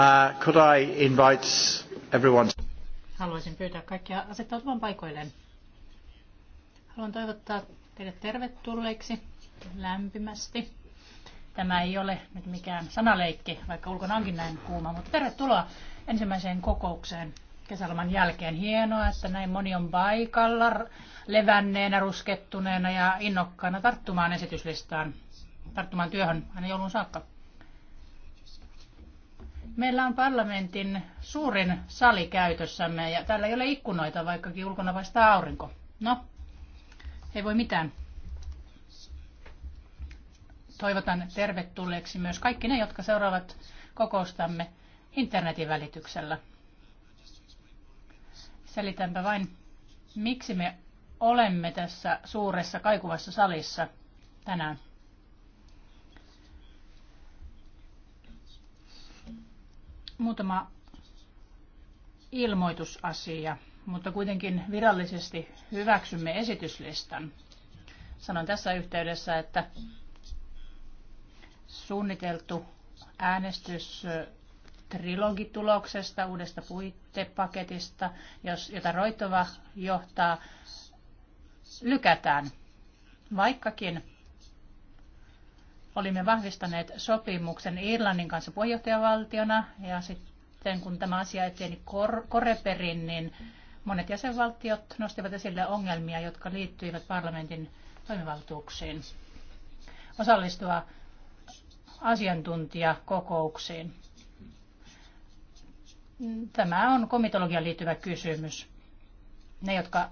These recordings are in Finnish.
Uh, could I invite everyone? Haluaisin pyytää kaikkia asettautumaan paikoilleen. Haluan toivottaa teidät tervetulleiksi lämpimästi. Tämä ei ole nyt mikään sanaleikki, vaikka ulkona onkin näin kuuma, mutta tervetuloa ensimmäiseen kokoukseen kesäloman jälkeen. Hienoa, että näin moni on paikalla, levänneenä, ruskettuneena ja innokkaana tarttumaan esityslistaan, tarttumaan työhön aina joulun saakka. Meillä on parlamentin suurin sali käytössämme ja täällä ei ole ikkunoita, vaikkakin ulkona paistaa aurinko. No, ei voi mitään. Toivotan tervetulleeksi myös kaikki ne, jotka seuraavat kokoustamme internetin välityksellä. Selitänpä vain, miksi me olemme tässä suuressa kaikuvassa salissa tänään. Muutama ilmoitusasia, mutta kuitenkin virallisesti hyväksymme esityslistan. Sanon tässä yhteydessä, että suunniteltu äänestys trilogituloksesta, uudesta puitepaketista, jos, jota Roitova johtaa, lykätään. Vaikkakin olimme vahvistaneet sopimuksen Irlannin kanssa puheenjohtajavaltiona ja sitten kun tämä asia eteni kor- Koreperin, niin monet jäsenvaltiot nostivat esille ongelmia, jotka liittyivät parlamentin toimivaltuuksiin osallistua asiantuntijakokouksiin. Tämä on komitologian liittyvä kysymys. Ne, jotka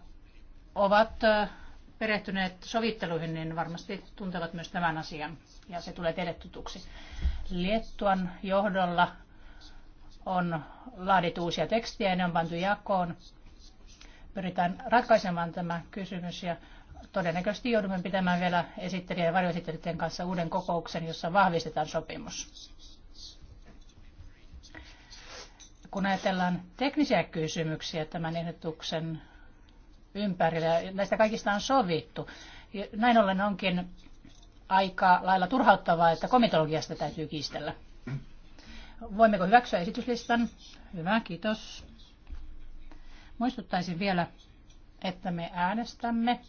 ovat perehtyneet sovitteluihin, niin varmasti tuntevat myös tämän asian ja se tulee teille tutuksi. Liettuan johdolla on laadittu uusia tekstiä ja ne on pantu jakoon. Pyritään ratkaisemaan tämä kysymys ja todennäköisesti joudumme pitämään vielä esittelijä- ja varjoesittelijöiden kanssa uuden kokouksen, jossa vahvistetaan sopimus. Kun ajatellaan teknisiä kysymyksiä tämän ehdotuksen ympärillä. Näistä kaikista on sovittu. Näin ollen onkin aika lailla turhauttavaa, että komitologiasta täytyy kiistellä. Voimmeko hyväksyä esityslistan? Hyvä, kiitos. Muistuttaisin vielä, että me äänestämme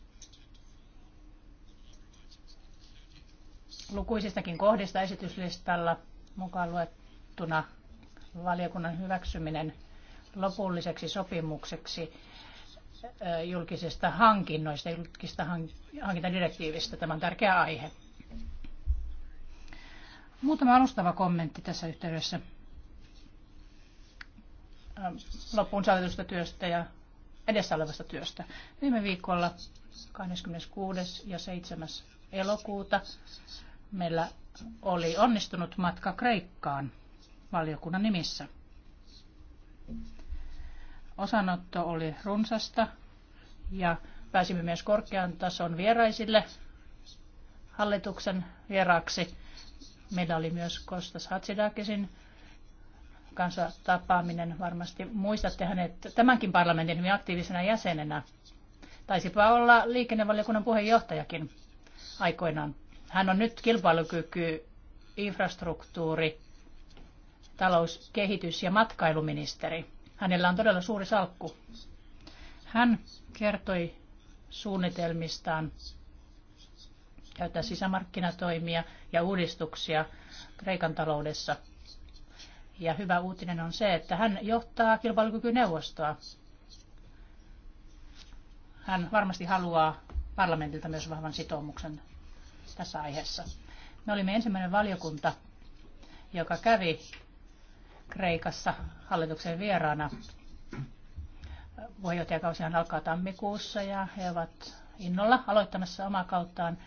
lukuisistakin kohdista esityslistalla mukaan luettuna valiokunnan hyväksyminen lopulliseksi sopimukseksi julkisista hankinnoista, julkisista hankintadirektiivistä. Tämä on tärkeä aihe. Muutama alustava kommentti tässä yhteydessä loppuun saatetusta työstä ja edessä olevasta työstä. Viime viikolla 26. ja 7. elokuuta meillä oli onnistunut matka Kreikkaan valiokunnan nimissä. Osanotto oli runsasta ja pääsimme myös korkean tason vieraisille hallituksen vieraaksi. Meillä oli myös Kostas Hatsidakisin kanssa tapaaminen. Varmasti muistatte hänet tämänkin parlamentin hyvin aktiivisena jäsenenä. Taisipa olla liikennevaliokunnan puheenjohtajakin aikoinaan. Hän on nyt kilpailukyky, infrastruktuuri, talouskehitys ja matkailuministeri. Hänellä on todella suuri salkku. Hän kertoi suunnitelmistaan käyttää sisämarkkinatoimia ja uudistuksia Kreikan taloudessa. Ja hyvä uutinen on se, että hän johtaa kilpailukykyneuvostoa. Hän varmasti haluaa parlamentilta myös vahvan sitoumuksen tässä aiheessa. Me olimme ensimmäinen valiokunta, joka kävi Kreikassa hallituksen vieraana. Puheenjohtajakausihan alkaa tammikuussa ja he ovat innolla aloittamassa omaa kauttaan.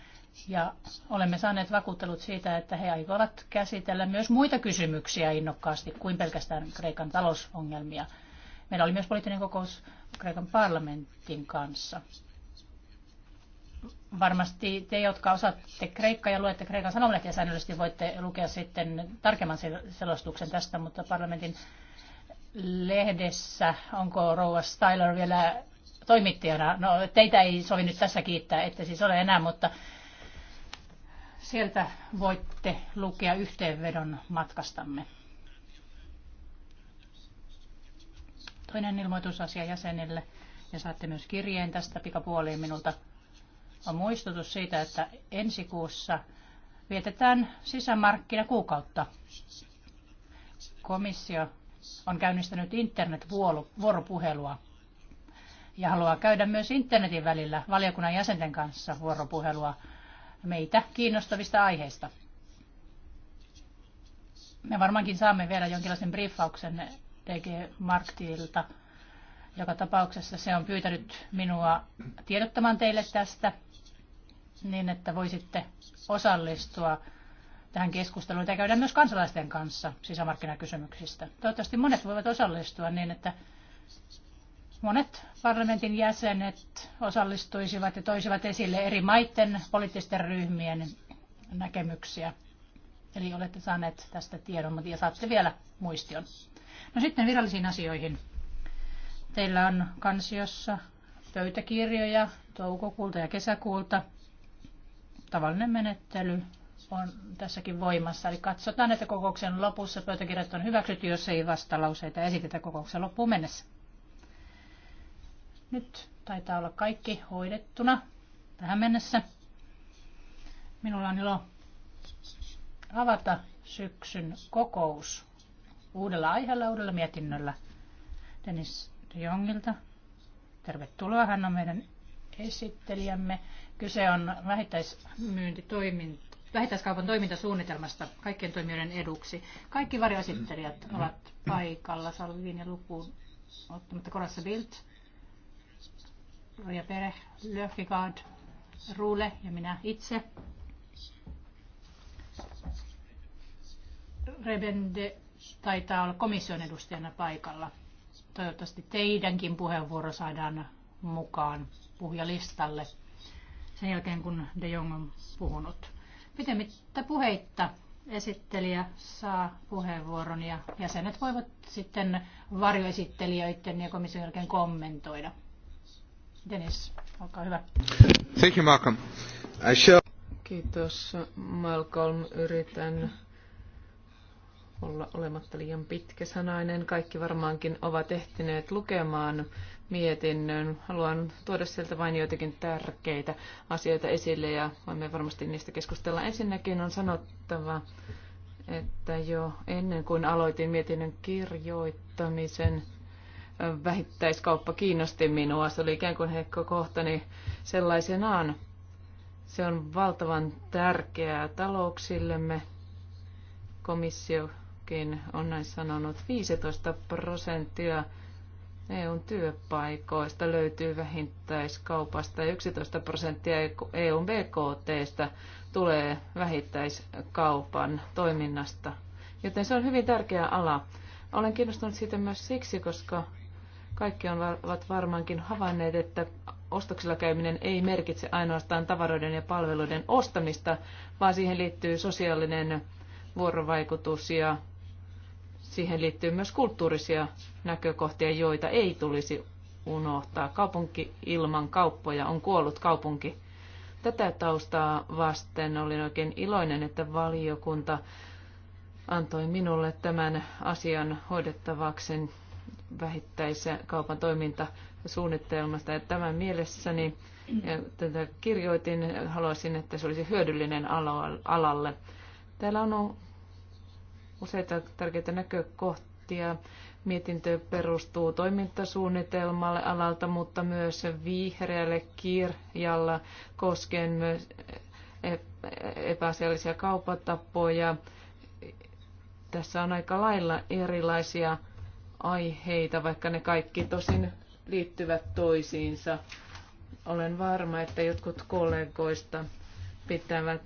Ja olemme saaneet vakuuttelut siitä, että he aikovat käsitellä myös muita kysymyksiä innokkaasti kuin pelkästään Kreikan talousongelmia. Meillä oli myös poliittinen kokous Kreikan parlamentin kanssa. Varmasti te, jotka osaatte kreikkaa ja luette kreikan sanomalehtiä säännöllisesti, voitte lukea sitten tarkemman selostuksen tästä, mutta parlamentin lehdessä, onko rouva Styler vielä toimittajana? No, teitä ei sovi nyt tässä kiittää, ette siis ole enää, mutta sieltä voitte lukea yhteenvedon matkastamme. Toinen ilmoitusasia jäsenille ja saatte myös kirjeen tästä pikapuoliin minulta on muistutus siitä, että ensi kuussa vietetään sisämarkkinakuukautta. Komissio on käynnistänyt internetvuoropuhelua ja haluaa käydä myös internetin välillä valiokunnan jäsenten kanssa vuoropuhelua meitä kiinnostavista aiheista. Me varmaankin saamme vielä jonkinlaisen briefauksen DG Marktilta joka tapauksessa se on pyytänyt minua tiedottamaan teille tästä niin, että voisitte osallistua tähän keskusteluun ja käydään myös kansalaisten kanssa sisämarkkinakysymyksistä. Toivottavasti monet voivat osallistua niin, että monet parlamentin jäsenet osallistuisivat ja toisivat esille eri maiden poliittisten ryhmien näkemyksiä. Eli olette saaneet tästä tiedon ja saatte vielä muistion. No sitten virallisiin asioihin. Teillä on kansiossa pöytäkirjoja toukokuulta ja kesäkuulta. Tavallinen menettely on tässäkin voimassa. Eli katsotaan, että kokouksen lopussa pöytäkirjat on hyväksytty, jos ei vastalauseita esitetä kokouksen loppuun mennessä. Nyt taitaa olla kaikki hoidettuna tähän mennessä. Minulla on ilo avata syksyn kokous uudella aiheella, uudella mietinnöllä. Dennis de Jongilta. Tervetuloa, hän on meidän esittelijämme. Kyse on vähittäiskaupan toimintasuunnitelmasta kaikkien toimijoiden eduksi. Kaikki varjoesittelijät ovat paikalla, Salvin ja lukuun ottamatta Korassa Bild, Roja Pere, Löfigard, Ruule ja minä itse. Rebende taitaa olla komission edustajana paikalla. Toivottavasti teidänkin puheenvuoro saadaan mukaan puhujalistalle sen jälkeen, kun De Jong on puhunut. Pitemmittä puheitta esittelijä saa puheenvuoron ja jäsenet voivat sitten varjoesittelijöiden ja komission jälkeen kommentoida. Dennis, olkaa hyvä. Thank you, Malcolm. I shall... Kiitos, Malcolm. Yritän olla olematta liian pitkäsanainen. Kaikki varmaankin ovat ehtineet lukemaan mietinnön. Haluan tuoda sieltä vain joitakin tärkeitä asioita esille ja voimme varmasti niistä keskustella. Ensinnäkin on sanottava, että jo ennen kuin aloitin mietinnön kirjoittamisen, vähittäiskauppa kiinnosti minua. Se oli ikään kuin heikko kohtani sellaisenaan. Se on valtavan tärkeää talouksillemme. Komissio Eurooppakin on näin sanonut, 15 prosenttia EUn työpaikoista löytyy vähittäiskaupasta ja 11 prosenttia EUn BKTstä tulee vähittäiskaupan toiminnasta. Joten se on hyvin tärkeä ala. Olen kiinnostunut siitä myös siksi, koska kaikki ovat varmaankin havainneet, että ostoksilla käyminen ei merkitse ainoastaan tavaroiden ja palveluiden ostamista, vaan siihen liittyy sosiaalinen vuorovaikutus ja siihen liittyy myös kulttuurisia näkökohtia, joita ei tulisi unohtaa. Kaupunki ilman kauppoja on kuollut kaupunki. Tätä taustaa vasten olin oikein iloinen, että valiokunta antoi minulle tämän asian hoidettavaksi vähittäisen kaupan toimintasuunnitelmasta. Ja tämän mielessäni tätä kirjoitin, haluaisin, että se olisi hyödyllinen alalle. Täällä on useita tärkeitä näkökohtia. Mietintö perustuu toimintasuunnitelmalle alalta, mutta myös vihreälle kirjalla koskien myös e- e- epäasiallisia kaupatapoja. Tässä on aika lailla erilaisia aiheita, vaikka ne kaikki tosin liittyvät toisiinsa. Olen varma, että jotkut kollegoista pitävät,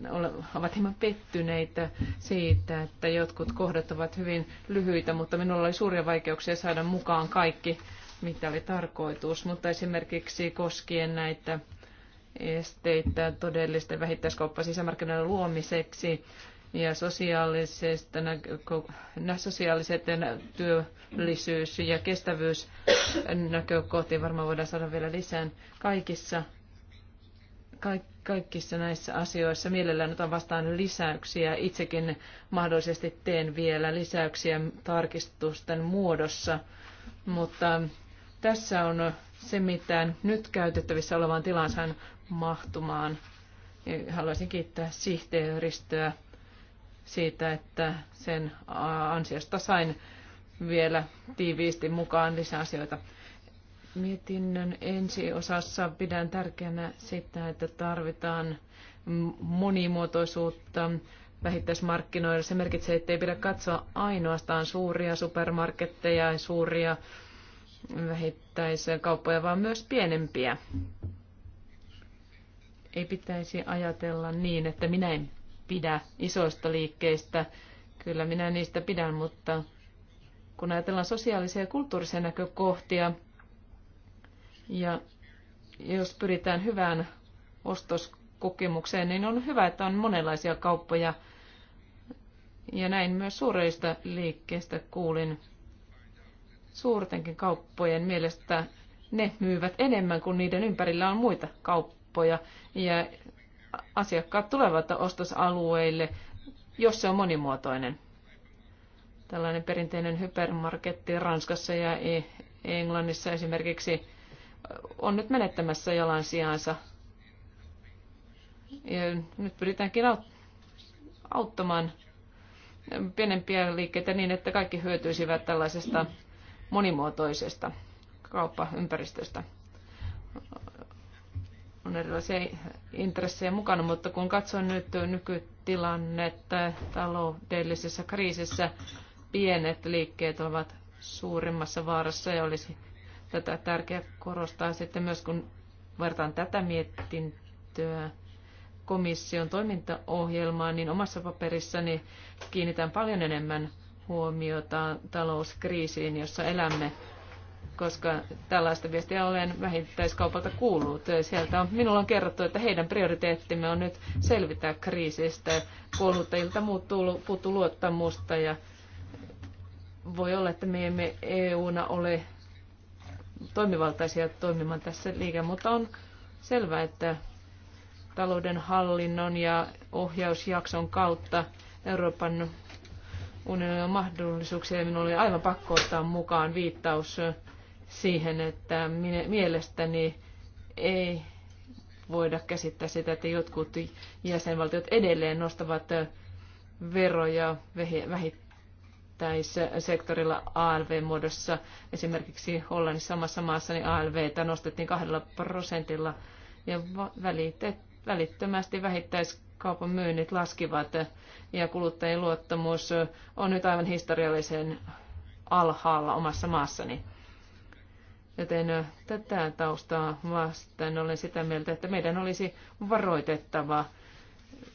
ovat hieman pettyneitä siitä, että jotkut kohdat ovat hyvin lyhyitä, mutta minulla oli suuria vaikeuksia saada mukaan kaikki, mitä oli tarkoitus. Mutta esimerkiksi koskien näitä esteitä todellisten vähittäiskauppa sisämarkkinoiden luomiseksi ja sosiaalisesta, sosiaaliset työllisyys- ja kestävyysnäkökohtiin varmaan voidaan saada vielä lisää kaikissa kaikissa näissä asioissa. Mielellään otan vastaan lisäyksiä. Itsekin mahdollisesti teen vielä lisäyksiä tarkistusten muodossa, mutta tässä on se, mitä nyt käytettävissä olevaan tilansa mahtumaan. Haluaisin kiittää sihteeristöä siitä, että sen ansiosta sain vielä tiiviisti mukaan lisäasioita. Mietinnön ensi osassa pidän tärkeänä sitä, että tarvitaan monimuotoisuutta vähittäismarkkinoilla. Se merkitsee, että ei pidä katsoa ainoastaan suuria supermarketteja ja suuria vähittäiskauppoja, vaan myös pienempiä. Ei pitäisi ajatella niin, että minä en pidä isoista liikkeistä. Kyllä minä niistä pidän, mutta kun ajatellaan sosiaalisia ja kulttuurisia näkökohtia, ja jos pyritään hyvään ostoskokemukseen, niin on hyvä, että on monenlaisia kauppoja. Ja näin myös suureista liikkeistä kuulin suurtenkin kauppojen mielestä ne myyvät enemmän kuin niiden ympärillä on muita kauppoja. Ja asiakkaat tulevat ostosalueille, jos se on monimuotoinen. Tällainen perinteinen hypermarketti Ranskassa ja e- Englannissa esimerkiksi on nyt menettämässä jalan sijaansa. Ja nyt pyritäänkin auttamaan pienempiä liikkeitä niin, että kaikki hyötyisivät tällaisesta monimuotoisesta kauppaympäristöstä. On erilaisia intressejä mukana, mutta kun katson nyt nykytilannetta taloudellisessa kriisissä, pienet liikkeet ovat suurimmassa vaarassa ja olisi tätä tärkeää korostaa sitten myös, kun vertaan tätä mietintöä komission toimintaohjelmaan, niin omassa paperissani kiinnitän paljon enemmän huomiota talouskriisiin, jossa elämme, koska tällaista viestiä olen vähittäiskaupalta kuullut. Sieltä on, minulla on kerrottu, että heidän prioriteettimme on nyt selvitä kriisistä. Kuoluttajilta muuttuu, puuttu luottamusta ja voi olla, että me emme EUna ole toimivaltaisia toimimaan tässä liike, mutta on selvää, että talouden hallinnon ja ohjausjakson kautta Euroopan unionin on mahdollisuuksia Minulla oli aivan pakko ottaa mukaan viittaus siihen, että mielestäni ei voida käsittää sitä, että jotkut jäsenvaltiot edelleen nostavat veroja yksittäissektorilla ALV-muodossa. Esimerkiksi Hollannissa samassa maassa niin ALVtä nostettiin kahdella prosentilla ja välittömästi vähittäiskaupan myynnit laskivat ja kuluttajien luottamus on nyt aivan historiallisen alhaalla omassa maassani. Joten tätä taustaa vasten olen sitä mieltä, että meidän olisi varoitettava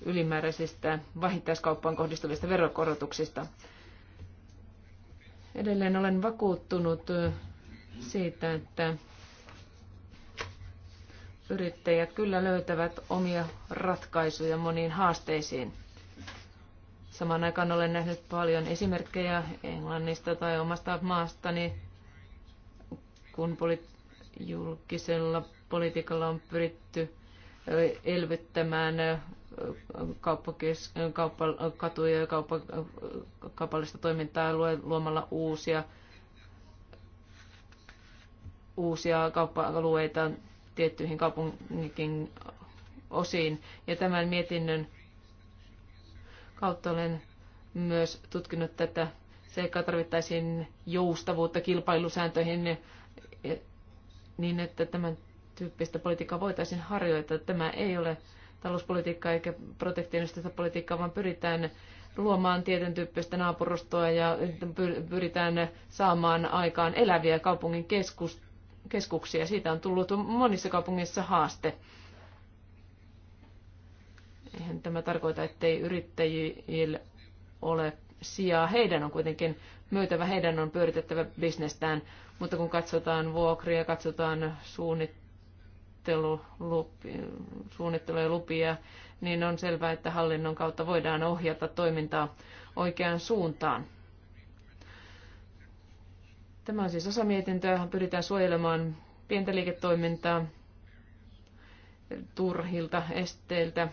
ylimääräisistä vähittäiskauppaan kohdistuvista verokorotuksista. Edelleen olen vakuuttunut siitä, että yrittäjät kyllä löytävät omia ratkaisuja moniin haasteisiin. Samaan aikaan olen nähnyt paljon esimerkkejä Englannista tai omasta maastani, kun poli- julkisella politiikalla on pyritty elvyttämään kauppakes, kauppa, katuja ja kauppa, kaupallista toimintaa luomalla uusia, uusia kauppa-alueita tiettyihin kaupunkin osiin. Ja tämän mietinnön kautta olen myös tutkinut tätä seikkaa. Tarvittaisiin joustavuutta kilpailusääntöihin niin, että tämän tyyppistä politiikkaa voitaisiin harjoittaa. Tämä ei ole talouspolitiikkaa eikä protektionistista politiikkaa, vaan pyritään luomaan tietyn tyyppistä naapurustoa ja pyritään saamaan aikaan eläviä kaupungin keskus, keskuksia. Siitä on tullut monissa kaupungeissa haaste. Eihän tämä tarkoita, ettei yrittäjille ole sijaa. Heidän on kuitenkin myytävä, heidän on pyöritettävä bisnestään, mutta kun katsotaan vuokria, katsotaan suunnit, suunnittelu, lupi, suunnittelu ja lupia, niin on selvää, että hallinnon kautta voidaan ohjata toimintaa oikeaan suuntaan. Tämä on siis osa mietintöä, johon pyritään suojelemaan pientä liiketoimintaa turhilta esteiltä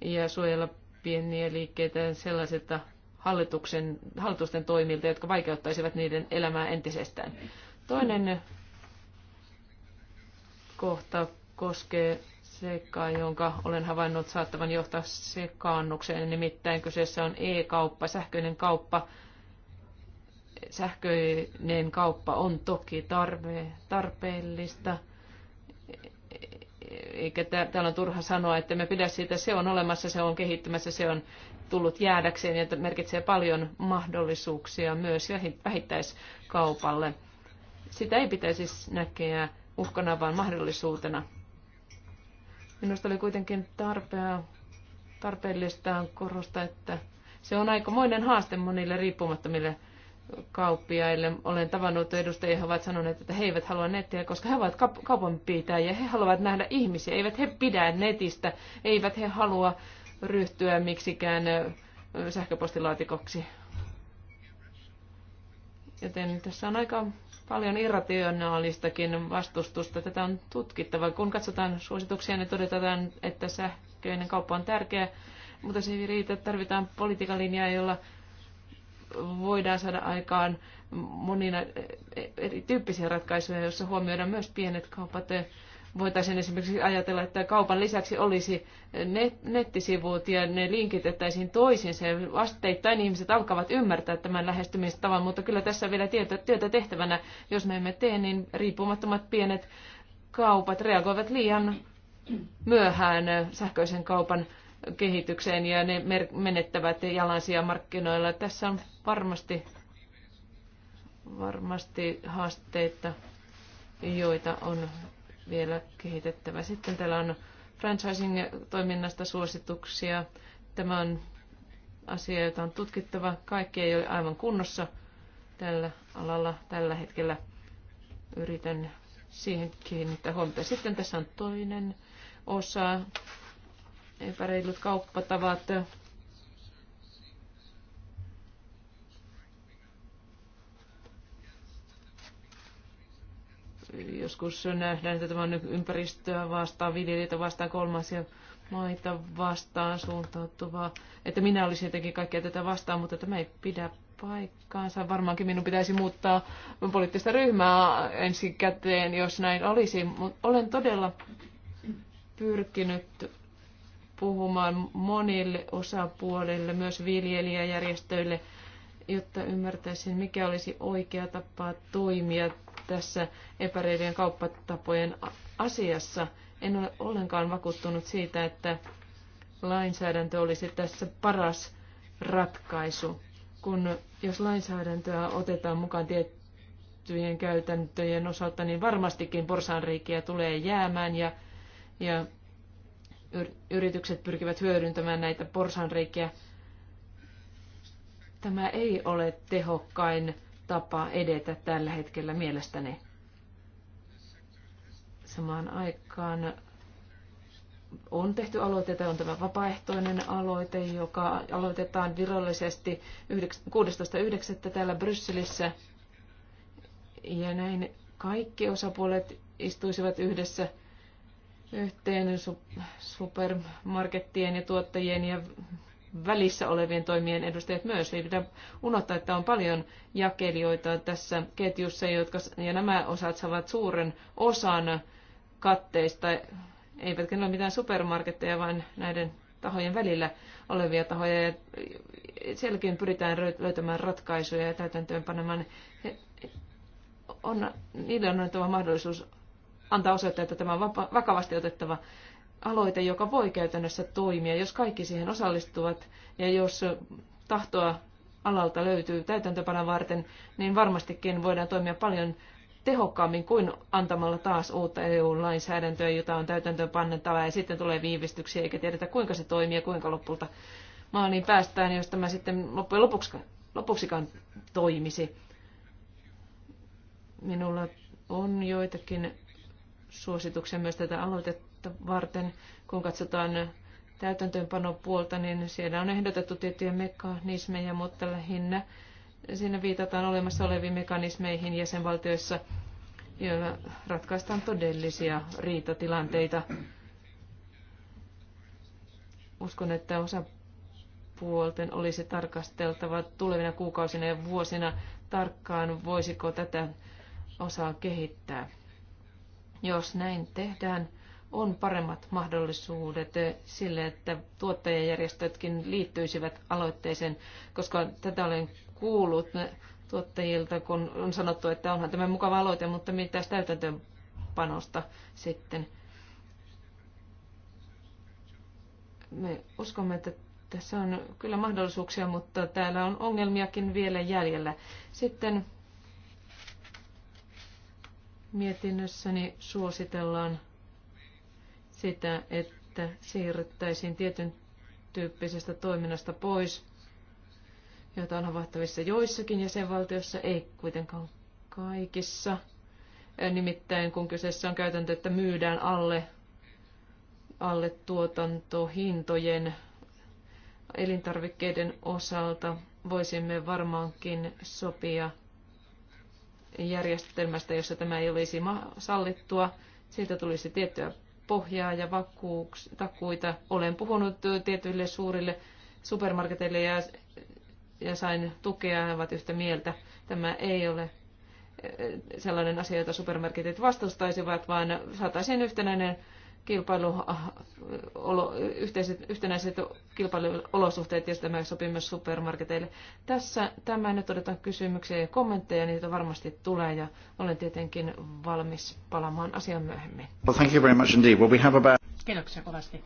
ja suojella pieniä liikkeitä sellaisilta hallituksen, hallitusten toimilta, jotka vaikeuttaisivat niiden elämää entisestään. Toinen kohta koskee seikkaa, jonka olen havainnut saattavan johtaa sekaannukseen. Nimittäin kyseessä on e-kauppa, sähköinen kauppa. Sähköinen kauppa on toki tarve, tarpeellista. Eikä täällä on turha sanoa, että me pidä siitä, se on olemassa, se on kehittymässä, se on tullut jäädäkseen ja merkitsee paljon mahdollisuuksia myös vähittäiskaupalle. Sitä ei pitäisi näkeä uhkana, vaan mahdollisuutena. Minusta oli kuitenkin tarpea, tarpeellista korostaa, että se on aikamoinen haaste monille riippumattomille kauppiaille. Olen tavannut edustajia, he ovat sanoneet, että he eivät halua nettiä, koska he ovat kaupan ja He haluavat nähdä ihmisiä, eivät he pidä netistä, eivät he halua ryhtyä miksikään sähköpostilaatikoksi. Joten tässä on aika paljon irrationaalistakin vastustusta. Tätä on tutkittava. Kun katsotaan suosituksia, niin todetaan, että sähköinen kauppa on tärkeä, mutta se ei riitä. Tarvitaan politiikan linjaa, jolla voidaan saada aikaan monina e- e- erityyppisiä ratkaisuja, joissa huomioidaan myös pienet kaupat voitaisiin esimerkiksi ajatella, että kaupan lisäksi olisi net- nettisivut ja ne linkitettäisiin toisiinsa. Ja asteittain ihmiset alkavat ymmärtää tämän lähestymistavan, mutta kyllä tässä vielä tietä, työtä tehtävänä. Jos me emme tee, niin riippumattomat pienet kaupat reagoivat liian myöhään sähköisen kaupan kehitykseen ja ne menettävät jalansia markkinoilla. Tässä on varmasti, varmasti haasteita, joita on vielä kehitettävä. Sitten täällä on franchising-toiminnasta suosituksia. Tämä on asia, jota on tutkittava. Kaikki ei ole aivan kunnossa tällä alalla tällä hetkellä. Yritän siihen kiinnittää huomiota. Sitten tässä on toinen osa, epäreilut kauppatavat. Joskus nähdään, että tämä on ympäristöä vastaan, viljelijöitä vastaan, kolmansia maita vastaan suuntautuvaa. Että minä olisin jotenkin kaikkea tätä vastaan, mutta tämä ei pidä paikkaansa. Varmaankin minun pitäisi muuttaa poliittista ryhmää ensi käteen, jos näin olisi. Mutta olen todella pyrkinyt puhumaan monille osapuolille, myös viljelijäjärjestöille, jotta ymmärtäisin, mikä olisi oikea tapa toimia tässä epäreilien kauppatapojen asiassa. En ole ollenkaan vakuuttunut siitä, että lainsäädäntö olisi tässä paras ratkaisu. Kun jos lainsäädäntöä otetaan mukaan tiettyjen käytäntöjen osalta, niin varmastikin porsaanreikiä tulee jäämään ja, ja yritykset pyrkivät hyödyntämään näitä porsaanreikiä. Tämä ei ole tehokkain tapa edetä tällä hetkellä mielestäni. Samaan aikaan on tehty aloite, on tämä vapaaehtoinen aloite, joka aloitetaan virallisesti 16.9. täällä Brysselissä. Ja näin kaikki osapuolet istuisivat yhdessä yhteen supermarkettien ja tuottajien ja välissä olevien toimien edustajat myös. Ei pidä unohtaa, että on paljon jakelijoita tässä ketjussa, jotka, ja nämä osat saavat suuren osan katteista, eivätkä ne ole mitään supermarketteja, vaan näiden tahojen välillä olevia tahoja. Ja sielläkin pyritään löytämään ratkaisuja ja täytäntöönpanemaan. On, niille on annettava mahdollisuus antaa osoittaa, että tämä on vakavasti otettava aloite, joka voi käytännössä toimia, jos kaikki siihen osallistuvat ja jos tahtoa alalta löytyy täytäntöpana varten, niin varmastikin voidaan toimia paljon tehokkaammin kuin antamalla taas uutta EU-lainsäädäntöä, jota on täytäntöönpannettava ja sitten tulee viivästyksiä eikä tiedetä kuinka se toimii ja kuinka lopulta maaliin päästään, jos tämä sitten loppujen lopuksi, lopuksikaan toimisi. Minulla on joitakin suosituksia myös tätä aloitetta varten. Kun katsotaan täytäntöönpanopuolta, niin siellä on ehdotettu tiettyjä mekanismeja, mutta lähinnä siinä viitataan olemassa oleviin mekanismeihin jäsenvaltioissa, joilla ratkaistaan todellisia riitatilanteita. Uskon, että osa puolten olisi tarkasteltava tulevina kuukausina ja vuosina tarkkaan, voisiko tätä osaa kehittää. Jos näin tehdään, on paremmat mahdollisuudet sille, että tuottajajärjestötkin liittyisivät aloitteeseen, koska tätä olen kuullut tuottajilta, kun on sanottu, että onhan tämä mukava aloite, mutta mitäs täytäntöönpanosta sitten. Me uskomme, että tässä on kyllä mahdollisuuksia, mutta täällä on ongelmiakin vielä jäljellä. Sitten mietinnössäni suositellaan sitä, että siirryttäisiin tietyn tyyppisestä toiminnasta pois, jota on havaittavissa joissakin jäsenvaltioissa, ei kuitenkaan kaikissa. Nimittäin kun kyseessä on käytäntö, että myydään alle, alle tuotantohintojen elintarvikkeiden osalta, voisimme varmaankin sopia järjestelmästä, jossa tämä ei olisi sallittua. Siitä tulisi tiettyä pohjaa ja vakuuks, takuita. Olen puhunut tietyille suurille supermarketeille ja, ja sain tukea, he ovat yhtä mieltä. Tämä ei ole eh, sellainen asia, jota supermarketit vastustaisivat, vaan saataisiin yhtenäinen kilpailu, ah, yhteiset, yhtenäiset kilpailuolosuhteet, jos tämä sopii myös supermarketeille. Tässä tämä nyt odotan kysymyksiä ja kommentteja, niitä varmasti tulee ja olen tietenkin valmis palaamaan asiaan myöhemmin. Well, thank you very much indeed. Well, we have about... Kiitoksia kovasti.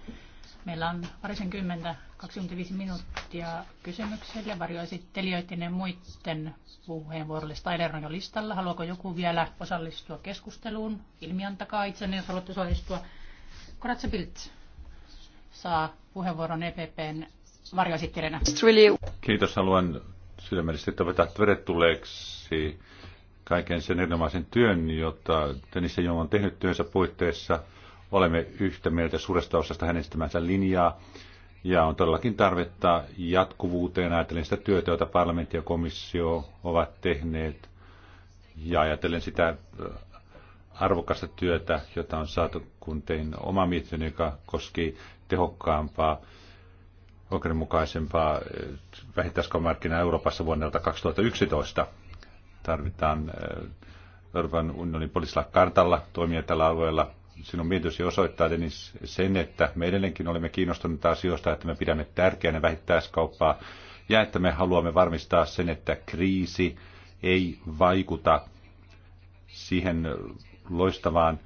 Meillä on kymmentä, 25 minuuttia kysymyksille, varjoesittelijöiden ja muiden puheenvuorolle. Steiner on jo listalla. Haluaako joku vielä osallistua keskusteluun? Ilmiantakaa itsenne, jos haluatte osallistua. Koratsa Bilt saa puheenvuoron EPPn varjoesittelijänä. Kiitos. Haluan sydämellisesti tavata tervetulleeksi kaiken sen erinomaisen työn, jota Dennis Jong on tehnyt työnsä puitteissa. Olemme yhtä mieltä suuresta osasta hänen esittämänsä linjaa. Ja on todellakin tarvetta jatkuvuuteen ajatellen sitä työtä, jota parlamentti ja komissio ovat tehneet. Ja ajatellen sitä äh, arvokasta työtä, jota on saatu kun tein oma mietinnön, joka koski tehokkaampaa, oikeudenmukaisempaa eh, vähittäiskomarkkinaa Euroopassa vuonna 2011. Tarvitaan eh, Euroopan unionin poliisilla kartalla toimia tällä alueella. Sinun mietintösi osoittaa Dennis, sen, että me edelleenkin olemme kiinnostuneita asioista, että me pidämme tärkeänä vähittäiskauppaa ja että me haluamme varmistaa sen, että kriisi ei vaikuta siihen loistavaan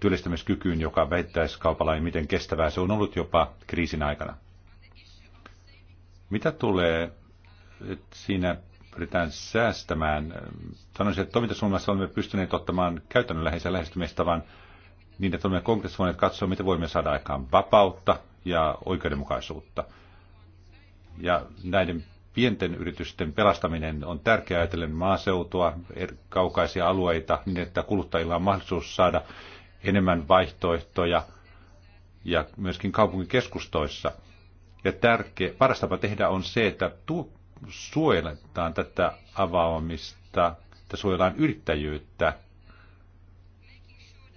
työllistämiskykyyn, joka vähittäiskaupalla ei miten kestävää se on ollut jopa kriisin aikana. Mitä tulee, että siinä pyritään säästämään? Sanoisin, että toimintasuunnassa olemme pystyneet ottamaan käytännönläheisen lähestymistavan niin, että olemme konkreettisesti voineet katsoa, miten voimme saada aikaan vapautta ja oikeudenmukaisuutta. Ja näiden pienten yritysten pelastaminen on tärkeää ajatellen maaseutua, er, kaukaisia alueita, niin että kuluttajilla on mahdollisuus saada enemmän vaihtoehtoja ja myöskin kaupunkikeskustoissa. Ja tärkeä, paras tapa tehdä on se, että tu, suojellaan tätä avaamista, että suojellaan yrittäjyyttä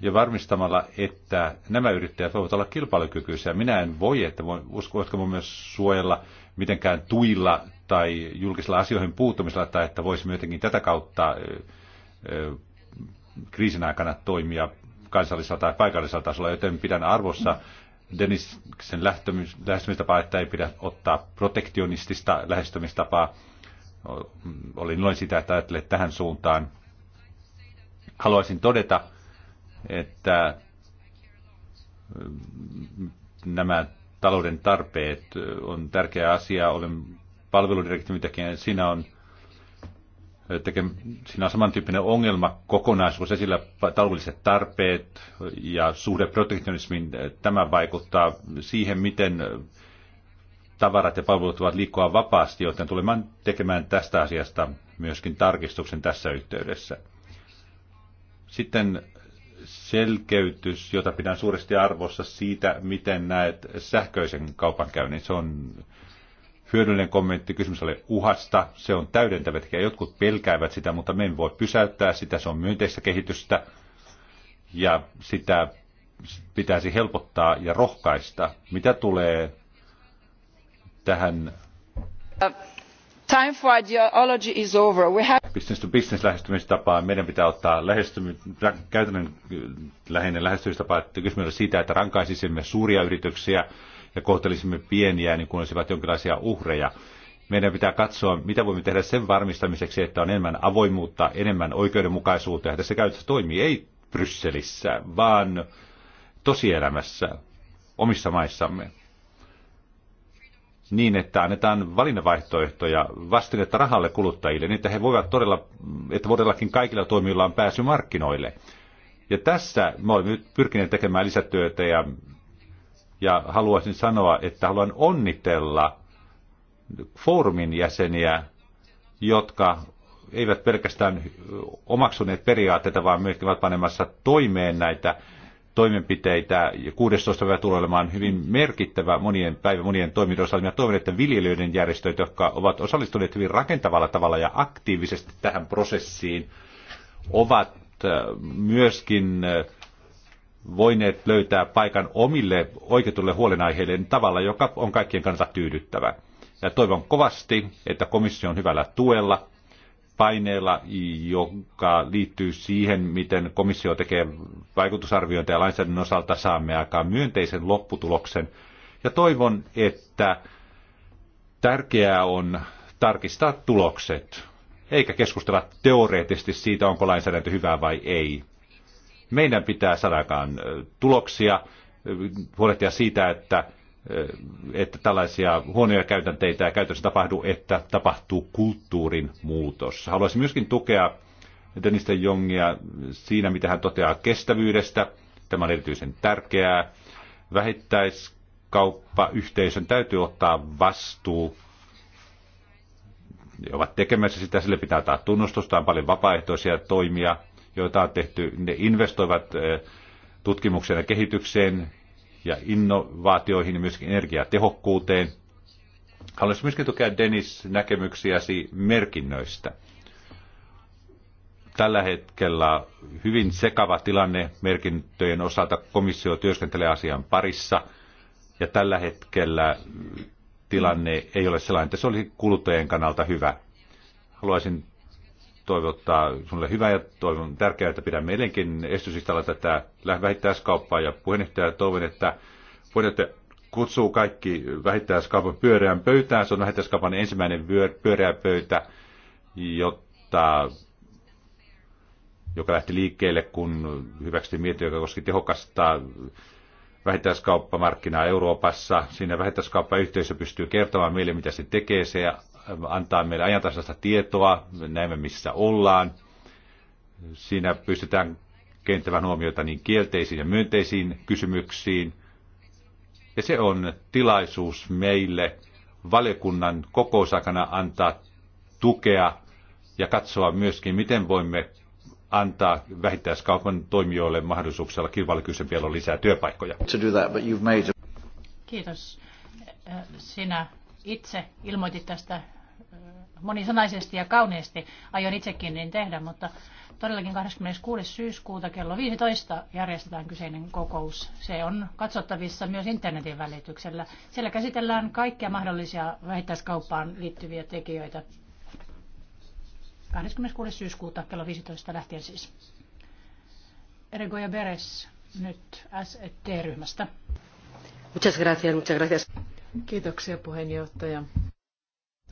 ja varmistamalla, että nämä yrittäjät voivat olla kilpailukykyisiä. Minä en voi, että voin, usko, myös suojella mitenkään tuilla tai julkisilla asioihin puuttumisella tai että voisimme jotenkin tätä kautta kriisin aikana toimia kansallisella tai paikallisella tasolla, joten pidän arvossa Denisen lähestymistapaa, että ei pidä ottaa protektionistista lähestymistapaa. Olin iloinen sitä, että ajattelee tähän suuntaan. Haluaisin todeta, että mm, nämä talouden tarpeet on tärkeä asia. Olen palveludirektiivitäkin, siinä on tekem siinä on samantyyppinen ongelma, kokonaisuus esillä, taloudelliset tarpeet ja suhde protektionismiin. Tämä vaikuttaa siihen, miten tavarat ja palvelut voivat liikkua vapaasti, joten tulemaan tekemään tästä asiasta myöskin tarkistuksen tässä yhteydessä. Sitten selkeytys, jota pidän suuresti arvossa siitä, miten näet sähköisen kaupankäynnin. Se on hyödyllinen kommentti. Kysymys oli uhasta. Se on täydentävä tekijä. Jotkut pelkäävät sitä, mutta me emme voi pysäyttää sitä. Se on myönteistä kehitystä ja sitä pitäisi helpottaa ja rohkaista. Mitä tulee tähän... Time for ideology is over. We have... Business to business lähestymistapaa. meidän pitää ottaa lähestymi... käytännön äh, läheinen lähestymistapa, kysymys on siitä, että rankaisisimme suuria yrityksiä, ja kohtelisimme pieniä niin kuin olisivat jonkinlaisia uhreja. Meidän pitää katsoa, mitä voimme tehdä sen varmistamiseksi, että on enemmän avoimuutta, enemmän oikeudenmukaisuutta, ja tässä käytössä toimii ei Brysselissä, vaan tosielämässä, omissa maissamme. Niin, että annetaan valinnanvaihtoehtoja vastinetta rahalle kuluttajille, niin että he voivat todella, että todellakin kaikilla toimijoilla on pääsy markkinoille. Ja tässä me olemme pyrkineet tekemään lisätyötä ja ja haluaisin sanoa, että haluan onnitella foorumin jäseniä, jotka eivät pelkästään omaksuneet periaatteita, vaan myöskin ovat panemassa toimeen näitä toimenpiteitä. 16. päivä tulee olemaan hyvin merkittävä monien päivä monien toimijoiden osalta. Minä toivon, että viljelijöiden järjestöt, jotka ovat osallistuneet hyvin rakentavalla tavalla ja aktiivisesti tähän prosessiin, ovat äh, myöskin äh, voineet löytää paikan omille oikeutulle huolenaiheille tavalla, joka on kaikkien kannalta tyydyttävä. Ja toivon kovasti, että komissio on hyvällä tuella, paineella, joka liittyy siihen, miten komissio tekee vaikutusarviointia lainsäädännön osalta, saamme aikaan myönteisen lopputuloksen. Ja toivon, että tärkeää on tarkistaa tulokset, eikä keskustella teoreettisesti siitä, onko lainsäädäntö hyvää vai ei meidän pitää saadaakaan tuloksia, huolehtia siitä, että että tällaisia huonoja käytänteitä ja käytössä tapahtuu, että tapahtuu kulttuurin muutos. Haluaisin myöskin tukea Dennis de Jongia siinä, mitä hän toteaa kestävyydestä. Tämä on erityisen tärkeää. Vähittäiskauppayhteisön täytyy ottaa vastuu. Ne ovat tekemässä sitä, sille pitää antaa tunnustusta, on paljon vapaaehtoisia toimia, joita on tehty. Ne investoivat tutkimukseen ja kehitykseen ja innovaatioihin ja myöskin energiatehokkuuteen. Haluaisin myöskin tukea Dennis näkemyksiäsi merkinnöistä. Tällä hetkellä hyvin sekava tilanne merkintöjen osalta. Komissio työskentelee asian parissa ja tällä hetkellä tilanne ei ole sellainen, että se olisi kuluttajien kannalta hyvä. Haluaisin toivottaa sinulle hyvää ja toivon tärkeää, että pidämme edelleenkin estysistalla tätä vähittäiskauppaa ja puheenjohtaja toivon, että puheenjohtaja kutsuu kaikki vähittäiskaupan pyöreän pöytään. Se on vähittäiskaupan ensimmäinen pyöreä pöytä, jotta, joka lähti liikkeelle, kun hyväksyttiin mietintö, joka koski tehokasta vähittäiskauppamarkkinaa Euroopassa. Siinä vähittäiskauppayhteisö pystyy kertomaan meille, mitä se tekee. Se antaa meille ajantasaista tietoa, näemme missä ollaan. Siinä pystytään kiinnittämään huomiota niin kielteisiin ja myönteisiin kysymyksiin. Ja se on tilaisuus meille valiokunnan kokousaikana antaa tukea ja katsoa myöskin, miten voimme antaa vähittäiskaupan toimijoille mahdollisuuksella kilpailukyvyn vielä lisää työpaikkoja. Kiitos. Sinä itse ilmoitit tästä äh, monisanaisesti ja kauneesti. Aion itsekin niin tehdä, mutta todellakin 26. syyskuuta kello 15 järjestetään kyseinen kokous. Se on katsottavissa myös internetin välityksellä. Siellä käsitellään kaikkia mahdollisia vähittäiskauppaan liittyviä tekijöitä. 26. syyskuuta kello 15 lähtien siis. Ergoja Beres nyt ST-ryhmästä. Muchas gracias, muchas gracias. Kiitoksia puheenjohtaja.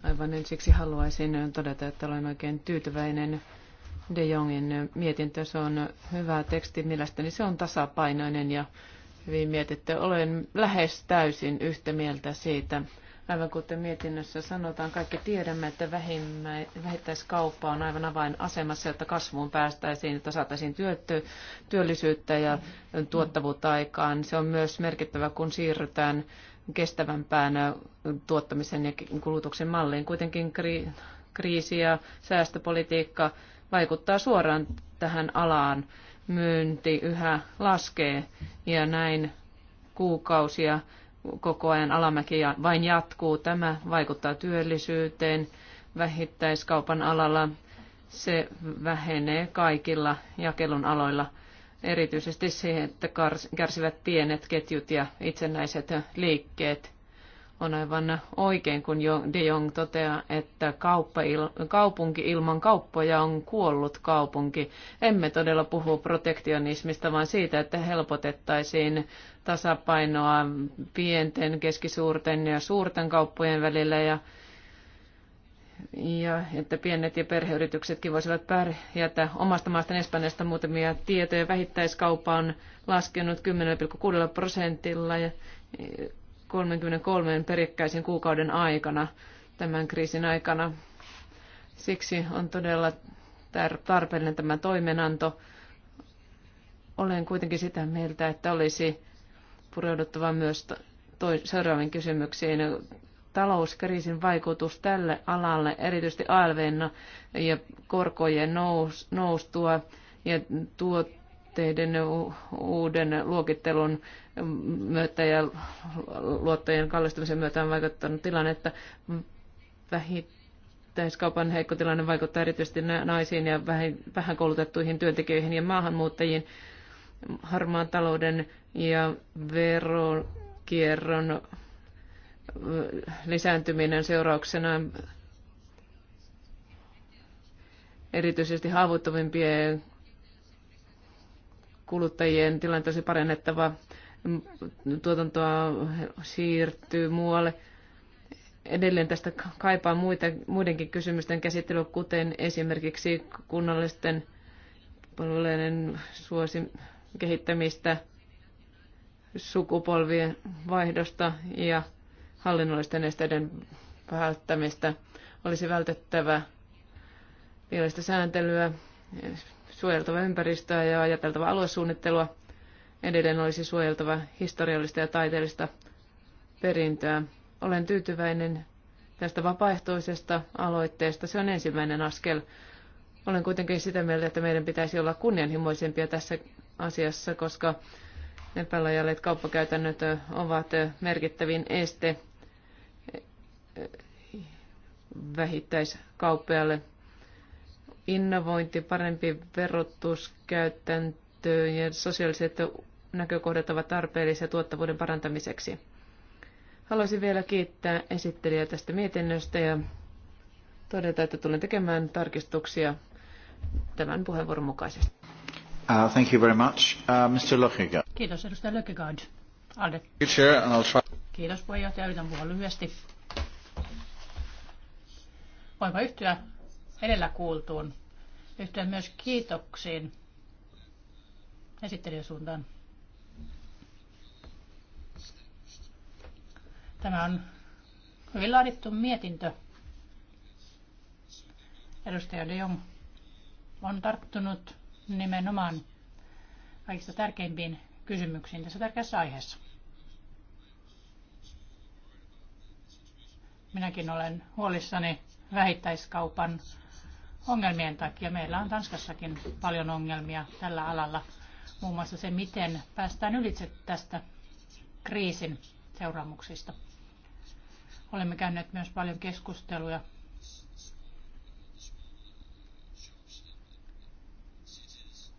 Aivan ensiksi haluaisin todeta, että olen oikein tyytyväinen De Jongin mietintö. Se on hyvä teksti. Mielestäni se on tasapainoinen ja hyvin mietitty. Olen lähes täysin yhtä mieltä siitä. Aivan kuten mietinnössä sanotaan, kaikki tiedämme, että vähittäiskauppa on aivan avainasemassa, että kasvuun päästäisiin, että saataisiin työllisyyttä ja tuottavuutta aikaan. Se on myös merkittävä, kun siirrytään kestävämpään tuottamisen ja kulutuksen malliin. Kuitenkin kriisi ja säästöpolitiikka vaikuttaa suoraan tähän alaan. Myynti yhä laskee ja näin kuukausia koko ajan alamäki vain jatkuu. Tämä vaikuttaa työllisyyteen vähittäiskaupan alalla. Se vähenee kaikilla jakelun aloilla – erityisesti siihen, että kärsivät pienet ketjut ja itsenäiset liikkeet. On aivan oikein, kun De Jong toteaa, että kauppa il- kaupunki ilman kauppoja on kuollut kaupunki. Emme todella puhu protektionismista, vaan siitä, että helpotettaisiin tasapainoa pienten, keskisuurten ja suurten kauppojen välillä ja ja että pienet ja perheyrityksetkin voisivat pärjätä. Omasta maasta Espanjasta muutamia tietoja. Vähittäiskauppa on laskenut 10,6 prosentilla ja 33 eh, perikkäisen kuukauden aikana tämän kriisin aikana. Siksi on todella tarpeellinen tämä toimenanto. Olen kuitenkin sitä mieltä, että olisi pureuduttava myös seuraaviin kysymyksiin talouskriisin vaikutus tälle alalle, erityisesti alvn ja korkojen nous, noustua ja tuotteiden uuden luokittelun myötä ja luottojen kallistumisen myötä on vaikuttanut että vähittäiskaupan heikko tilanne vaikuttaa erityisesti naisiin ja vähän koulutettuihin työntekijöihin ja maahanmuuttajiin. Harmaan talouden ja verokierron lisääntyminen seurauksena erityisesti haavoittuvimpien kuluttajien tilanteeseen parannettava tuotantoa siirtyy muualle. Edelleen tästä kaipaa muita, muidenkin kysymysten käsittelyä, kuten esimerkiksi kunnallisten palveluiden suosin kehittämistä, sukupolvien vaihdosta ja hallinnollisten esteiden välttämistä. Olisi vältettävä liiallista sääntelyä, suojeltava ympäristöä ja ajateltava aluesuunnittelua. Edelleen olisi suojeltava historiallista ja taiteellista perintöä. Olen tyytyväinen tästä vapaaehtoisesta aloitteesta. Se on ensimmäinen askel. Olen kuitenkin sitä mieltä, että meidän pitäisi olla kunnianhimoisempia tässä asiassa, koska epälajalliset kauppakäytännöt ovat merkittävin este vähittäiskauppajalle Innovointi, parempi verotus, käytäntö ja sosiaaliset näkökohdat ovat tarpeellisia tuottavuuden parantamiseksi. Haluaisin vielä kiittää esittelijää tästä mietinnöstä ja todeta, että tulen tekemään tarkistuksia tämän puheenvuoron mukaisesti. Uh, thank you very much. Uh, Mr. Kiitos, edustaja Lökegaard. Kiitos puheenjohtaja, yritän puhua lyhyesti. Voimme yhtyä edellä kuultuun, yhtyä myös kiitoksiin esittelijän suuntaan. Tämä on hyvin laadittu mietintö. Edustaja De Jong on tarttunut nimenomaan kaikista tärkeimpiin kysymyksiin tässä tärkeässä aiheessa. Minäkin olen huolissani vähittäiskaupan ongelmien takia. Meillä on Tanskassakin paljon ongelmia tällä alalla. Muun muassa se, miten päästään ylitse tästä kriisin seuraamuksista. Olemme käyneet myös paljon keskusteluja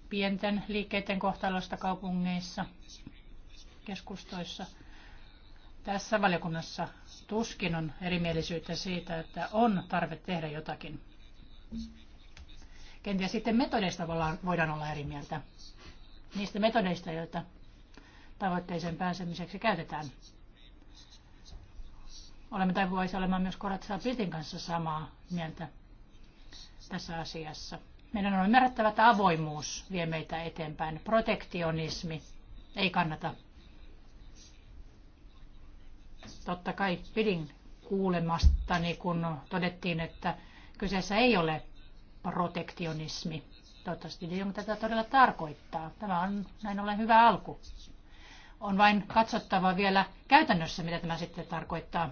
pienten liikkeiden kohtalosta kaupungeissa, keskustoissa – tässä valiokunnassa tuskin on erimielisyyttä siitä, että on tarve tehdä jotakin. Kenties sitten metodeista voidaan olla eri mieltä. Niistä metodeista, joita tavoitteeseen pääsemiseksi käytetään. Olemme taipuvaisia olemaan myös Koratsa Pitin kanssa samaa mieltä tässä asiassa. Meidän on ymmärrettävä, että avoimuus vie meitä eteenpäin. Protektionismi ei kannata Totta kai pidin kuulemastani, kun todettiin, että kyseessä ei ole protektionismi. Toivottavasti De Jong tätä todella tarkoittaa. Tämä on näin ollen hyvä alku. On vain katsottava vielä käytännössä, mitä tämä sitten tarkoittaa.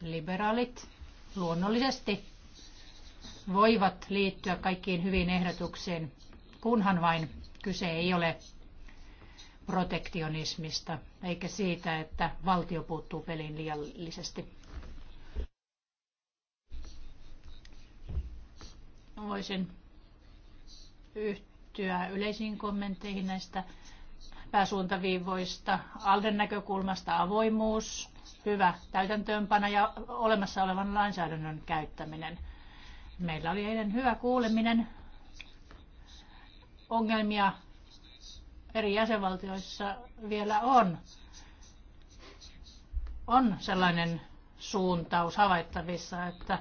Liberaalit luonnollisesti voivat liittyä kaikkiin hyviin ehdotuksiin, kunhan vain kyse ei ole protektionismista, eikä siitä, että valtio puuttuu peliin liiallisesti. Voisin yhtyä yleisiin kommentteihin näistä pääsuuntaviivoista. Alden näkökulmasta avoimuus, hyvä täytäntöönpana ja olemassa olevan lainsäädännön käyttäminen. Meillä oli eilen hyvä kuuleminen. Ongelmia eri jäsenvaltioissa vielä on. On sellainen suuntaus havaittavissa, että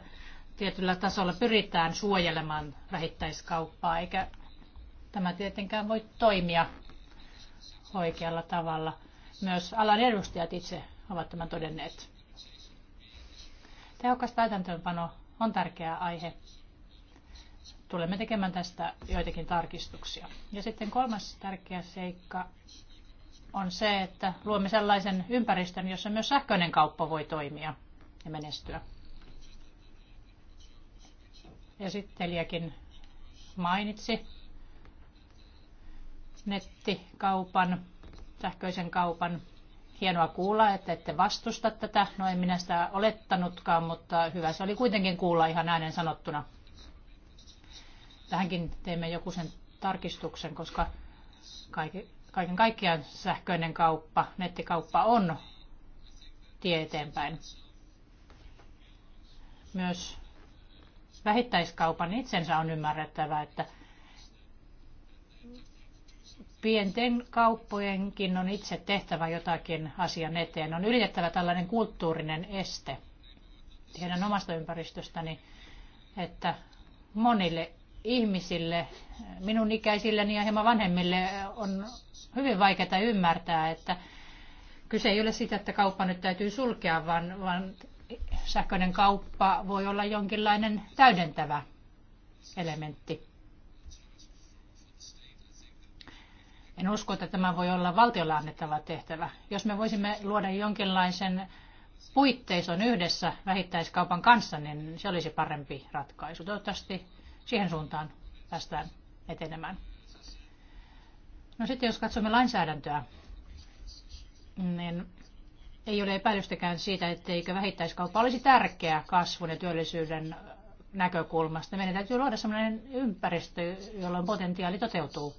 tietyllä tasolla pyritään suojelemaan vähittäiskauppaa, eikä tämä tietenkään voi toimia oikealla tavalla. Myös alan edustajat itse ovat tämän todenneet. Tehokas täytäntöönpano on tärkeä aihe Tulemme tekemään tästä joitakin tarkistuksia. Ja sitten kolmas tärkeä seikka on se, että luomme sellaisen ympäristön, jossa myös sähköinen kauppa voi toimia ja menestyä. Esittelijäkin mainitsi nettikaupan, sähköisen kaupan. Hienoa kuulla, että ette vastusta tätä. No en minä sitä olettanutkaan, mutta hyvä se oli kuitenkin kuulla ihan äänen sanottuna. Tähänkin teemme joku sen tarkistuksen, koska kaiken kaikkiaan sähköinen kauppa, nettikauppa on tie eteenpäin. Myös vähittäiskaupan itsensä on ymmärrettävä, että pienten kauppojenkin on itse tehtävä jotakin asian eteen. On ylitettävä tällainen kulttuurinen este. Tiedän omasta ympäristöstäni, että monille ihmisille, minun ikäisilleni ja hieman vanhemmille on hyvin vaikeaa ymmärtää, että kyse ei ole siitä, että kauppa nyt täytyy sulkea, vaan, vaan sähköinen kauppa voi olla jonkinlainen täydentävä elementti. En usko, että tämä voi olla valtiolla annettava tehtävä. Jos me voisimme luoda jonkinlaisen puitteison yhdessä vähittäiskaupan kanssa, niin se olisi parempi ratkaisu. Toivottavasti siihen suuntaan päästään etenemään. No sitten jos katsomme lainsäädäntöä, niin ei ole epäilystäkään siitä, etteikö vähittäiskauppa olisi tärkeä kasvun ja työllisyyden näkökulmasta. Meidän täytyy luoda sellainen ympäristö, jolloin potentiaali toteutuu.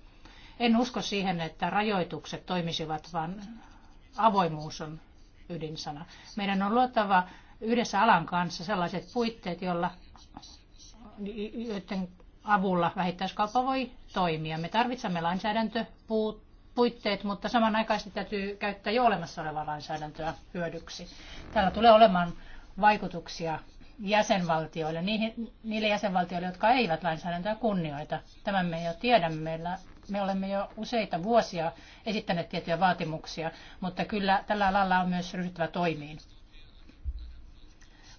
En usko siihen, että rajoitukset toimisivat, vaan avoimuus on ydinsana. Meidän on luotava yhdessä alan kanssa sellaiset puitteet, joilla joiden avulla vähittäiskauppa voi toimia. Me tarvitsemme lainsäädäntöpuitteet, mutta samanaikaisesti täytyy käyttää jo olemassa olevaa lainsäädäntöä hyödyksi. Täällä tulee olemaan vaikutuksia jäsenvaltioille, niihin, niille jäsenvaltioille, jotka eivät lainsäädäntöä kunnioita. Tämän me jo tiedämme. Meillä, me olemme jo useita vuosia esittäneet tiettyjä vaatimuksia, mutta kyllä tällä alalla on myös ryhdyttävä toimiin.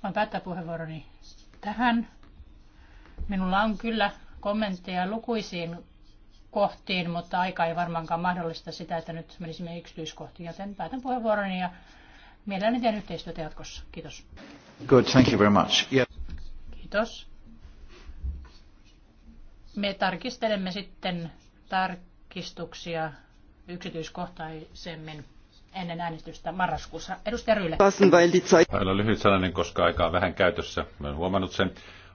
Voin päättää puheenvuoroni tähän. Minulla on kyllä kommentteja lukuisiin kohtiin, mutta aika ei varmaankaan mahdollista sitä, että nyt menisimme yksityiskohtiin, joten päätän puheenvuoroni ja mielelläni teen yhteistyötä jatkossa. Kiitos. Good, thank you very much. Yeah. Kiitos. Me tarkistelemme sitten tarkistuksia yksityiskohtaisemmin ennen äänestystä marraskuussa. Edustaja Täällä on lyhyt sellainen, koska aikaa vähän käytössä. Olen huomannut sen.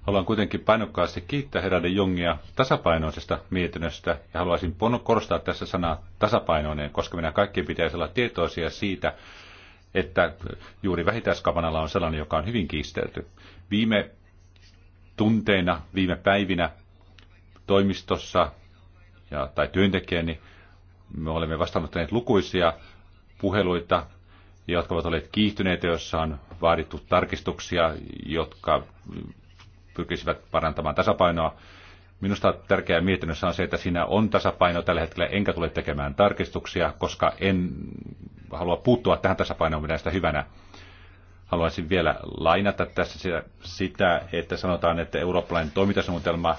Haluan kuitenkin painokkaasti kiittää herra de Jongia tasapainoisesta mietinnöstä ja haluaisin korostaa tässä sanaa tasapainoinen, koska meidän kaikkien pitäisi olla tietoisia siitä, että juuri vähitäiskaupan on sellainen, joka on hyvin kiistelty. Viime tunteina, viime päivinä toimistossa ja, tai työntekijäni me olemme vastaanottaneet lukuisia puheluita, jotka ovat olleet kiihtyneitä, joissa on vaadittu tarkistuksia, jotka pyrkisivät parantamaan tasapainoa. Minusta tärkeää mietinnössä on se, että siinä on tasapaino tällä hetkellä, enkä tule tekemään tarkistuksia, koska en halua puuttua tähän tasapainoon, minä sitä hyvänä. Haluaisin vielä lainata tässä sitä, että sanotaan, että eurooppalainen toimintasuunnitelma,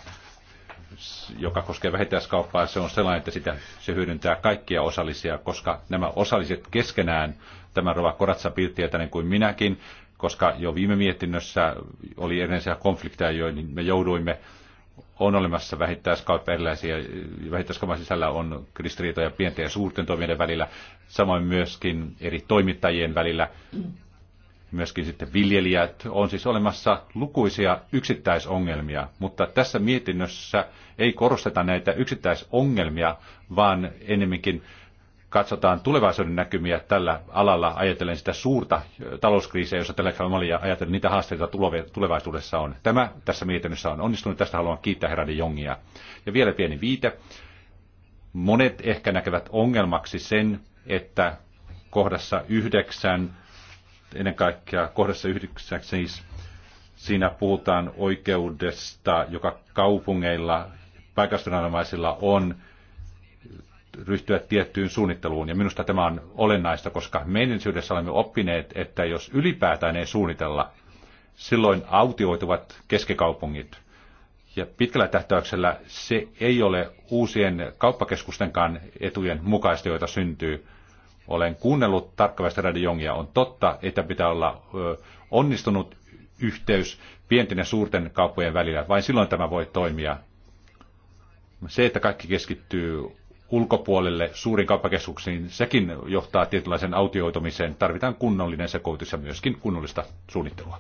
joka koskee vähittäiskauppaa, se on sellainen, että sitä, se hyödyntää kaikkia osallisia, koska nämä osalliset keskenään, tämä Rova Koratsa Pilttiätäinen kuin minäkin, koska jo viime mietinnössä oli erilaisia konflikteja, joihin me jouduimme. On olemassa vähittäiskauppa erilaisia, vähittäiskaupan sisällä on kristiriitoja pienten ja suurten toimijoiden välillä, samoin myöskin eri toimittajien välillä, myöskin sitten viljelijät. On siis olemassa lukuisia yksittäisongelmia, mutta tässä mietinnössä ei korosteta näitä yksittäisongelmia, vaan enemmänkin katsotaan tulevaisuuden näkymiä tällä alalla, ajatellen sitä suurta talouskriisiä, jossa tällä hetkellä ja ajatellen niitä haasteita tulevaisuudessa on. Tämä tässä mietinnössä on onnistunut, tästä haluan kiittää herra de Jongia. Ja vielä pieni viite. Monet ehkä näkevät ongelmaksi sen, että kohdassa yhdeksän, ennen kaikkea kohdassa yhdeksän siis, siinä puhutaan oikeudesta, joka kaupungeilla, paikallisviranomaisilla on ryhtyä tiettyyn suunnitteluun. Ja minusta tämä on olennaista, koska menneisyydessä olemme oppineet, että jos ylipäätään ei suunnitella, silloin autioituvat keskikaupungit. Ja pitkällä tähtäyksellä se ei ole uusien kauppakeskustenkaan etujen mukaista, joita syntyy. Olen kuunnellut tarkkavaista radiongia. On totta, että pitää olla onnistunut yhteys pienten ja suurten kauppojen välillä. Vain silloin tämä voi toimia. Se, että kaikki keskittyy ulkopuolelle suuriin kauppakeskuksiin, sekin johtaa tietynlaiseen autioitumiseen. Tarvitaan kunnollinen sekoitus ja myöskin kunnollista suunnittelua.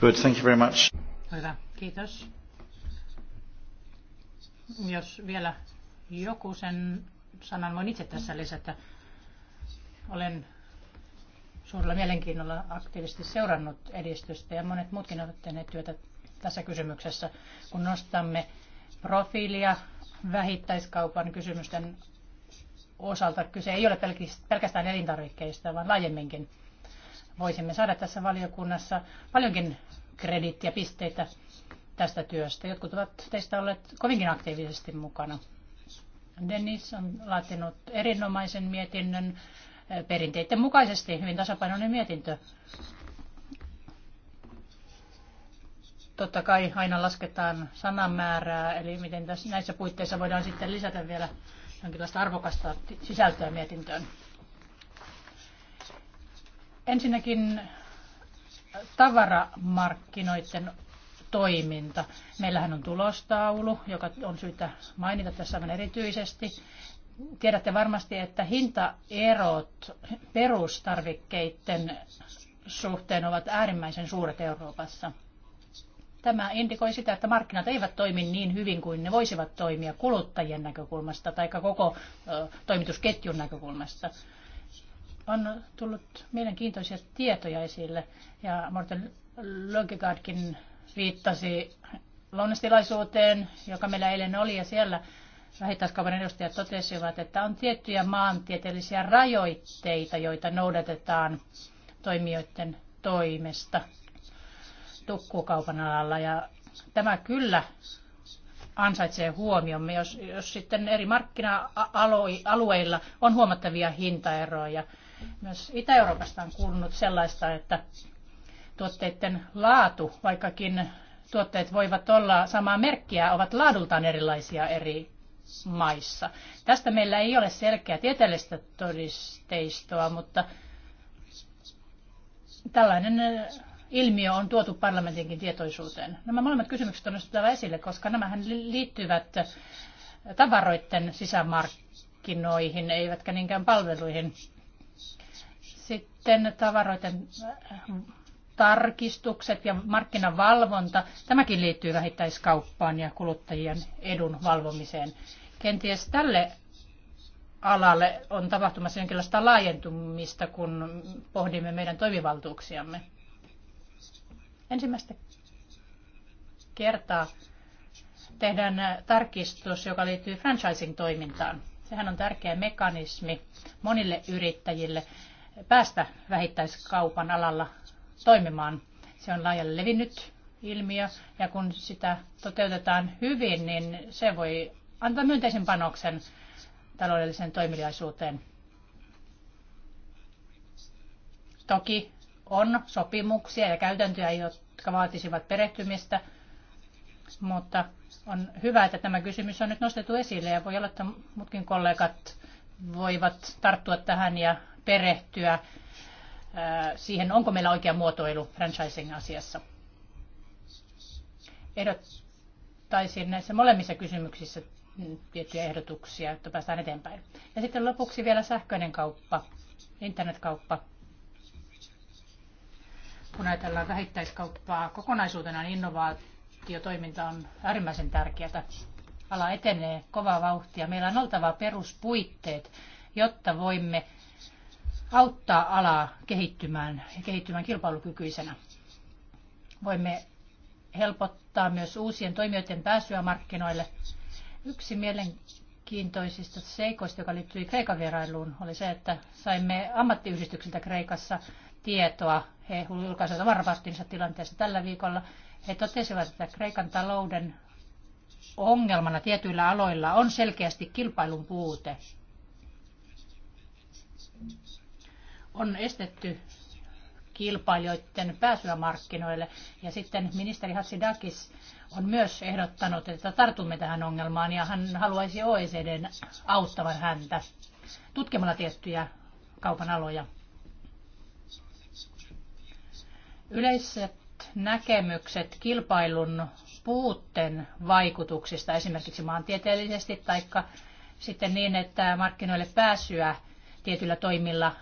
Good, thank you very much. Hyvä, kiitos. Jos vielä joku sen sanan voin itse tässä lisätä. Olen suurella mielenkiinnolla aktiivisesti seurannut edistystä ja monet muutkin ovat tehneet työtä tässä kysymyksessä, kun nostamme profiilia vähittäiskaupan kysymysten osalta kyse ei ole pelkästään elintarvikkeista, vaan laajemminkin. Voisimme saada tässä valiokunnassa paljonkin kredittiä, pisteitä tästä työstä. Jotkut ovat teistä olleet kovinkin aktiivisesti mukana. Dennis on laatinut erinomaisen mietinnön perinteiden mukaisesti, hyvin tasapainoinen mietintö. Totta kai aina lasketaan sanamäärää, eli miten tässä, näissä puitteissa voidaan sitten lisätä vielä jonkinlaista arvokasta sisältöä mietintöön. Ensinnäkin tavaramarkkinoiden toiminta. Meillähän on tulostaulu, joka on syytä mainita tässä aivan erityisesti. Tiedätte varmasti, että hintaerot perustarvikkeiden suhteen ovat äärimmäisen suuret Euroopassa. Tämä indikoi sitä, että markkinat eivät toimi niin hyvin kuin ne voisivat toimia kuluttajien näkökulmasta tai koko toimitusketjun näkökulmasta. On tullut mielenkiintoisia tietoja esille ja Morten Lönkegaardkin viittasi lounastilaisuuteen, joka meillä eilen oli ja siellä vähittäiskaupan edustajat totesivat, että on tiettyjä maantieteellisiä rajoitteita, joita noudatetaan toimijoiden toimesta – tukkukaupan alalla ja tämä kyllä ansaitsee huomiomme, jos, jos sitten eri markkina-alueilla on huomattavia hintaeroja. Myös Itä-Euroopasta on kuulunut sellaista, että tuotteiden laatu, vaikkakin tuotteet voivat olla samaa merkkiä, ovat laadultaan erilaisia eri maissa. Tästä meillä ei ole selkeää tieteellistä todisteistoa, mutta tällainen ilmiö on tuotu parlamentinkin tietoisuuteen. Nämä molemmat kysymykset on nostettava esille, koska nämähän liittyvät tavaroiden sisämarkkinoihin, eivätkä niinkään palveluihin. Sitten tavaroiden äh, tarkistukset ja markkinavalvonta, tämäkin liittyy vähittäiskauppaan ja kuluttajien edun valvomiseen. Kenties tälle alalle on tapahtumassa jonkinlaista laajentumista, kun pohdimme meidän toimivaltuuksiamme. Ensimmäistä kertaa tehdään tarkistus, joka liittyy franchising-toimintaan. Sehän on tärkeä mekanismi monille yrittäjille päästä vähittäiskaupan alalla toimimaan. Se on laajalle levinnyt ilmiö ja kun sitä toteutetaan hyvin, niin se voi antaa myönteisen panoksen taloudelliseen toimilaisuuteen. Toki on sopimuksia ja käytäntöjä, jotka vaatisivat perehtymistä, mutta on hyvä, että tämä kysymys on nyt nostettu esille ja voi olla, että muutkin kollegat voivat tarttua tähän ja perehtyä äh, siihen, onko meillä oikea muotoilu franchising-asiassa. Ehdottaisin näissä molemmissa kysymyksissä tiettyjä ehdotuksia, että päästään eteenpäin. Ja sitten lopuksi vielä sähköinen kauppa, internetkauppa kun ajatellaan vähittäiskauppaa kokonaisuutena, niin innovaatiotoiminta on äärimmäisen tärkeää. Ala etenee kovaa vauhtia. Meillä on oltava peruspuitteet, jotta voimme auttaa alaa kehittymään ja kehittymään kilpailukykyisenä. Voimme helpottaa myös uusien toimijoiden pääsyä markkinoille. Yksi mielenkiintoisista seikoista, joka liittyi Kreikan vierailuun, oli se, että saimme ammattiyhdistyksiltä Kreikassa tietoa. He julkaisivat varpastinsa tilanteesta tällä viikolla. He totesivat, että Kreikan talouden ongelmana tietyillä aloilla on selkeästi kilpailun puute. On estetty kilpailijoiden pääsyä markkinoille. Ja sitten ministeri Hatsidakis on myös ehdottanut, että tartumme tähän ongelmaan ja hän haluaisi OECDn auttavan häntä tutkimalla tiettyjä kaupan aloja. Yleiset näkemykset kilpailun puutteen vaikutuksista esimerkiksi maantieteellisesti tai sitten niin, että markkinoille pääsyä tietyillä toimilla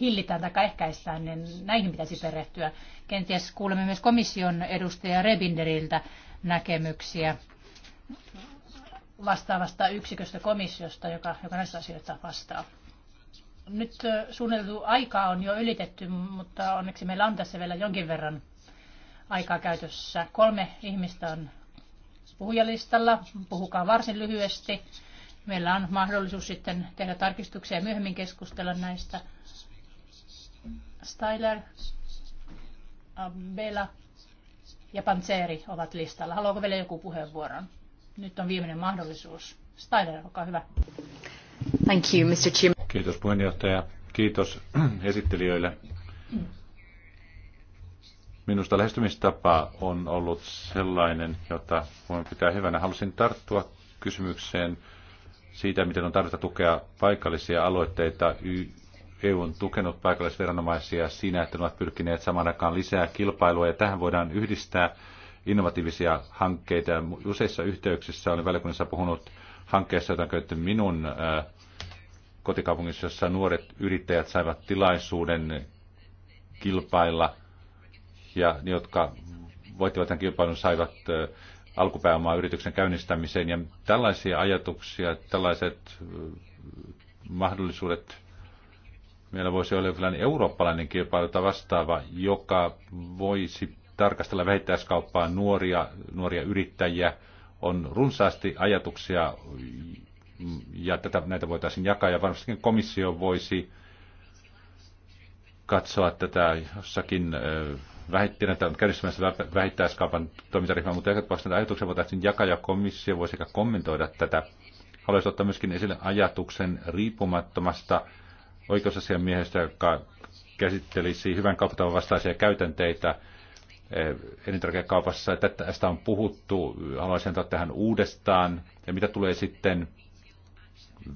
hillitään tai ehkäistään, niin näihin pitäisi perehtyä. Kenties kuulemme myös komission edustaja Rebinderiltä näkemyksiä vastaavasta yksiköstä komissiosta, joka, joka näistä asioista vastaa. Nyt suunniteltu aika on jo ylitetty, mutta onneksi meillä on tässä vielä jonkin verran aikaa käytössä. Kolme ihmistä on puhujalistalla. Puhukaa varsin lyhyesti. Meillä on mahdollisuus sitten tehdä tarkistuksia ja myöhemmin keskustella näistä. Styler, Bela ja Panzeri ovat listalla. Haluaako vielä joku puheenvuoron? Nyt on viimeinen mahdollisuus. Styler, olkaa hyvä. Thank you, Mr. Kiitos puheenjohtaja. Kiitos esittelijöille. Minusta lähestymistapa on ollut sellainen, jota voin pitää hyvänä. Halusin tarttua kysymykseen siitä, miten on tarvita tukea paikallisia aloitteita. EU on tukenut paikallisviranomaisia siinä, että ne ovat pyrkineet saman aikaan lisää kilpailua, ja tähän voidaan yhdistää innovatiivisia hankkeita. Useissa yhteyksissä olen välikunnassa puhunut hankkeessa, jota on minun äh, kotikaupungissa, jossa nuoret yrittäjät saivat tilaisuuden kilpailla ja ne, jotka voittivat tämän kilpailun, saivat alkupääomaa yrityksen käynnistämiseen. Ja tällaisia ajatuksia, tällaiset mahdollisuudet meillä voisi olla jokin eurooppalainen tai vastaava, joka voisi tarkastella vähittäiskauppaa nuoria, nuoria yrittäjiä. On runsaasti ajatuksia, ja tätä, näitä voitaisiin jakaa, ja varmastikin komissio voisi katsoa tätä jossakin vähittäin, että on käynnistymässä vähittäiskaupan toimintaryhmä, mutta ehdottomasti näitä ajatuksia voitaisiin jakaa, ja komissio voisi ehkä kommentoida tätä. Haluaisin ottaa myöskin esille ajatuksen riippumattomasta oikeusasiamiehestä, joka käsittelisi hyvän kauppatavan vastaisia käytänteitä elintarvikekaupassa. Tästä on puhuttu, haluaisin antaa tähän uudestaan. Ja mitä tulee sitten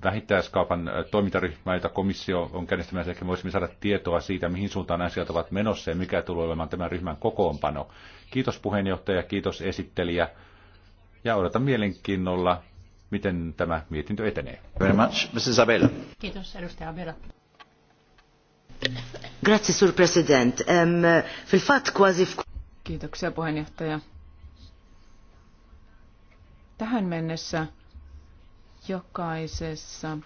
vähittäiskaupan äh, toimintaryhmä, jota komissio on käynnistämässä, ehkä voisimme saada tietoa siitä, mihin suuntaan asiat ovat menossa ja mikä tulee olemaan tämän ryhmän kokoonpano. Kiitos puheenjohtaja, kiitos esittelijä ja odotan mielenkiinnolla, miten tämä mietintö etenee. Very much. Mrs. Abela. Kiitos, edustaja Abela. Grazie, sur president. Um, fat quasi... Kiitoksia, puheenjohtaja. Tähän mennessä Jokaisessa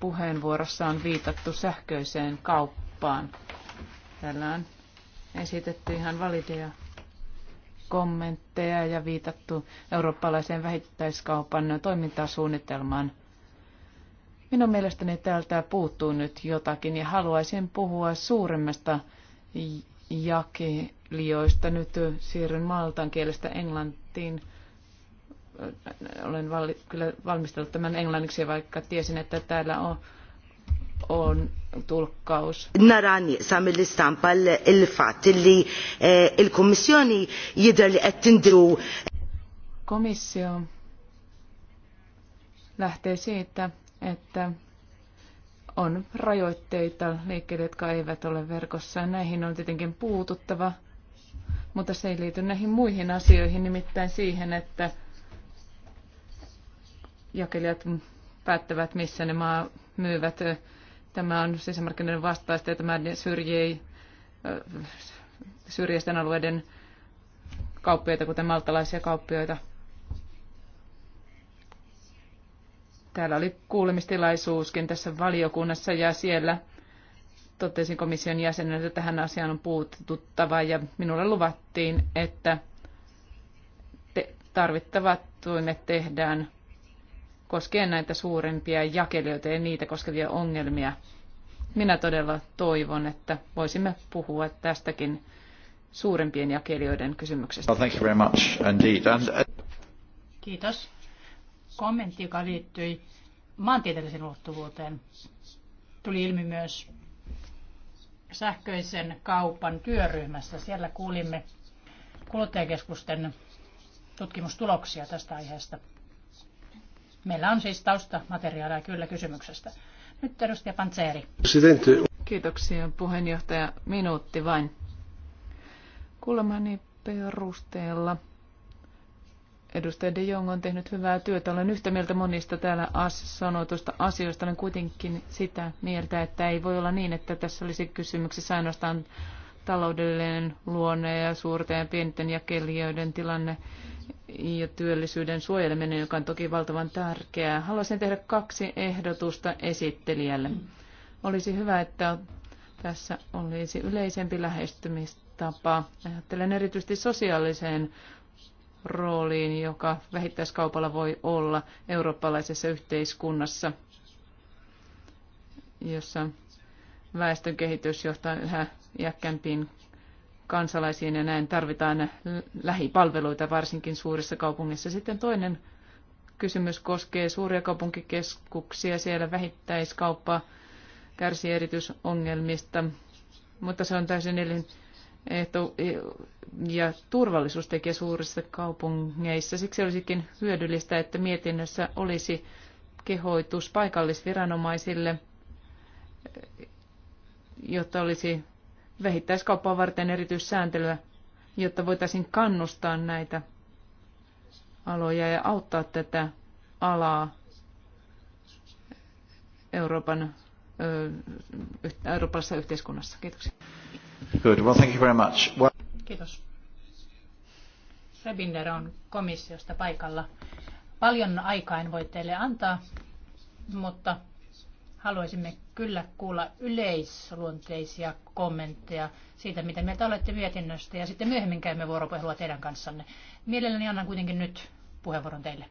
puheenvuorossa on viitattu sähköiseen kauppaan. Täällä on esitetty ihan valideja kommentteja ja viitattu eurooppalaiseen vähittäiskaupan toimintasuunnitelmaan. Minun mielestäni täältä puuttuu nyt jotakin ja haluaisin puhua suuremmasta jakelijoista. Nyt siirryn maltan kielestä englantiin olen vali, kyllä valmistellut tämän englanniksi, vaikka tiesin, että täällä on, on tulkkaus. Narani nieqsam l-istampa il-fat li eh, il-Kommissjoni Komissio lähtee siitä, että on rajoitteita liikkeelle, jotka eivät ole verkossa. Näihin on tietenkin puututtava, mutta se ei liity näihin muihin asioihin, nimittäin siihen, että jakelijat päättävät, missä ne maa myyvät. Tämä on sisämarkkinoiden vastaista ja tämä syrjii syrjäisten alueiden kauppioita, kuten maltalaisia kauppioita. Täällä oli kuulemistilaisuuskin tässä valiokunnassa ja siellä totesin komission jäsenen että tähän asiaan on puututtava ja minulle luvattiin, että tarvittavat toimet tehdään koskien näitä suurempia jakelijoita ja niitä koskevia ongelmia. Minä todella toivon, että voisimme puhua tästäkin suurempien jakelijoiden kysymyksestä. Uh, Kiitos. Kommentti, joka liittyi maantieteelliseen ulottuvuuteen, tuli ilmi myös sähköisen kaupan työryhmässä. Siellä kuulimme kuluttajakeskusten tutkimustuloksia tästä aiheesta. Meillä on siis taustamateriaalia kyllä kysymyksestä. Nyt edustaja Pantseeri. Kiitoksia puheenjohtaja. Minuutti vain. Kuulemani perusteella edustaja De Jong on tehnyt hyvää työtä. Olen yhtä mieltä monista täällä as- sanotusta asioista. Olen kuitenkin sitä mieltä, että ei voi olla niin, että tässä olisi kysymyksessä ainoastaan taloudellinen luonne ja suurten ja pienten jakelijoiden tilanne ja työllisyyden suojeleminen, joka on toki valtavan tärkeää. Haluaisin tehdä kaksi ehdotusta esittelijälle. Olisi hyvä, että tässä olisi yleisempi lähestymistapa. Ajattelen erityisesti sosiaaliseen rooliin, joka vähittäiskaupalla voi olla eurooppalaisessa yhteiskunnassa, jossa väestön kehitys johtaa yhä iäkkäämpiin kansalaisiin ja näin tarvitaan lähipalveluita varsinkin suurissa kaupungeissa. Sitten toinen kysymys koskee suuria kaupunkikeskuksia. Siellä vähittäiskauppa kärsii erityisongelmista, mutta se on täysin elin ehto, ja turvallisuus tekee suurissa kaupungeissa. Siksi olisikin hyödyllistä, että mietinnössä olisi kehoitus paikallisviranomaisille, jotta olisi vähittäiskauppaa varten erityissääntelyä, jotta voitaisiin kannustaa näitä aloja ja auttaa tätä alaa Euroopan, ö, Euroopassa yhteiskunnassa. Kiitoksia. Good. Well, thank you very much. Well... Kiitos. Rebinder on komissiosta paikalla. Paljon aikaa en voi teille antaa, mutta haluaisimme kyllä kuulla yleisluonteisia kommentteja siitä, mitä mieltä olette mietinnöstä, ja sitten myöhemmin käymme vuoropuhelua teidän kanssanne. Mielelläni annan kuitenkin nyt puheenvuoron teille.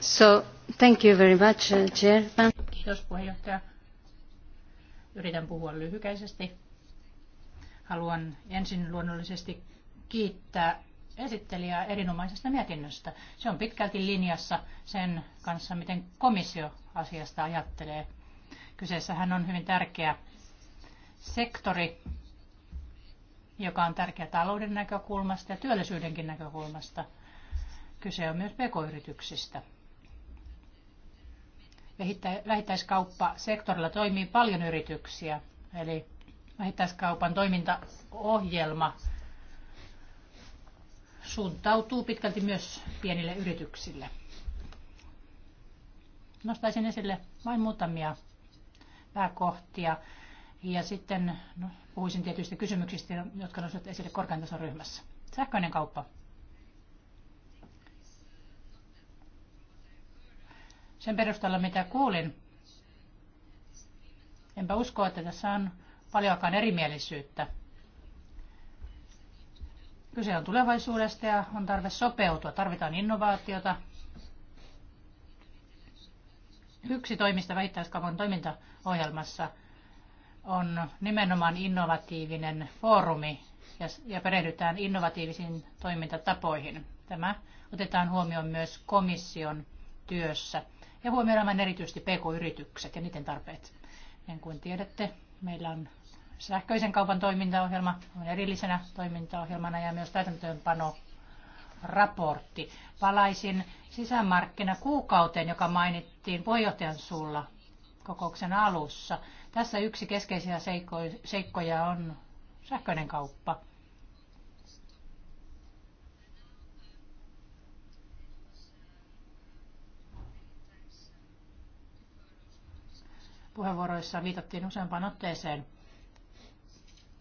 So, thank you very much, uh, Chairman. Kiitos puheenjohtaja. Yritän puhua lyhykäisesti. Haluan ensin luonnollisesti kiittää esittelijää erinomaisesta mietinnöstä. Se on pitkälti linjassa sen kanssa, miten komissio asiasta ajattelee Kyseessähän on hyvin tärkeä sektori, joka on tärkeä talouden näkökulmasta ja työllisyydenkin näkökulmasta. Kyse on myös pk-yrityksistä. Vähittäiskauppasektorilla toimii paljon yrityksiä, eli vähittäiskaupan toimintaohjelma suuntautuu pitkälti myös pienille yrityksille. Nostaisin esille vain muutamia pääkohtia. Ja sitten no, puhuisin tietyistä kysymyksistä, jotka nousivat esille korkean tason ryhmässä. Sähköinen kauppa. Sen perusteella, mitä kuulin, enpä usko, että tässä on paljonkaan erimielisyyttä. Kyse on tulevaisuudesta ja on tarve sopeutua. Tarvitaan innovaatiota, Yksi toimista vähittäiskaupan toimintaohjelmassa on nimenomaan innovatiivinen foorumi ja perehdytään innovatiivisiin toimintatapoihin. Tämä otetaan huomioon myös komission työssä ja huomioidaan erityisesti pk-yritykset ja niiden tarpeet. Niin kuin tiedätte, meillä on sähköisen kaupan toimintaohjelma on erillisenä toimintaohjelmana ja myös täytäntöönpano raportti. Palaisin sisämarkkinakuukauteen, joka mainittiin puheenjohtajan suulla kokouksen alussa. Tässä yksi keskeisiä seikkoja on sähköinen kauppa. Puheenvuoroissa viitattiin useampaan otteeseen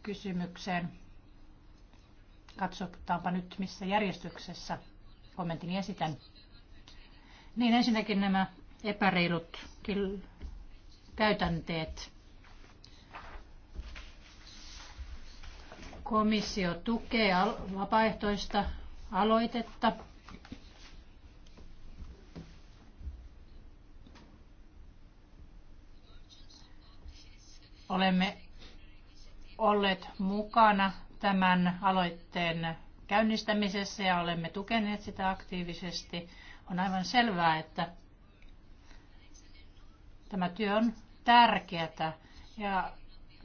kysymykseen Katsotaanpa nyt, missä järjestyksessä kommentin esitän. Niin ensinnäkin nämä epäreilut käytänteet. Komissio tukee vapaaehtoista aloitetta. Olemme olleet mukana tämän aloitteen käynnistämisessä ja olemme tukeneet sitä aktiivisesti. On aivan selvää, että tämä työ on tärkeää ja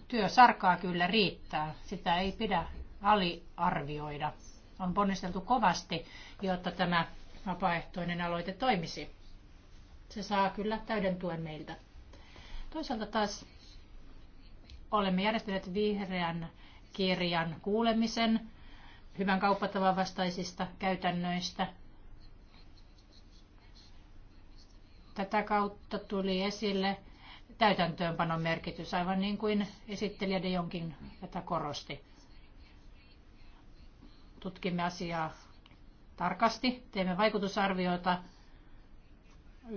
työ sarkaa kyllä riittää. Sitä ei pidä aliarvioida. On ponnisteltu kovasti, jotta tämä vapaaehtoinen aloite toimisi. Se saa kyllä täyden tuen meiltä. Toisaalta taas olemme järjestäneet vihreän kirjan kuulemisen hyvän kauppatavan vastaisista käytännöistä. Tätä kautta tuli esille täytäntöönpanon merkitys, aivan niin kuin esittelijä De Jonkin tätä korosti. Tutkimme asiaa tarkasti, teemme vaikutusarvioita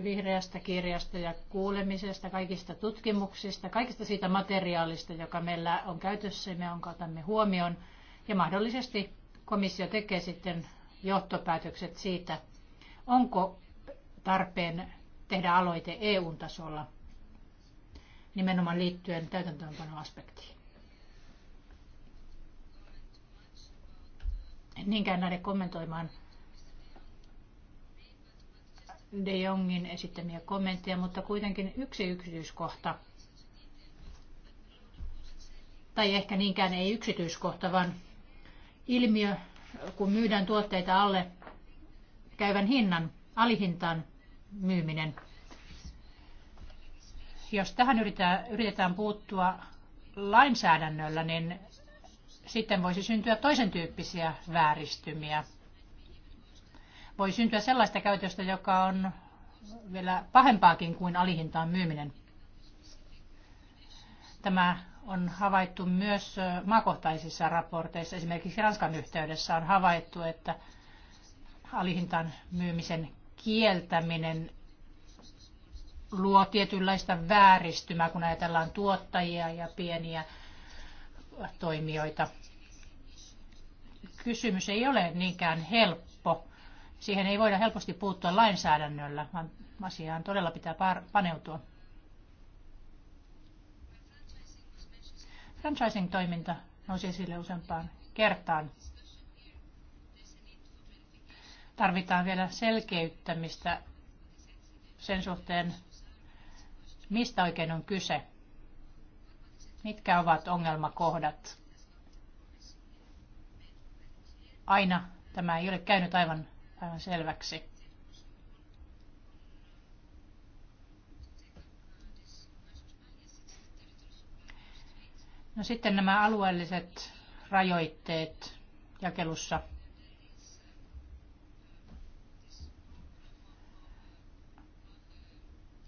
vihreästä kirjasta ja kuulemisesta, kaikista tutkimuksista, kaikista siitä materiaalista, joka meillä on käytössä ja me on otamme huomioon. Ja mahdollisesti komissio tekee sitten johtopäätökset siitä, onko tarpeen tehdä aloite EU-tasolla nimenomaan liittyen täytäntöönpanoaspektiin. En niinkään näiden kommentoimaan – De Jongin esittämiä kommentteja, mutta kuitenkin yksi yksityiskohta. Tai ehkä niinkään ei yksityiskohta, vaan ilmiö, kun myydään tuotteita alle käyvän hinnan, alihintaan myyminen. Jos tähän yritetään, yritetään puuttua lainsäädännöllä, niin sitten voisi syntyä toisen tyyppisiä vääristymiä voi syntyä sellaista käytöstä, joka on vielä pahempaakin kuin alihintaan myyminen. Tämä on havaittu myös maakohtaisissa raporteissa. Esimerkiksi Ranskan yhteydessä on havaittu, että alihintaan myymisen kieltäminen luo tietynlaista vääristymää, kun ajatellaan tuottajia ja pieniä toimijoita. Kysymys ei ole niinkään helppo Siihen ei voida helposti puuttua lainsäädännöllä, vaan asiaan todella pitää paneutua. Franchising-toiminta nousi esille useampaan kertaan. Tarvitaan vielä selkeyttämistä sen suhteen, mistä oikein on kyse, mitkä ovat ongelmakohdat. Aina tämä ei ole käynyt aivan päivän selväksi. No sitten nämä alueelliset rajoitteet jakelussa.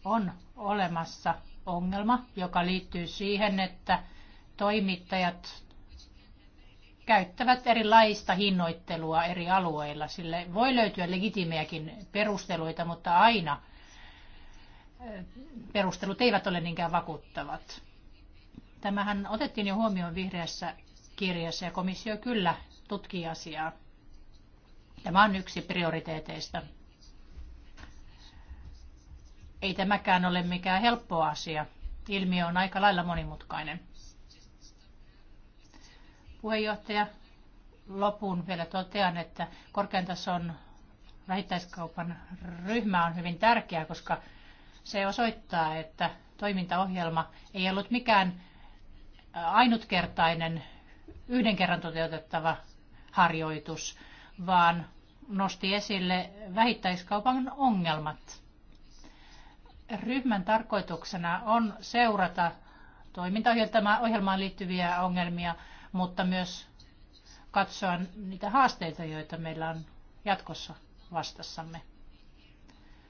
On olemassa ongelma, joka liittyy siihen, että toimittajat käyttävät erilaista hinnoittelua eri alueilla. Sille voi löytyä legitimejäkin perusteluita, mutta aina perustelut eivät ole niinkään vakuuttavat. Tämähän otettiin jo huomioon vihreässä kirjassa ja komissio kyllä tutkii asiaa. Tämä on yksi prioriteeteista. Ei tämäkään ole mikään helppo asia. Ilmiö on aika lailla monimutkainen. Puheenjohtaja, lopun vielä totean, että korkean tason vähittäiskaupan ryhmä on hyvin tärkeä, koska se osoittaa, että toimintaohjelma ei ollut mikään ainutkertainen, yhden kerran toteutettava harjoitus, vaan nosti esille vähittäiskaupan ongelmat. Ryhmän tarkoituksena on seurata toimintaohjelmaan liittyviä ongelmia – mutta myös katsoa niitä haasteita, joita meillä on jatkossa vastassamme.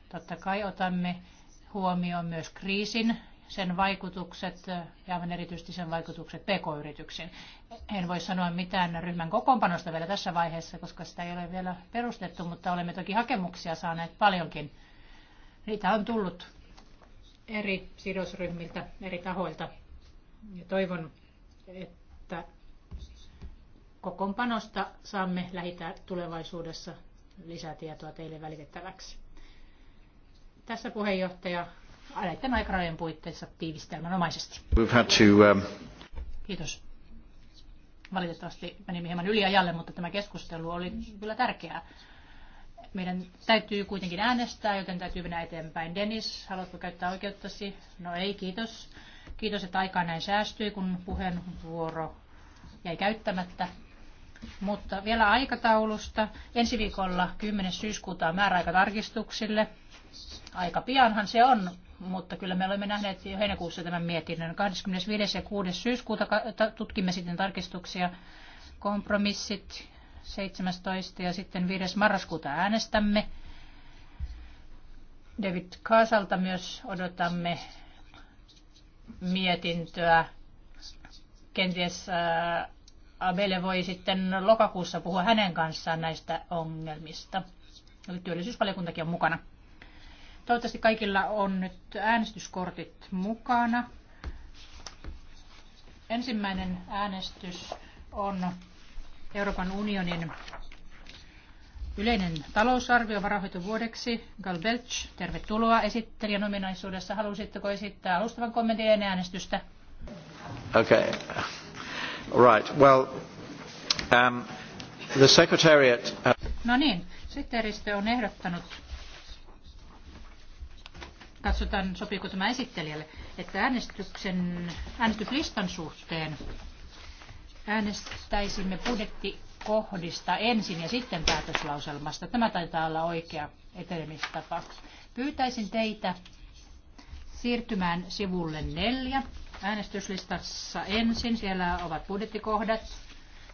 Totta kai otamme huomioon myös kriisin, sen vaikutukset ja erityisesti sen vaikutukset pk-yrityksiin. En voi sanoa mitään ryhmän kokoonpanosta vielä tässä vaiheessa, koska sitä ei ole vielä perustettu, mutta olemme toki hakemuksia saaneet paljonkin. Niitä on tullut eri sidosryhmiltä, eri tahoilta. Ja toivon, että kokoonpanosta saamme lähitä tulevaisuudessa lisätietoa teille välitettäväksi. Tässä puheenjohtaja näiden aikarajojen puitteissa tiivistelmänomaisesti. We've had to, um... Kiitos. Valitettavasti menimme hieman yliajalle, mutta tämä keskustelu oli kyllä tärkeää. Meidän täytyy kuitenkin äänestää, joten täytyy mennä eteenpäin. Dennis, haluatko käyttää oikeuttasi? No ei, kiitos. Kiitos, että aikaa näin säästyi, kun puheenvuoro jäi käyttämättä. Mutta vielä aikataulusta. Ensi viikolla 10. syyskuuta on määräaika tarkistuksille. Aika pianhan se on, mutta kyllä me olemme nähneet jo heinäkuussa tämän mietinnön. 25. ja 6. syyskuuta tutkimme sitten tarkistuksia, kompromissit 17. ja sitten 5. marraskuuta äänestämme. David Kaasalta myös odotamme mietintöä. Kenties äh, Abele voi sitten lokakuussa puhua hänen kanssaan näistä ongelmista. Eli työllisyysvaliokuntakin on mukana. Toivottavasti kaikilla on nyt äänestyskortit mukana. Ensimmäinen äänestys on Euroopan unionin yleinen talousarvio varahoitovuodeksi. Gal Belch, tervetuloa esittelijän ominaisuudessa. Haluaisitteko esittää alustavan kommentin ennen äänestystä? Okei. Okay. Right. Well, um, the secretariat... Uh, no niin, sihteeristö on ehdottanut, katsotaan sopiiko tämä esittelijälle, että äänestyksen, äänestyslistan suhteen äänestäisimme budjettikohdista ensin ja sitten päätöslauselmasta. Tämä taitaa olla oikea etenemistapa. Pyytäisin teitä siirtymään sivulle neljä äänestyslistassa ensin. Siellä ovat budjettikohdat.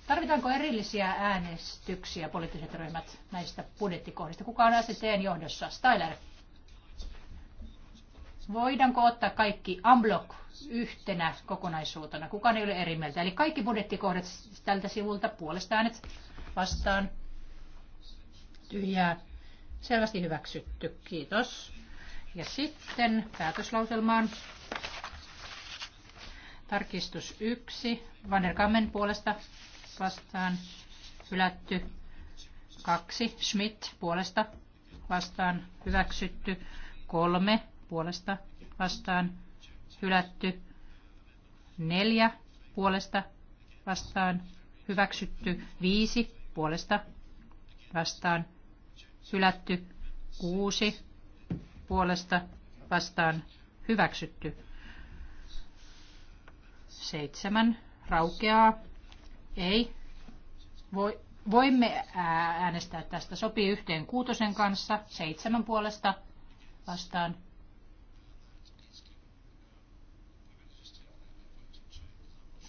Tarvitaanko erillisiä äänestyksiä poliittiset ryhmät näistä budjettikohdista? Kuka on STn johdossa? Styler. Voidaanko ottaa kaikki unblock yhtenä kokonaisuutena? Kukaan ei ole eri mieltä. Eli kaikki budjettikohdat tältä sivulta puolesta äänet vastaan. Tyhjää. Selvästi hyväksytty. Kiitos. Ja sitten päätöslauselmaan. Tarkistus 1. Kammen puolesta vastaan hylätty. 2. Schmidt puolesta vastaan hyväksytty. 3. Puolesta vastaan hylätty. 4. Puolesta vastaan hyväksytty. 5. Puolesta vastaan hylätty. 6. Puolesta vastaan hyväksytty. Seitsemän raukeaa. Ei. Voi, voimme äänestää tästä. Sopii yhteen kuutosen kanssa. Seitsemän puolesta vastaan.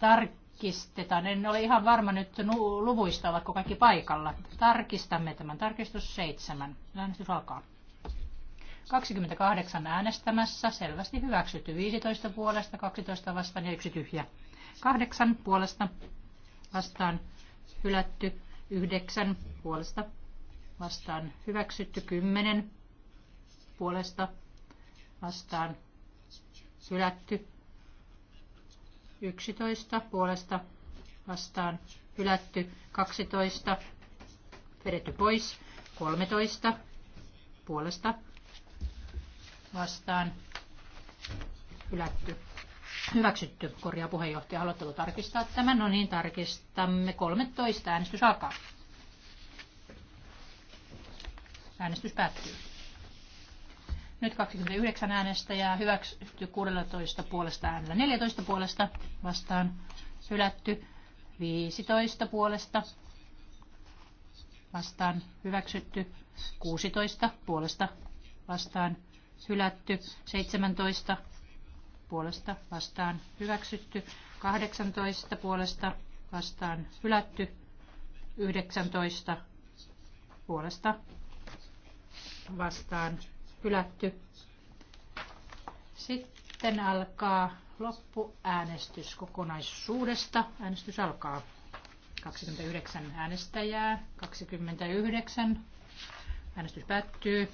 Tarkistetaan. En ole ihan varma nyt luvuista, ovatko kaikki paikalla. Tarkistamme tämän. Tarkistus seitsemän. Äänestys alkaa. 28 äänestämässä, selvästi hyväksytty. 15 puolesta, 12 vastaan ja yksi tyhjä. 8 puolesta vastaan hylätty, 9 puolesta vastaan hyväksytty, 10 puolesta vastaan hylätty, 11 puolesta vastaan hylätty, 12 vedetty pois, 13 puolesta vastaan hylätty. Hyväksytty, korjaa puheenjohtaja. Haluatteko tarkistaa tämän? No niin, tarkistamme. 13. Äänestys alkaa. Äänestys päättyy. Nyt 29 äänestäjää, hyväksytty 16 puolesta äänellä, 14 puolesta vastaan, hylätty 15 puolesta vastaan, hyväksytty 16 puolesta vastaan, hylätty, 17 puolesta vastaan hyväksytty, 18 puolesta vastaan hylätty, 19 puolesta vastaan hylätty. Sitten alkaa loppuäänestys kokonaisuudesta. Äänestys alkaa. 29 äänestäjää, 29. Äänestys päättyy.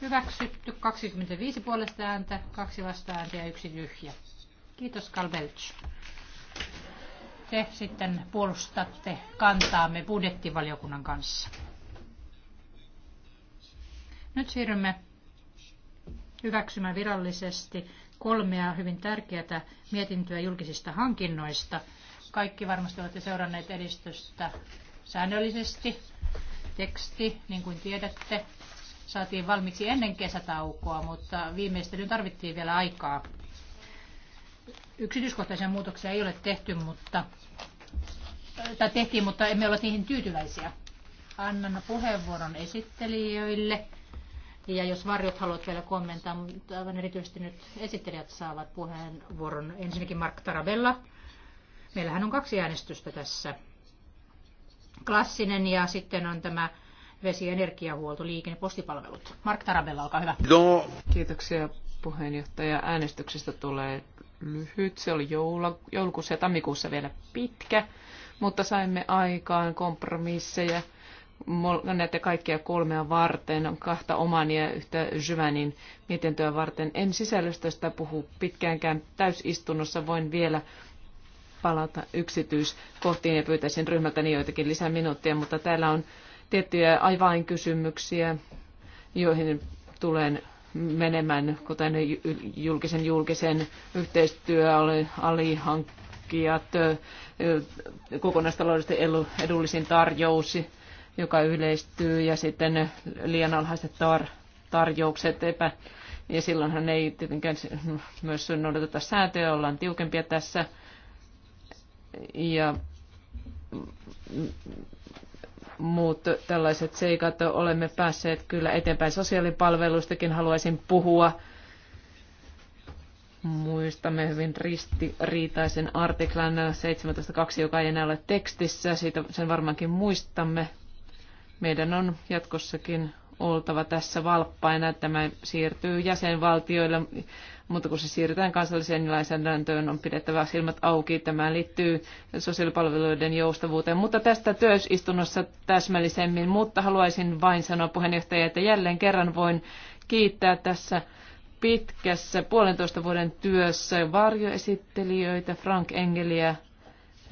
Hyväksytty 25 puolesta ääntä, kaksi vasta ääntä ja yksi tyhjä. Kiitos Kalbelch. Te sitten puolustatte kantaamme budjettivaliokunnan kanssa. Nyt siirrymme hyväksymään virallisesti kolmea hyvin tärkeää mietintöä julkisista hankinnoista. Kaikki varmasti olette seuranneet edistystä säännöllisesti. Teksti, niin kuin tiedätte, saatiin valmiiksi ennen kesätaukoa, mutta viimeistelyyn tarvittiin vielä aikaa. Yksityiskohtaisia muutoksia ei ole tehty, mutta, tai tehtiin, mutta emme ole niihin tyytyväisiä. Annan puheenvuoron esittelijöille. Ja jos varjot haluat vielä kommentoida, mutta aivan erityisesti nyt esittelijät saavat puheenvuoron. Ensinnäkin Mark Tarabella. Meillähän on kaksi äänestystä tässä. Klassinen ja sitten on tämä vesi- ja energiahuolto, liikenne- ja postipalvelut. Mark Tarabella, olkaa hyvä. No. Kiitoksia puheenjohtaja. Äänestyksestä tulee lyhyt. Se oli joula, joulukuussa ja tammikuussa vielä pitkä, mutta saimme aikaan kompromisseja näitä kaikkia kolmea varten, kahta omani ja yhtä Jyvänin mietintöä varten. En sisällöstä puhu pitkäänkään täysistunnossa, voin vielä palata yksityiskohtiin ja pyytäisin ryhmältäni joitakin lisää minuuttia, mutta täällä on tiettyjä avainkysymyksiä, joihin tulen menemään, kuten julkisen julkisen yhteistyö, alihankkijat, kokonaistaloudellisesti edullisin tarjous, joka yleistyy, ja sitten liian alhaiset tar- tarjoukset, epä, ja silloinhan ei tietenkään myös noudateta sääntöjä, ollaan tiukempia tässä. Ja muut tällaiset seikat. Olemme päässeet kyllä eteenpäin sosiaalipalveluistakin haluaisin puhua. Muistamme hyvin ristiriitaisen artiklan 17.2, joka ei enää ole tekstissä. Siitä sen varmaankin muistamme. Meidän on jatkossakin oltava tässä valppaina. Tämä siirtyy jäsenvaltioille, mutta kun se siirretään kansalliseen niin lainsäädäntöön, on pidettävä silmät auki. Tämä liittyy sosiaalipalveluiden joustavuuteen, mutta tästä työistunnossa täsmällisemmin. Mutta haluaisin vain sanoa puheenjohtaja, että jälleen kerran voin kiittää tässä pitkässä puolentoista vuoden työssä varjoesittelijöitä, Frank Engeliä,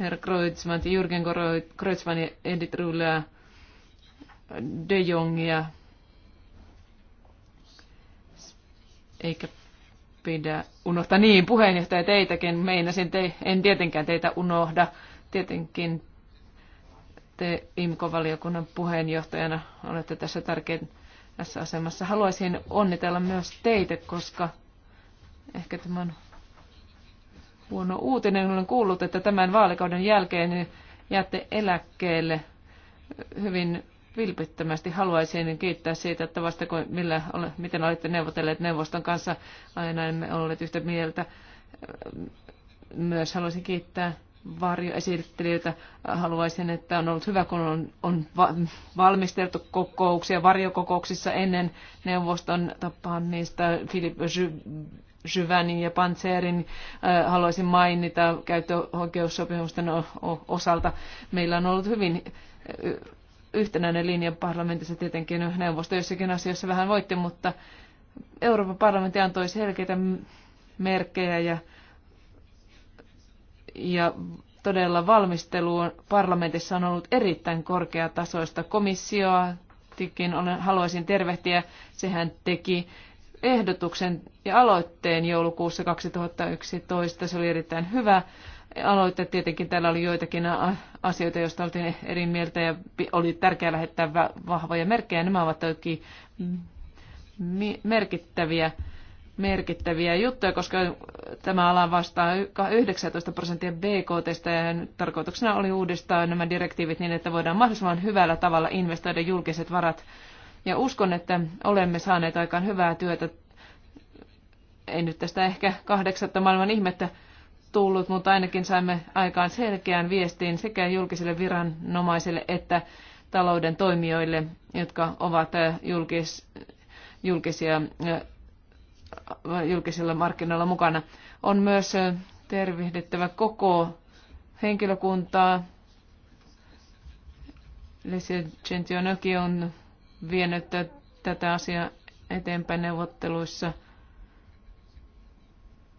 Herr Kreutzmann, Jürgen Kreutzmann ja Edith Rullea, De Jongia, eikä pidä unohtaa. Niin, puheenjohtaja teitäkin meinasin, te, en tietenkään teitä unohda. Tietenkin te IMKO-valiokunnan puheenjohtajana olette tässä tärkeässä asemassa. Haluaisin onnitella myös teitä, koska ehkä tämä on huono uutinen. Olen kuullut, että tämän vaalikauden jälkeen jäätte eläkkeelle hyvin vilpittömästi haluaisin kiittää siitä tavasta, millä, miten olette neuvotelleet neuvoston kanssa. Aina emme olleet yhtä mieltä. Myös haluaisin kiittää varjoesittelijöitä. Haluaisin, että on ollut hyvä, kun on, on va- valmisteltu kokouksia varjokokouksissa ennen neuvoston tapaamista. Philip Syvänin ja Panzerin äh, haluaisin mainita käyttöoikeussopimusten osalta. Meillä on ollut hyvin äh, yhtenäinen linja parlamentissa tietenkin neuvosto jossakin asiassa vähän voitti, mutta Euroopan parlamentti antoi selkeitä merkkejä ja, ja todella valmisteluun parlamentissa on ollut erittäin korkeatasoista komissioa. Tikin olen, haluaisin tervehtiä, sehän teki ehdotuksen ja aloitteen joulukuussa 2011. Se oli erittäin hyvä aloite. Tietenkin täällä oli joitakin asioita, joista oltiin eri mieltä ja oli tärkeää lähettää vahvoja merkkejä. Nämä ovat toki merkittäviä, merkittäviä juttuja, koska tämä ala vastaa 19 prosenttia BKT ja tarkoituksena oli uudistaa nämä direktiivit niin, että voidaan mahdollisimman hyvällä tavalla investoida julkiset varat. Ja uskon, että olemme saaneet aikaan hyvää työtä. Ei nyt tästä ehkä kahdeksatta maailman ihmettä tullut, mutta ainakin saimme aikaan selkeän viestin sekä julkisille viranomaisille että talouden toimijoille, jotka ovat julkis, julkisia, julkisilla markkinoilla mukana. On myös tervehdittävä koko henkilökuntaa. Lesia Gentionoki on vienyt tätä asiaa eteenpäin neuvotteluissa –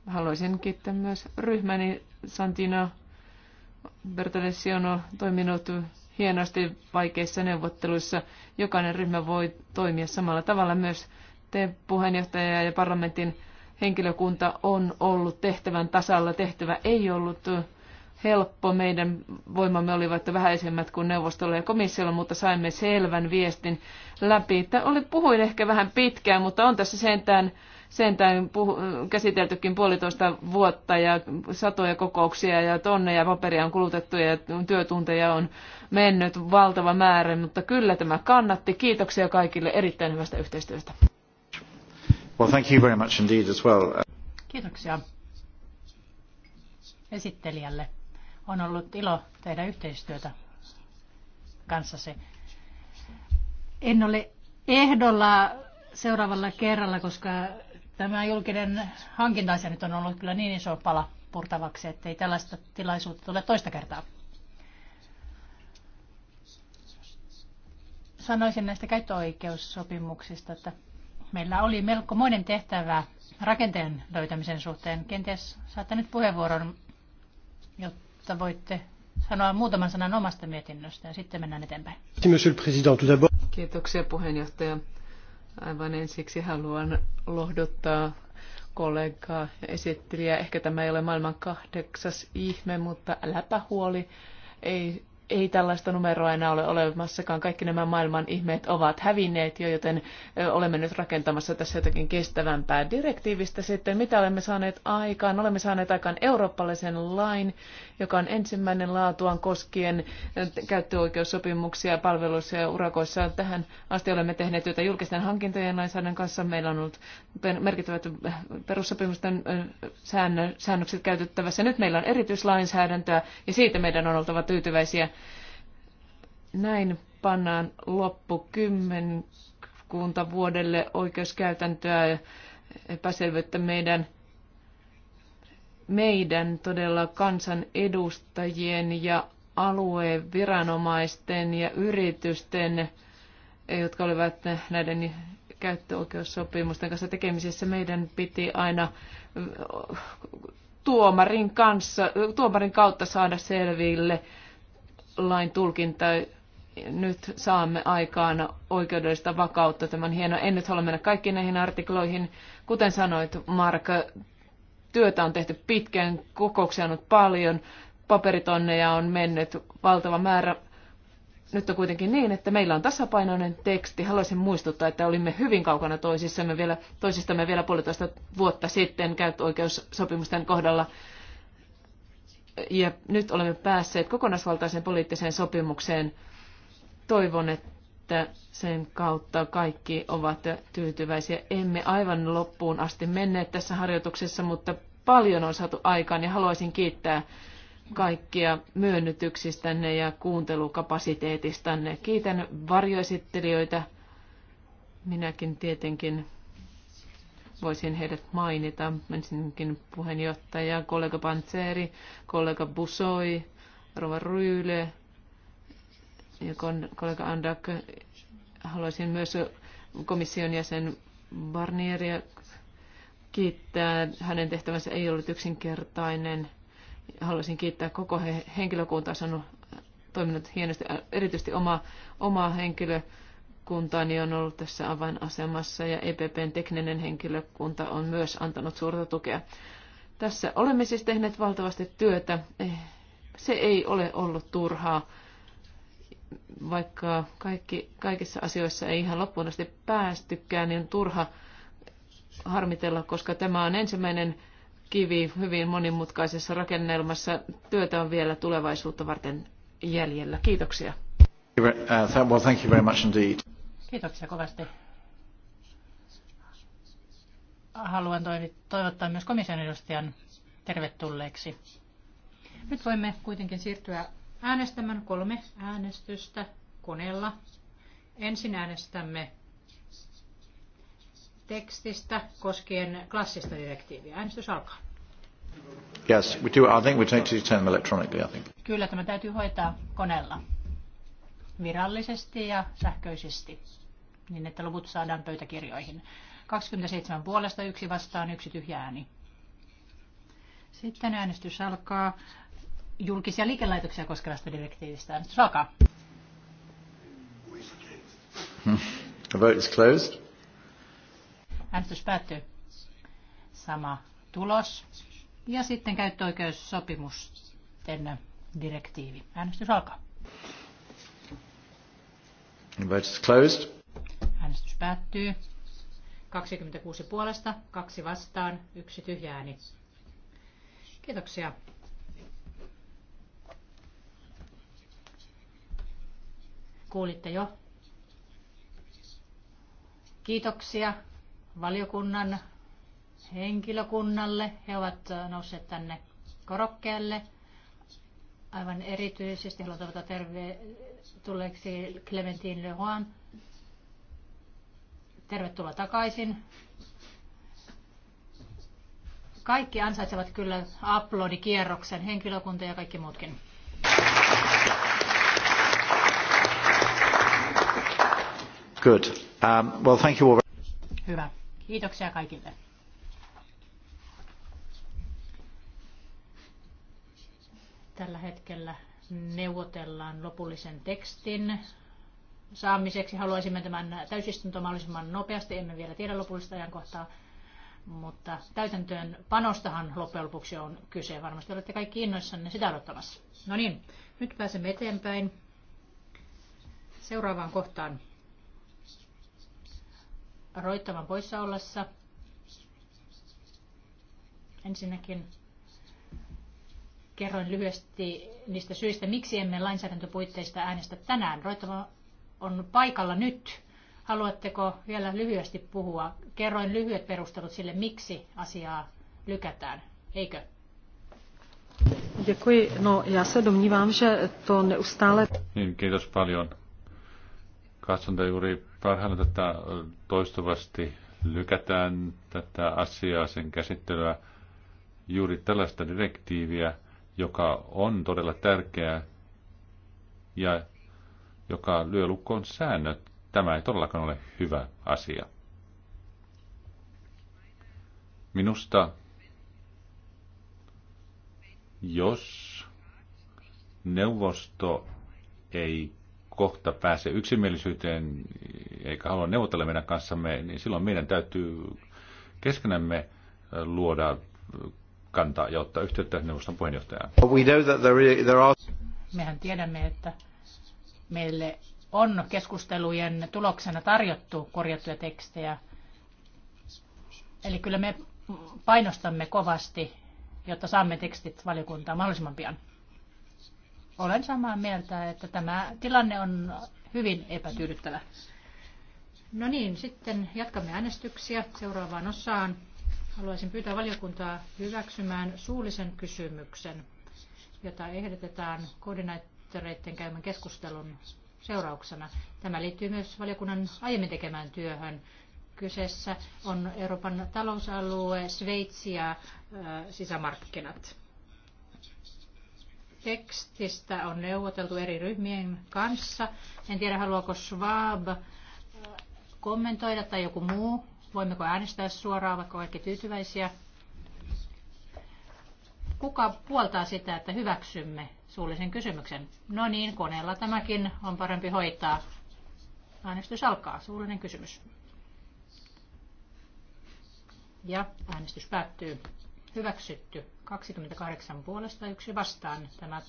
Haluaisin kiittää myös ryhmäni Santino Bertolessi on toiminut hienosti vaikeissa neuvotteluissa. Jokainen ryhmä voi toimia samalla tavalla. Myös te puheenjohtaja ja parlamentin henkilökunta on ollut tehtävän tasalla. Tehtävä ei ollut helppo. Meidän voimamme olivat vähäisemmät kuin neuvostolla ja komissiolla, mutta saimme selvän viestin läpi. Tämä oli, puhuin ehkä vähän pitkään, mutta on tässä sentään sentään puh- käsiteltykin puolitoista vuotta ja satoja kokouksia ja tonneja paperia on kulutettu ja työtunteja on mennyt valtava määrä, mutta kyllä tämä kannatti. Kiitoksia kaikille erittäin hyvästä yhteistyöstä. Well, thank you very much indeed as well. Kiitoksia esittelijälle. On ollut ilo tehdä yhteistyötä kanssasi. En ole ehdolla seuraavalla kerralla, koska Tämä julkinen hankintaisia nyt on ollut kyllä niin iso pala purtavaksi, ettei tällaista tilaisuutta tule toista kertaa. Sanoisin näistä käyttöoikeussopimuksista, että meillä oli melko monen tehtävä rakenteen löytämisen suhteen. Kenties saatte nyt puheenvuoron, jotta voitte sanoa muutaman sanan omasta mietinnöstä ja sitten mennään eteenpäin. Kiitoksia puheenjohtaja. Aivan ensiksi haluan lohduttaa kollegaa ja esittelijää. Ehkä tämä ei ole maailman kahdeksas ihme, mutta äläpä huoli. Ei ei tällaista numeroa enää ole olemassakaan. Kaikki nämä maailman ihmeet ovat hävinneet jo, joten olemme nyt rakentamassa tässä jotakin kestävämpää direktiivistä sitten. Mitä olemme saaneet aikaan? Olemme saaneet aikaan eurooppalaisen lain, joka on ensimmäinen laatuaan koskien käyttöoikeussopimuksia palveluissa ja urakoissa. Tähän asti olemme tehneet työtä julkisten hankintojen lainsäädännön kanssa. Meillä on ollut merkittävät perussopimusten säännökset käytettävässä. Nyt meillä on erityislainsäädäntöä ja siitä meidän on oltava tyytyväisiä näin pannaan loppu kymmenkunta vuodelle oikeuskäytäntöä ja epäselvyyttä meidän, meidän todella kansan edustajien ja alueen viranomaisten ja yritysten, jotka olivat näiden käyttöoikeussopimusten kanssa tekemisessä, meidän piti aina tuomarin, kanssa, tuomarin kautta saada selville lain tulkinta nyt saamme aikaan oikeudellista vakautta. tämän hieno. En nyt halua mennä kaikkiin näihin artikloihin. Kuten sanoit, Mark, työtä on tehty pitkään, kokouksia on ollut paljon, paperitonneja on mennyt valtava määrä. Nyt on kuitenkin niin, että meillä on tasapainoinen teksti. Haluaisin muistuttaa, että olimme hyvin kaukana toisissamme vielä, toisistamme vielä puolitoista vuotta sitten käyttöoikeussopimusten kohdalla. Ja nyt olemme päässeet kokonaisvaltaiseen poliittiseen sopimukseen – Toivon, että sen kautta kaikki ovat tyytyväisiä. Emme aivan loppuun asti menneet tässä harjoituksessa, mutta paljon on saatu aikaan ja haluaisin kiittää kaikkia myönnytyksistänne ja kuuntelukapasiteetistanne. Kiitän varjoesittelijöitä. Minäkin tietenkin voisin heidät mainita. Ensinnäkin puheenjohtaja, kollega Panzeri, kollega Busoi, Rova Ryyle, ja kollega Andak, haluaisin myös komission jäsen Barnieria kiittää. Hänen tehtävänsä ei ollut yksinkertainen. Haluaisin kiittää koko he, henkilökuntaa. Se on toiminut hienosti. Erityisesti oma, oma henkilökuntaani on ollut tässä avainasemassa ja EPPn tekninen henkilökunta on myös antanut suurta tukea. Tässä olemme siis tehneet valtavasti työtä. Eh, se ei ole ollut turhaa vaikka kaikki, kaikissa asioissa ei ihan loppuun asti päästykään, niin on turha harmitella, koska tämä on ensimmäinen kivi hyvin monimutkaisessa rakennelmassa. Työtä on vielä tulevaisuutta varten jäljellä. Kiitoksia. Kiitoksia kovasti. Haluan toivottaa myös komission edustajan tervetulleeksi. Nyt voimme kuitenkin siirtyä äänestämään kolme äänestystä koneella. Ensin äänestämme tekstistä koskien klassista direktiiviä. Äänestys alkaa. Yes, we do. I think we need to them electronically, I think. Kyllä, tämä täytyy hoitaa koneella. Virallisesti ja sähköisesti, niin että luvut saadaan pöytäkirjoihin. 27 puolesta, yksi vastaan, yksi tyhjä ääni. Sitten äänestys alkaa julkisia liikelaitoksia koskevasta direktiivistä. Äänestys alkaa. The vote is closed. Äänestys päättyy. Sama tulos. Ja sitten käyttöoikeussopimusten direktiivi. Äänestys alkaa. The vote is closed. Äänestys päättyy. 26 puolesta, kaksi vastaan, yksi tyhjääni. Kiitoksia. Kuulitte jo. Kiitoksia valiokunnan henkilökunnalle. He ovat nousseet tänne korokkeelle. Aivan erityisesti haluan toivottaa tervetulleeksi Clementine Leroy. Tervetuloa takaisin. Kaikki ansaitsevat kyllä aplodikierroksen, henkilökunta ja kaikki muutkin. Good. Um, well, thank you all. Hyvä. Kiitoksia kaikille. Tällä hetkellä neuvotellaan lopullisen tekstin saamiseksi. Haluaisimme tämän täysistunto mahdollisimman nopeasti. Emme vielä tiedä lopullista ajankohtaa, mutta täytäntöön panostahan loppujen lopuksi on kyse. Varmasti olette kaikki innoissanne sitä odottamassa. No niin, nyt pääsemme eteenpäin seuraavaan kohtaan. Roittavan poissa ollessa. Ensinnäkin kerroin lyhyesti niistä syistä, miksi emme lainsäädäntöpuitteista äänestä tänään. Roittava on paikalla nyt. Haluatteko vielä lyhyesti puhua? Kerroin lyhyet perustelut sille, miksi asiaa lykätään, eikö? Děkuji. No, já se domnívám, že to neustále... Niin, kiitos paljon. Katson juuri Parhailla tätä toistuvasti lykätään tätä asiaa, sen käsittelyä, juuri tällaista direktiiviä, joka on todella tärkeää ja joka lyö lukkoon säännöt. Tämä ei todellakaan ole hyvä asia. Minusta, jos neuvosto ei kohta pääse yksimielisyyteen eikä halua neuvotella meidän kanssamme, niin silloin meidän täytyy keskenämme luoda kantaa ja ottaa yhteyttä neuvoston puheenjohtajaan. Mehän tiedämme, että meille on keskustelujen tuloksena tarjottu korjattuja tekstejä. Eli kyllä me painostamme kovasti, jotta saamme tekstit valiokuntaan mahdollisimman pian. Olen samaa mieltä, että tämä tilanne on hyvin epätyydyttävä. No niin, sitten jatkamme äänestyksiä seuraavaan osaan. Haluaisin pyytää valiokuntaa hyväksymään suullisen kysymyksen, jota ehdotetaan koordinaattoreiden käymän keskustelun seurauksena. Tämä liittyy myös valiokunnan aiemmin tekemään työhön. Kyseessä on Euroopan talousalue, Sveitsi ja sisämarkkinat tekstistä on neuvoteltu eri ryhmien kanssa. En tiedä, haluaako Schwab äh, kommentoida tai joku muu. Voimmeko äänestää suoraan, vaikka kaikki tyytyväisiä? Kuka puoltaa sitä, että hyväksymme suullisen kysymyksen? No niin, koneella tämäkin on parempi hoitaa. Äänestys alkaa. Suullinen kysymys. Ja äänestys päättyy. Hyväksytty. 28 puolesta yksi vastaan. Tämä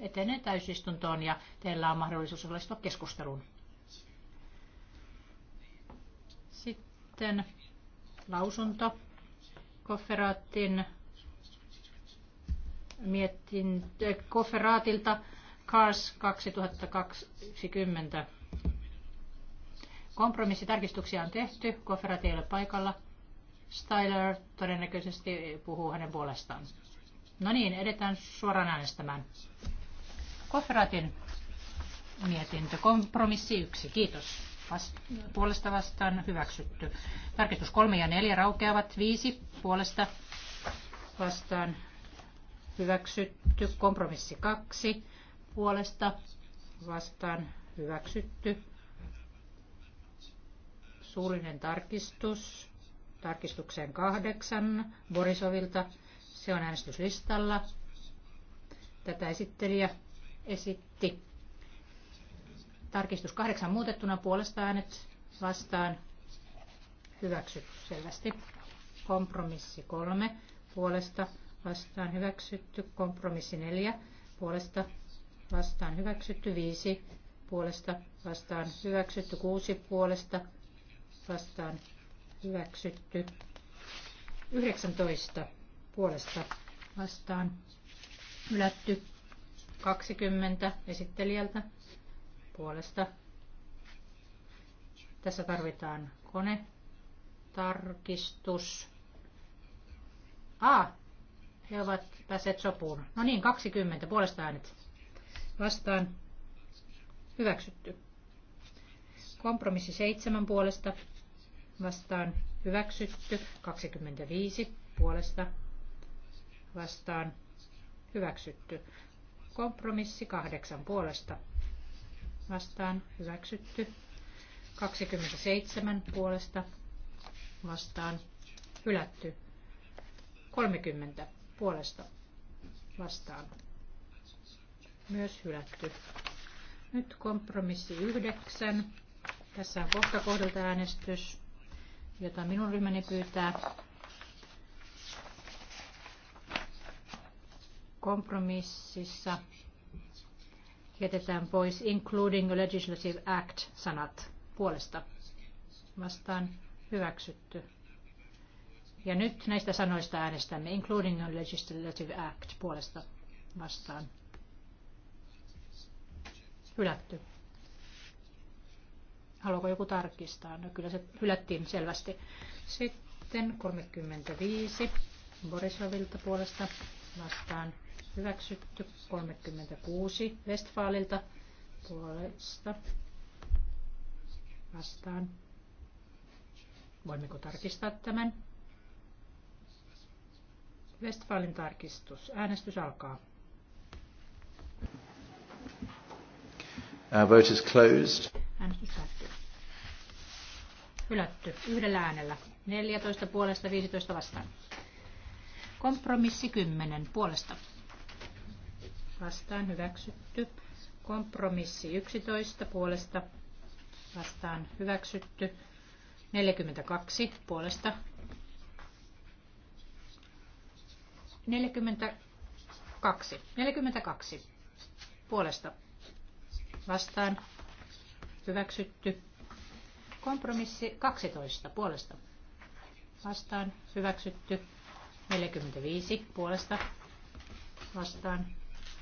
etenee täysistuntoon ja teillä on mahdollisuus osallistua keskusteluun. Sitten lausunto. kofferaatin mietin eh, Kofferaatilta Cars 2020. Kompromissitarkistuksia on tehty, Kofferat ei ole paikalla. Styler todennäköisesti puhuu hänen puolestaan. No niin, edetään suoraan äänestämään. Koferatin mietintö, kompromissi yksi, kiitos. Vast, puolesta vastaan hyväksytty. Tarkistus kolme ja neljä raukeavat, viisi puolesta vastaan hyväksytty. Kompromissi kaksi puolesta vastaan hyväksytty. Suullinen tarkistus tarkistukseen kahdeksan Borisovilta. Se on äänestyslistalla. Tätä esittelijä esitti. Tarkistus kahdeksan muutettuna puolesta äänet vastaan hyväksytty selvästi. Kompromissi kolme puolesta vastaan hyväksytty. Kompromissi neljä puolesta vastaan hyväksytty. Viisi puolesta vastaan hyväksytty. Kuusi puolesta vastaan hyväksytty. 19 puolesta vastaan ylätty 20 esittelijältä puolesta. Tässä tarvitaan kone. Tarkistus. A. He ovat päässeet sopuun. No niin, 20 puolesta äänet. Vastaan. Hyväksytty. Kompromissi 7 puolesta vastaan hyväksytty. 25 puolesta vastaan hyväksytty. Kompromissi 8 puolesta vastaan hyväksytty. 27 puolesta vastaan hylätty. 30 puolesta vastaan myös hylätty. Nyt kompromissi 9. Tässä on kohta kohdalta äänestys jota minun ryhmäni pyytää. Kompromississa jätetään pois including a legislative act sanat puolesta. Vastaan hyväksytty. Ja nyt näistä sanoista äänestämme including a legislative act puolesta vastaan. Hylätty. Haluaako joku tarkistaa? No kyllä se hylättiin selvästi. Sitten 35 Borisovilta puolesta vastaan hyväksytty. 36 Westfaalilta puolesta vastaan. Voimmeko tarkistaa tämän? Westfalin tarkistus. Äänestys alkaa. Our vote is closed. Äänestys Hylätty yhdellä äänellä. 14 puolesta 15 vastaan. Kompromissi 10 puolesta. Vastaan hyväksytty. Kompromissi 11 puolesta. Vastaan hyväksytty. 42 puolesta. 42. 42 puolesta. Vastaan hyväksytty. Kompromissi 12 puolesta. Vastaan hyväksytty 45 puolesta. Vastaan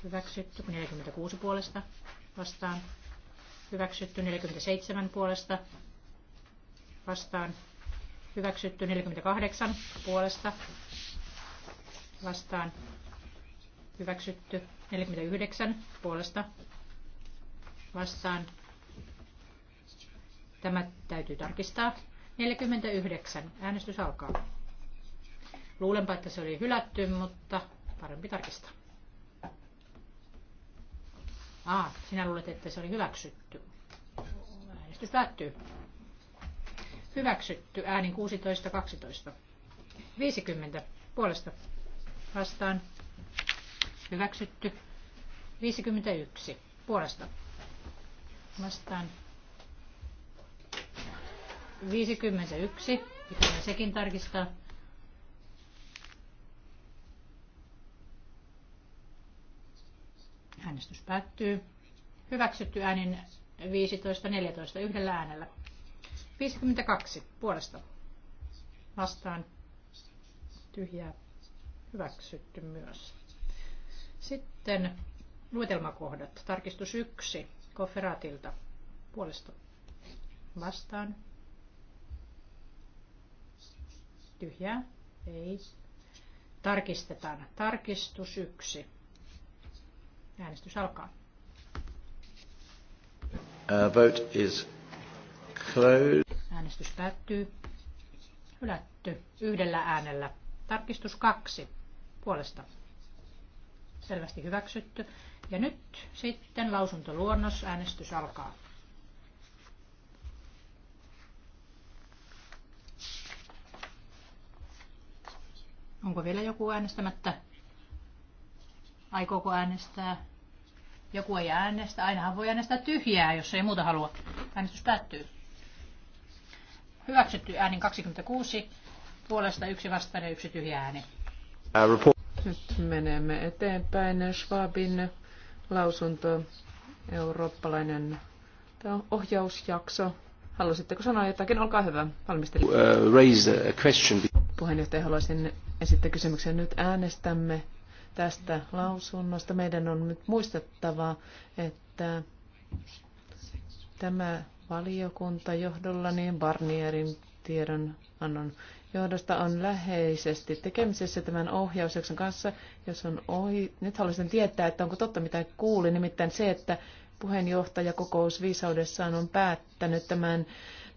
hyväksytty 46 puolesta. Vastaan hyväksytty 47 puolesta. Vastaan hyväksytty 48 puolesta. Vastaan hyväksytty 49 puolesta. Vastaan Tämä täytyy tarkistaa. 49. Äänestys alkaa. Luulenpa, että se oli hylätty, mutta parempi tarkistaa. Ah, sinä luulet, että se oli hyväksytty. Äänestys päättyy. Hyväksytty äänin 16.12. 50 puolesta vastaan. Hyväksytty. 51 puolesta vastaan 51. Pitää sekin tarkistaa. Äänestys päättyy. Hyväksytty äänin 15-14 yhdellä äänellä. 52 puolesta. Vastaan tyhjää hyväksytty myös. Sitten luetelmakohdat. Tarkistus 1 Koferaatilta puolesta vastaan tyhjä Ei. Tarkistetaan. Tarkistus yksi. Äänestys alkaa. Uh, vote is closed. Äänestys päättyy. Hylätty. Yhdellä äänellä. Tarkistus kaksi. Puolesta. Selvästi hyväksytty. Ja nyt sitten lausuntoluonnos. Äänestys alkaa. Onko vielä joku äänestämättä? Aikooko äänestää? Joku ei äänestä. Ainahan voi äänestää tyhjää, jos ei muuta halua. Äänestys päättyy. Hyväksytty äänin 26, puolesta yksi vastainen, yksi tyhjä ääni. Nyt menemme eteenpäin. Schwabin lausunto, eurooppalainen ohjausjakso. Haluaisitteko sanoa jotakin? Olkaa hyvä, valmistelu. Uh, raise a question. Puheenjohtaja, haluaisin esittää kysymyksen. Nyt äänestämme tästä lausunnosta. Meidän on nyt muistettava, että tämä valiokunta johdolla niin Barnierin tiedonannon johdosta on läheisesti tekemisessä tämän ohjausjakson kanssa, jos on ohi. Nyt haluaisin tietää, että onko totta mitä kuulin, nimittäin se, että kokous viisaudessaan on päättänyt tämän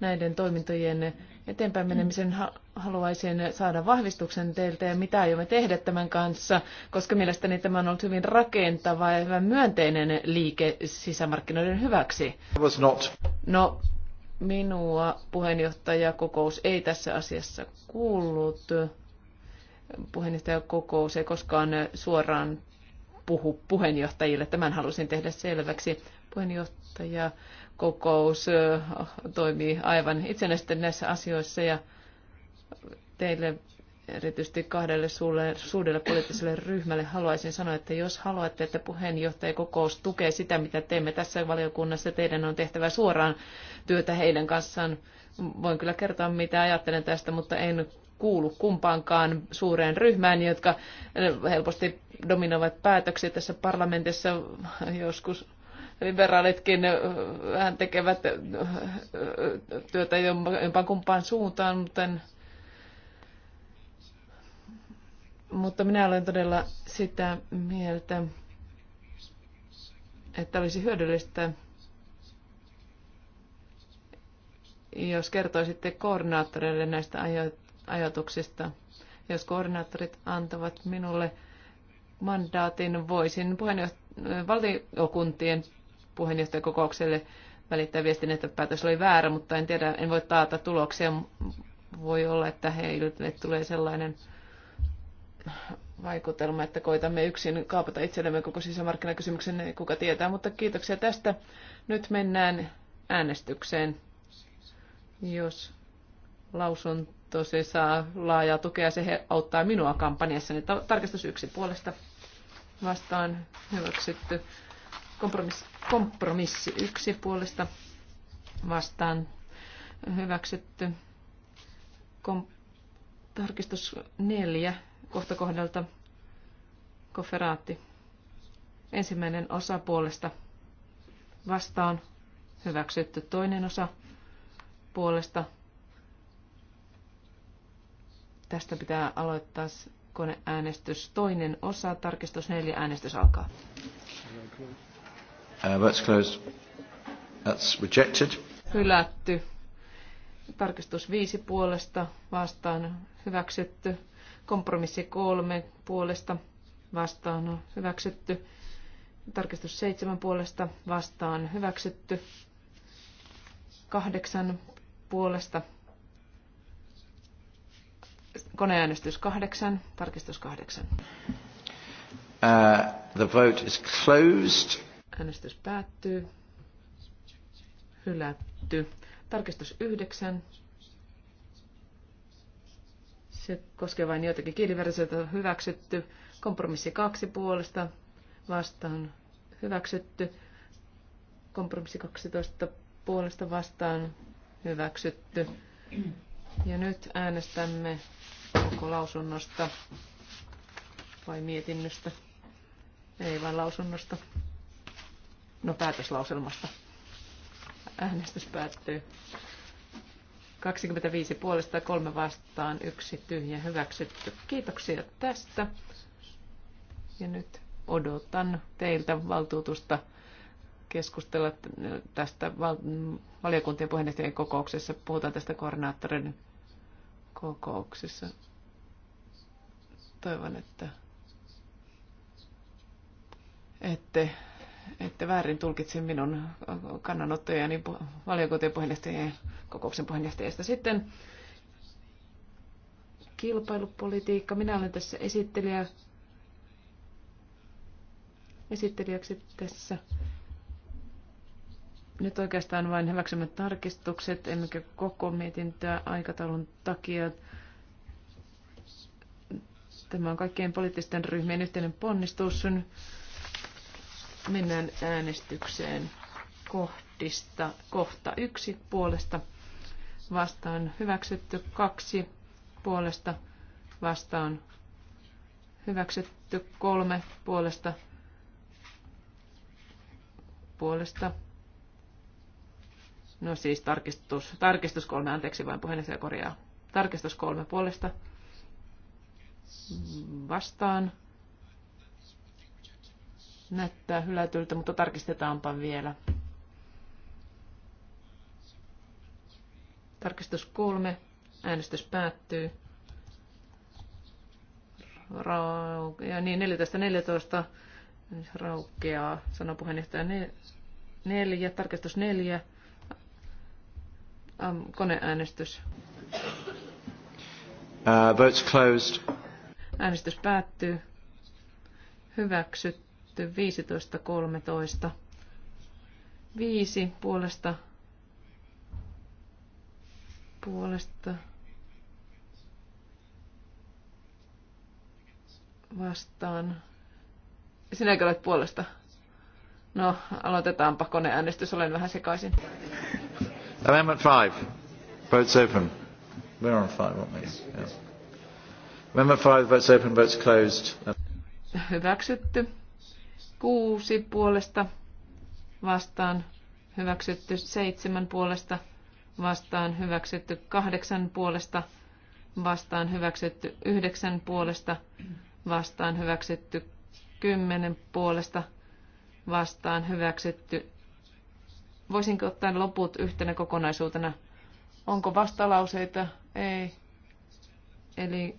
näiden toimintojen eteenpäin menemisen haluaisin saada vahvistuksen teiltä ja mitä aiomme tehdä tämän kanssa, koska mielestäni tämä on ollut hyvin rakentava ja hyvä myönteinen liike sisämarkkinoiden hyväksi. No, minua puheenjohtajakokous ei tässä asiassa kuullut. Puheenjohtajakokous ei koskaan suoraan puhu puheenjohtajille. Tämän halusin tehdä selväksi. Puheenjohtaja kokous toimii aivan itsenäisesti näissä asioissa ja teille erityisesti kahdelle suulle, suudelle poliittiselle ryhmälle haluaisin sanoa, että jos haluatte, että puheenjohtajakokous tukee sitä, mitä teemme tässä valiokunnassa, teidän on tehtävä suoraan työtä heidän kanssaan. Voin kyllä kertoa, mitä ajattelen tästä, mutta en kuulu kumpaankaan suureen ryhmään, jotka helposti dominoivat päätöksiä tässä parlamentissa joskus liberaalitkin vähän tekevät työtä jompaan kumpaan suuntaan, mutta, mutta minä olen todella sitä mieltä, että olisi hyödyllistä, jos kertoisitte koordinaattoreille näistä ajatuksista. Jos koordinaattorit antavat minulle mandaatin, voisin puheenjohtajan valtiokuntien puheenjohtajakokoukselle välittää viestin, että päätös oli väärä, mutta en tiedä, en voi taata tuloksia. Voi olla, että heille tulee sellainen vaikutelma, että koitamme yksin kaapata itsellemme koko sisämarkkinakysymyksen, kuka tietää, mutta kiitoksia tästä. Nyt mennään äänestykseen. Jos lausunto se saa laajaa tukea, se auttaa minua kampanjassa. Tarkastus yksi puolesta vastaan hyväksytty. Kompromissi, kompromissi yksi puolesta vastaan hyväksytty. Kom, tarkistus neljä kohta kohdalta koferaatti. Ensimmäinen osa puolesta vastaan hyväksytty. Toinen osa puolesta. Tästä pitää aloittaa koneäänestys. Toinen osa, tarkistus neljä, äänestys alkaa. Uh, votes closed. That's rejected. Hylätty. Tarkistus viisi puolesta vastaan hyväksytty. Kompromissi kolme puolesta vastaan hyväksytty. Tarkistus seitsemän puolesta vastaan hyväksytty. Kahdeksan puolesta koneäänestys kahdeksan, tarkistus kahdeksan. Uh, the vote is closed. Äänestys päättyy. Hylätty. Tarkistus 9. Se koskee vain joitakin kieliversioita hyväksytty. Kompromissi kaksi puolesta vastaan hyväksytty. Kompromissi 12 puolesta vastaan hyväksytty. Ja nyt äänestämme koko lausunnosta vai mietinnöstä, ei vaan lausunnosta no päätöslauselmasta. Äänestys päättyy. 25 puolesta, kolme vastaan, yksi tyhjä hyväksytty. Kiitoksia tästä. Ja nyt odotan teiltä valtuutusta keskustella tästä val- valiokuntien puheenjohtajien kokouksessa. Puhutaan tästä koordinaattorin kokouksessa. Toivon, että ette että väärin tulkitsin minun kannanottojani valiokuntien puheenjohtajien kokouksen puheenjohtajasta. Sitten kilpailupolitiikka. Minä olen tässä esittelijä, esittelijäksi tässä. Nyt oikeastaan vain hyväksymme tarkistukset, emmekä koko mietintöä aikataulun takia. Tämä on kaikkien poliittisten ryhmien yhteinen ponnistus. Mennään äänestykseen kohtista, Kohta yksi puolesta vastaan hyväksytty, kaksi puolesta vastaan hyväksytty, kolme puolesta puolesta. No siis tarkistus, tarkistus kolme, anteeksi vain puheenjohtaja korjaa. Tarkistus kolme puolesta vastaan Näyttää hylätyltä, mutta tarkistetaanpa vielä. Tarkistus kolme. Äänestys päättyy. ja niin, 14.14. Raukeaa, sanoi puheenjohtaja. neljä, tarkistus neljä. Um, koneäänestys. Uh, votes closed. Äänestys päättyy. Hyväksytty hyväksytty 15.13. 5 puolesta puolesta vastaan. Sinäkö olet puolesta? No, aloitetaanpa koneäänestys. Olen vähän sekaisin. Amendment 5. Votes open. We're on 5, aren't we? Yeah. Amendment 5. Votes open. Votes closed. Hyväksytty. 6 puolesta vastaan hyväksytty, 7 puolesta vastaan hyväksytty, 8 puolesta vastaan hyväksytty, 9 puolesta vastaan hyväksytty, 10 puolesta vastaan hyväksytty. Voisinko ottaa loput yhtenä kokonaisuutena? Onko vastalauseita? Ei. Eli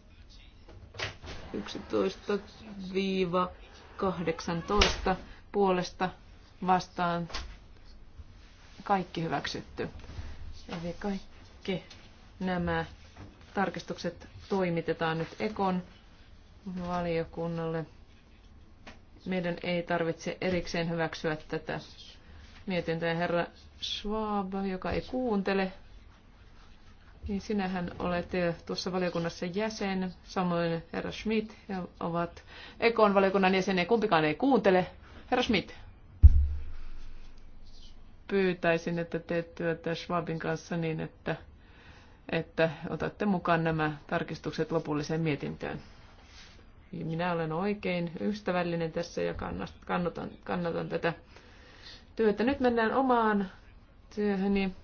viiva 18 puolesta vastaan kaikki hyväksytty. Eli kaikki nämä tarkistukset toimitetaan nyt Ekon valiokunnalle. Meidän ei tarvitse erikseen hyväksyä tätä mietintöä. Herra Schwab, joka ei kuuntele niin sinähän olet eh, tuossa valiokunnassa jäsen, samoin herra Schmidt ja ovat Ekon valiokunnan jäseniä, kumpikaan ei kuuntele. Herra Schmidt, pyytäisin, että teet työtä Schwabin kanssa niin, että, että otatte mukaan nämä tarkistukset lopulliseen mietintöön. Minä olen oikein ystävällinen tässä ja kannatan, kannatan tätä työtä. Nyt mennään omaan työhöni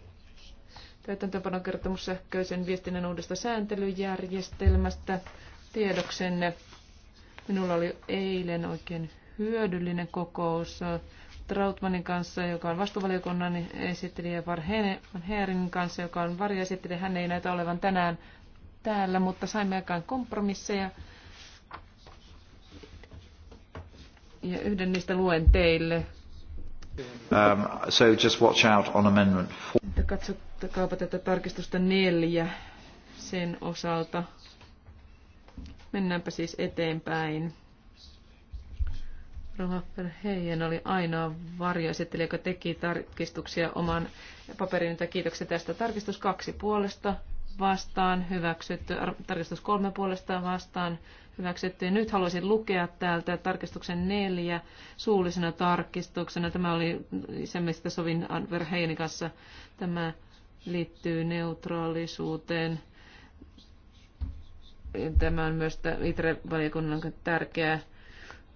täytäntöönpanon sähköisen viestinnän uudesta sääntelyjärjestelmästä. Tiedoksenne. Minulla oli eilen oikein hyödyllinen kokous Trautmanin kanssa, joka on vastuvaliokunnan esittelijä, Van Heerin kanssa, joka on varjoesittelijä. Hän ei näytä olevan tänään täällä, mutta saimme aikaan kompromisseja. Ja yhden niistä luen teille. Um, so just watch out on amendment four. Katsokaapa tätä tarkistusta neljä sen osalta. Mennäänpä siis eteenpäin. Rohafer Heijen oli ainoa varjoesittelijä, joka teki tarkistuksia oman paperin. Kiitoksia tästä. Tarkistus kaksi puolesta vastaan hyväksytty. Tarkistus kolme puolesta vastaan hyväksyttiin. Nyt haluaisin lukea täältä tarkistuksen neljä suullisena tarkistuksena. Tämä oli se, mistä sovin Anver kanssa. Tämä liittyy neutraalisuuteen. Tämä on myös ITRE-valiokunnan tärkeää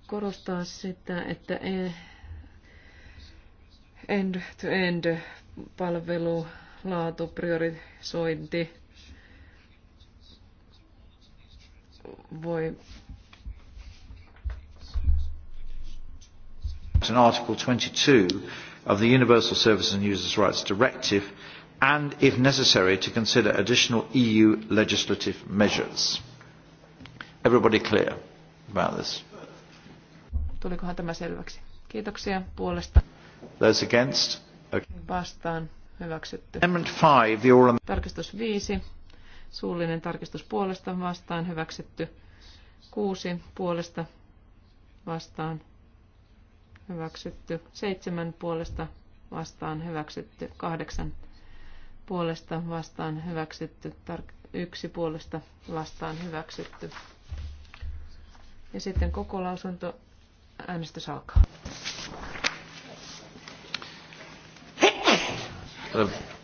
korostaa sitä, että e- end-to-end -end laatu priorisointi voi in Article 22 of the Universal Services and Users' Rights Directive and, if necessary, to consider additional EU legislative measures. Everybody clear about this? Tulikohan tämä selväksi? Kiitoksia puolesta. Those against? Okay. Vastaan. Hyväksytty. Amendment 5, the oral... Tarkistus 5. Suullinen tarkistus puolesta vastaan hyväksytty. Kuusi puolesta vastaan hyväksytty. Seitsemän puolesta vastaan hyväksytty. Kahdeksan puolesta vastaan hyväksytty. yksi puolesta vastaan hyväksytty. Ja sitten koko lausunto äänestys alkaa.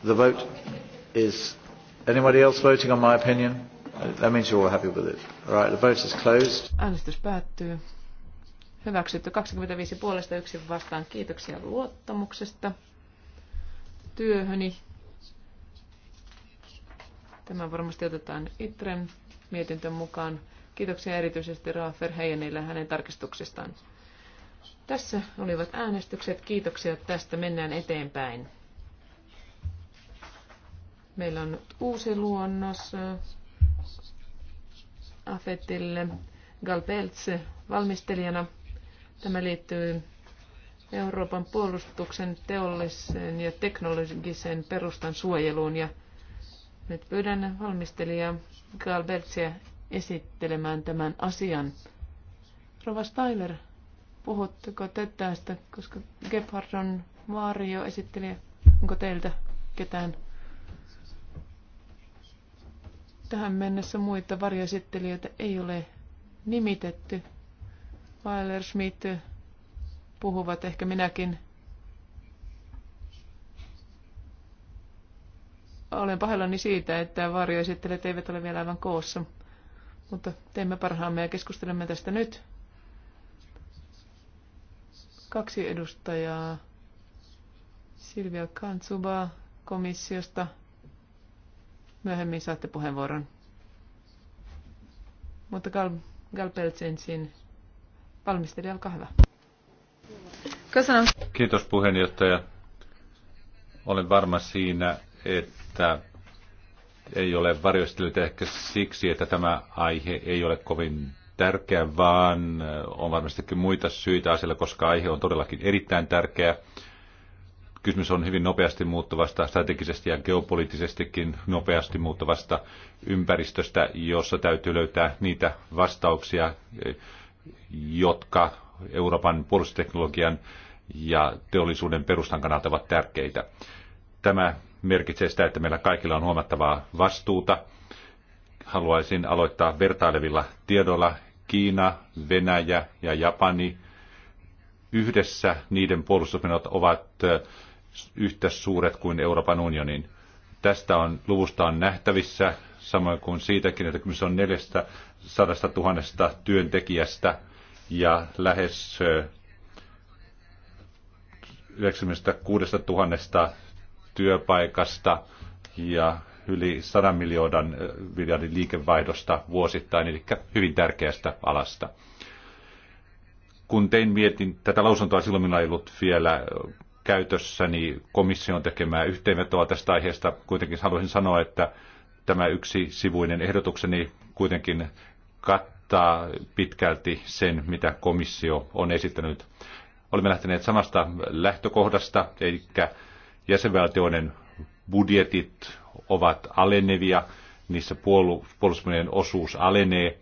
The vote is Anybody else voting on my opinion? That means you're all happy with it. right, the vote is closed. Äänestys päättyy. Hyväksytty 25 puolesta yksin vastaan. Kiitoksia luottamuksesta työhöni. Tämä varmasti otetaan Itren mietintön mukaan. Kiitoksia erityisesti Raafer Heijanille hänen tarkistuksestaan. Tässä olivat äänestykset. Kiitoksia tästä. Mennään eteenpäin. Meillä on nyt uusi luonnos äh, Afetille. galpeltse valmistelijana. Tämä liittyy Euroopan puolustuksen teollisen ja teknologisen perustan suojeluun. Ja nyt pyydän valmistelija Galbertsia esittelemään tämän asian. Rova Steiner, puhutteko te tästä, koska Gebhard on varjo esittelijä. Onko teiltä ketään Tähän mennessä muita varjoesittelijöitä ei ole nimitetty. Weiler Schmidt puhuvat ehkä minäkin. Olen pahoillani siitä, että varjoesittelijät eivät ole vielä aivan koossa, mutta teemme parhaamme ja keskustelemme tästä nyt. Kaksi edustajaa. Silvia Kantsuba komissiosta Myöhemmin saatte puheenvuoron. Mutta Gal, Gal Peltsensin valmistelija, olkaa hyvä. Kiitos puheenjohtaja. Olen varma siinä, että ei ole varjostellut ehkä siksi, että tämä aihe ei ole kovin tärkeä, vaan on varmastikin muita syitä asialle, koska aihe on todellakin erittäin tärkeä. Kysymys on hyvin nopeasti muuttuvasta, strategisesti ja geopoliittisestikin nopeasti muuttuvasta ympäristöstä, jossa täytyy löytää niitä vastauksia, jotka Euroopan puolustusteknologian ja teollisuuden perustan kannalta ovat tärkeitä. Tämä merkitsee sitä, että meillä kaikilla on huomattavaa vastuuta. Haluaisin aloittaa vertailevilla tiedoilla. Kiina, Venäjä ja Japani yhdessä niiden puolustusmenot ovat yhtä suuret kuin Euroopan unionin. Tästä on luvusta on nähtävissä, samoin kuin siitäkin, että kyse on 400 000 työntekijästä ja lähes 96 000 työpaikasta ja yli 100 miljoonan miljardin liikevaihdosta vuosittain, eli hyvin tärkeästä alasta. Kun tein mietin tätä lausuntoa, silloin minulla ei ollut vielä käytössäni komission tekemää yhteenvetoa tästä aiheesta. Kuitenkin haluaisin sanoa, että tämä yksi sivuinen ehdotukseni kuitenkin kattaa pitkälti sen, mitä komissio on esittänyt. Olemme lähteneet samasta lähtökohdasta, eli jäsenvaltioiden budjetit ovat alenevia, niissä puolustusmenojen osuus alenee,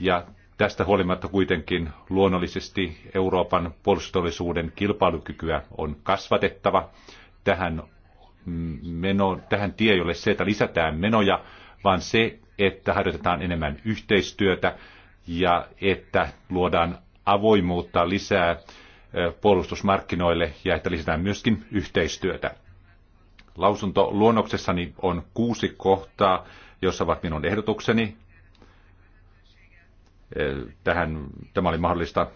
ja Tästä huolimatta kuitenkin luonnollisesti Euroopan puolustusteollisuuden kilpailukykyä on kasvatettava. Tähän, meno, tähän tie ei ole se, että lisätään menoja, vaan se, että harjoitetaan enemmän yhteistyötä ja että luodaan avoimuutta lisää puolustusmarkkinoille ja että lisätään myöskin yhteistyötä. Lausunto luonnoksessani on kuusi kohtaa, jossa ovat minun ehdotukseni. Eh, tähän, tämä oli mahdollista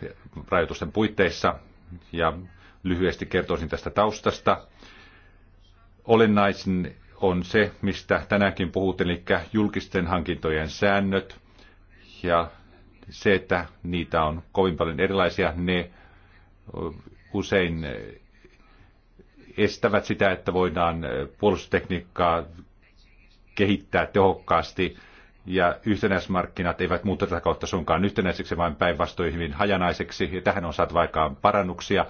rajoitusten puitteissa ja lyhyesti kertoisin tästä taustasta. Olennaisin on se, mistä tänäänkin puhut, eli julkisten hankintojen säännöt ja se, että niitä on kovin paljon erilaisia, ne eh, usein eh, estävät sitä, että voidaan puolustustekniikkaa kehittää tehokkaasti ja yhtenäismarkkinat eivät muutu tätä kautta suinkaan yhtenäiseksi, vaan päinvastoin hyvin hajanaiseksi. Ja tähän on saatu aikaan parannuksia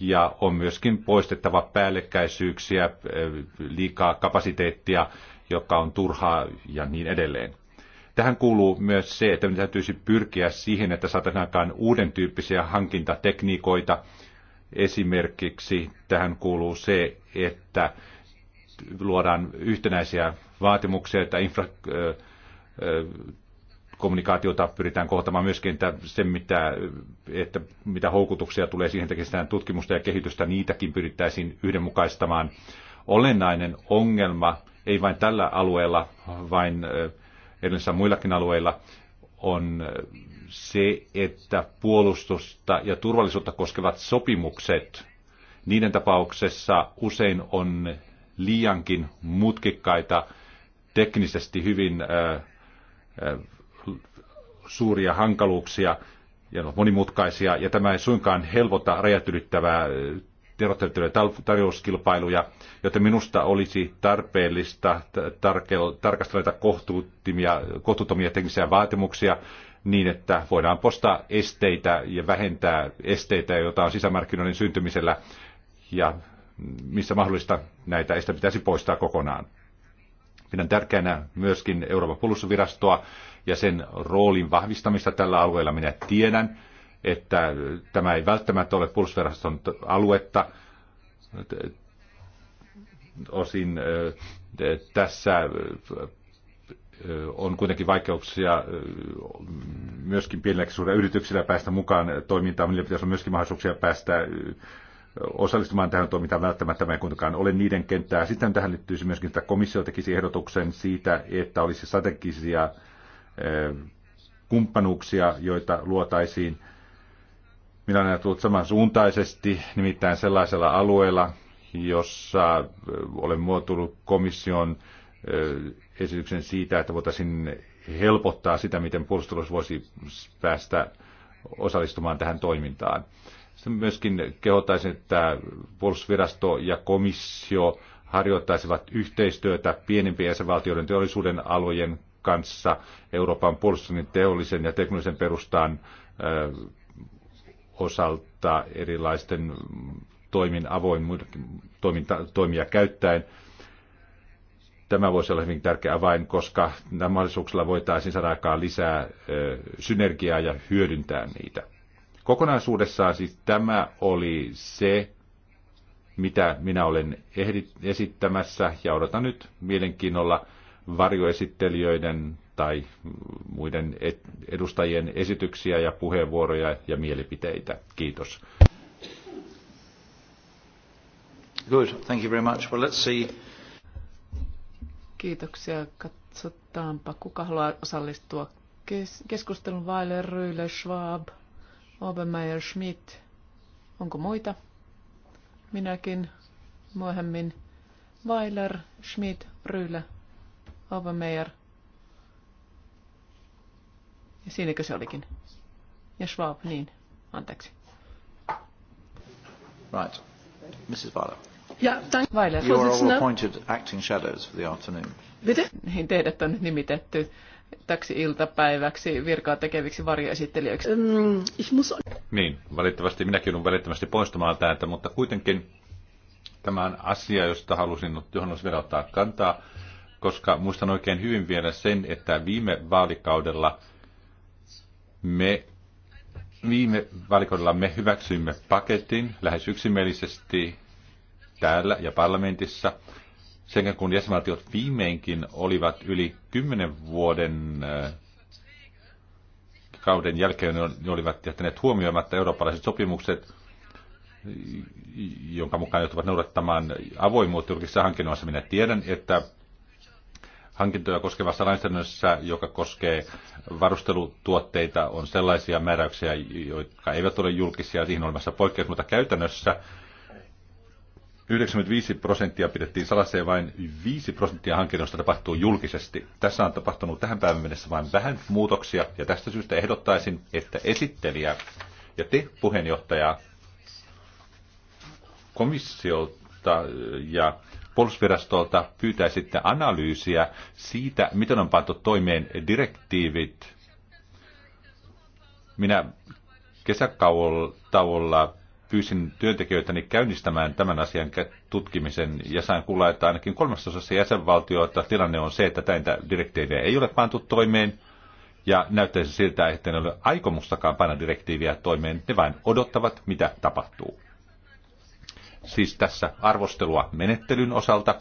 ja on myöskin poistettava päällekkäisyyksiä, äh, liikaa kapasiteettia, joka on turhaa ja niin edelleen. Tähän kuuluu myös se, että meidän täytyisi pyrkiä siihen, että saataisiin aikaan uuden tyyppisiä hankintatekniikoita. Esimerkiksi tähän kuuluu se, että luodaan yhtenäisiä vaatimuksia, että infra, äh, kommunikaatiota pyritään kohtamaan myöskin, että se mitä, että mitä houkutuksia tulee siihen tekemään tutkimusta ja kehitystä, niitäkin pyrittäisiin yhdenmukaistamaan. Olennainen ongelma, ei vain tällä alueella, vain edellisillä muillakin alueilla, on se, että puolustusta ja turvallisuutta koskevat sopimukset, niiden tapauksessa usein on liiankin mutkikkaita, teknisesti hyvin äh, Äh, suuria hankaluuksia ja monimutkaisia, ja tämä ei suinkaan helpota rajat ylittävää äh, tiedottajien tarjouskilpailuja, joten minusta olisi tarpeellista tarkastella näitä kohtuuttomia, kohtuuttomia teknisiä vaatimuksia niin, että voidaan postaa esteitä ja vähentää esteitä, joita on sisämarkkinoiden syntymisellä, ja missä mahdollista näitä esteitä pitäisi poistaa kokonaan. Pidän tärkeänä myöskin Euroopan puolustusvirastoa ja sen roolin vahvistamista tällä alueella. Minä tiedän, että tämä ei välttämättä ole puolustusviraston aluetta. Osin tässä on kuitenkin vaikeuksia myöskin pienillä yrityksillä päästä mukaan toimintaan. Niillä pitäisi olla myöskin mahdollisuuksia päästä osallistumaan tähän toimintaan välttämättä mä en kuitenkaan ole niiden kenttää. Sitten tähän liittyisi myöskin, että komissio tekisi ehdotuksen siitä, että olisi strategisia eh, kumppanuuksia, joita luotaisiin minä olen tullut samansuuntaisesti, nimittäin sellaisella alueella, jossa eh, olen muotoillut komission eh, esityksen siitä, että voitaisiin helpottaa sitä, miten puolustus voisi päästä osallistumaan tähän toimintaan. Sitten myöskin kehotaisin, että puolustusvirasto ja komissio harjoittaisivat yhteistyötä pienempien jäsenvaltioiden teollisuuden alojen kanssa Euroopan puolustuksen teollisen ja teknisen perustaan osalta erilaisten toimin avoin, toiminta, toimia käyttäen. Tämä voisi olla hyvin tärkeä avain, koska mahdollisuuksilla voitaisiin saada aikaan lisää synergiaa ja hyödyntää niitä. Kokonaisuudessaan siis tämä oli se, mitä minä olen esittämässä ja odotan nyt mielenkiinnolla varjoesittelijöiden tai muiden edustajien esityksiä ja puheenvuoroja ja mielipiteitä. Kiitos. Good. Thank you very much. Well, let's see. Kiitoksia. Katsotaanpa, kuka haluaa osallistua keskustelun vaille Ryle Schwab. Obermeier Schmidt. Onko muita? Minäkin myöhemmin. Weiler, Schmidt, Ryylä, Obermeier. Ja siinäkö se olikin? Ja Schwab, niin. Anteeksi. Right. Mrs. Weiler. Ja, thank Weiler. You are all appointed acting shadows for the afternoon. Bitte? Niin teidät on nimitetty täksi iltapäiväksi virkaa tekeviksi varjoesittelijöiksi. Mm, niin, valitettavasti minäkin olen välittömästi poistumaan täältä, mutta kuitenkin tämä on asia, josta halusin, johon olisi vielä ottaa kantaa, koska muistan oikein hyvin vielä sen, että viime vaalikaudella me Viime vaalikaudella me hyväksyimme paketin lähes yksimielisesti täällä ja parlamentissa, sen kun jäsenvaltiot viimeinkin olivat yli kymmenen vuoden äh, kauden jälkeen, niin ne olivat jättäneet huomioimatta eurooppalaiset sopimukset, jonka mukaan joutuvat noudattamaan avoimuutta julkisissa hankinnoissa. Minä tiedän, että hankintoja koskevassa lainsäädännössä, joka koskee varustelutuotteita, on sellaisia määräyksiä, jotka eivät ole julkisia, siihen olemassa poikkeus, mutta käytännössä 95 prosenttia pidettiin salassa ja vain 5 prosenttia hankinnoista tapahtuu julkisesti. Tässä on tapahtunut tähän päivän mennessä vain vähän muutoksia ja tästä syystä ehdottaisin, että esittelijä ja te puheenjohtaja komissiolta ja puolustusvirastolta pyytäisitte analyysiä siitä, miten on pantu toimeen direktiivit. Minä kesätauolla pyysin työntekijöitäni käynnistämään tämän asian tutkimisen ja sain kuulla, että ainakin kolmasosassa jäsenvaltioita tilanne on se, että täintä direktiiviä ei ole pantu toimeen ja näyttäisi siltä, että ne ole aikomustakaan panna direktiiviä toimeen, ne vain odottavat, mitä tapahtuu. Siis tässä arvostelua menettelyn osalta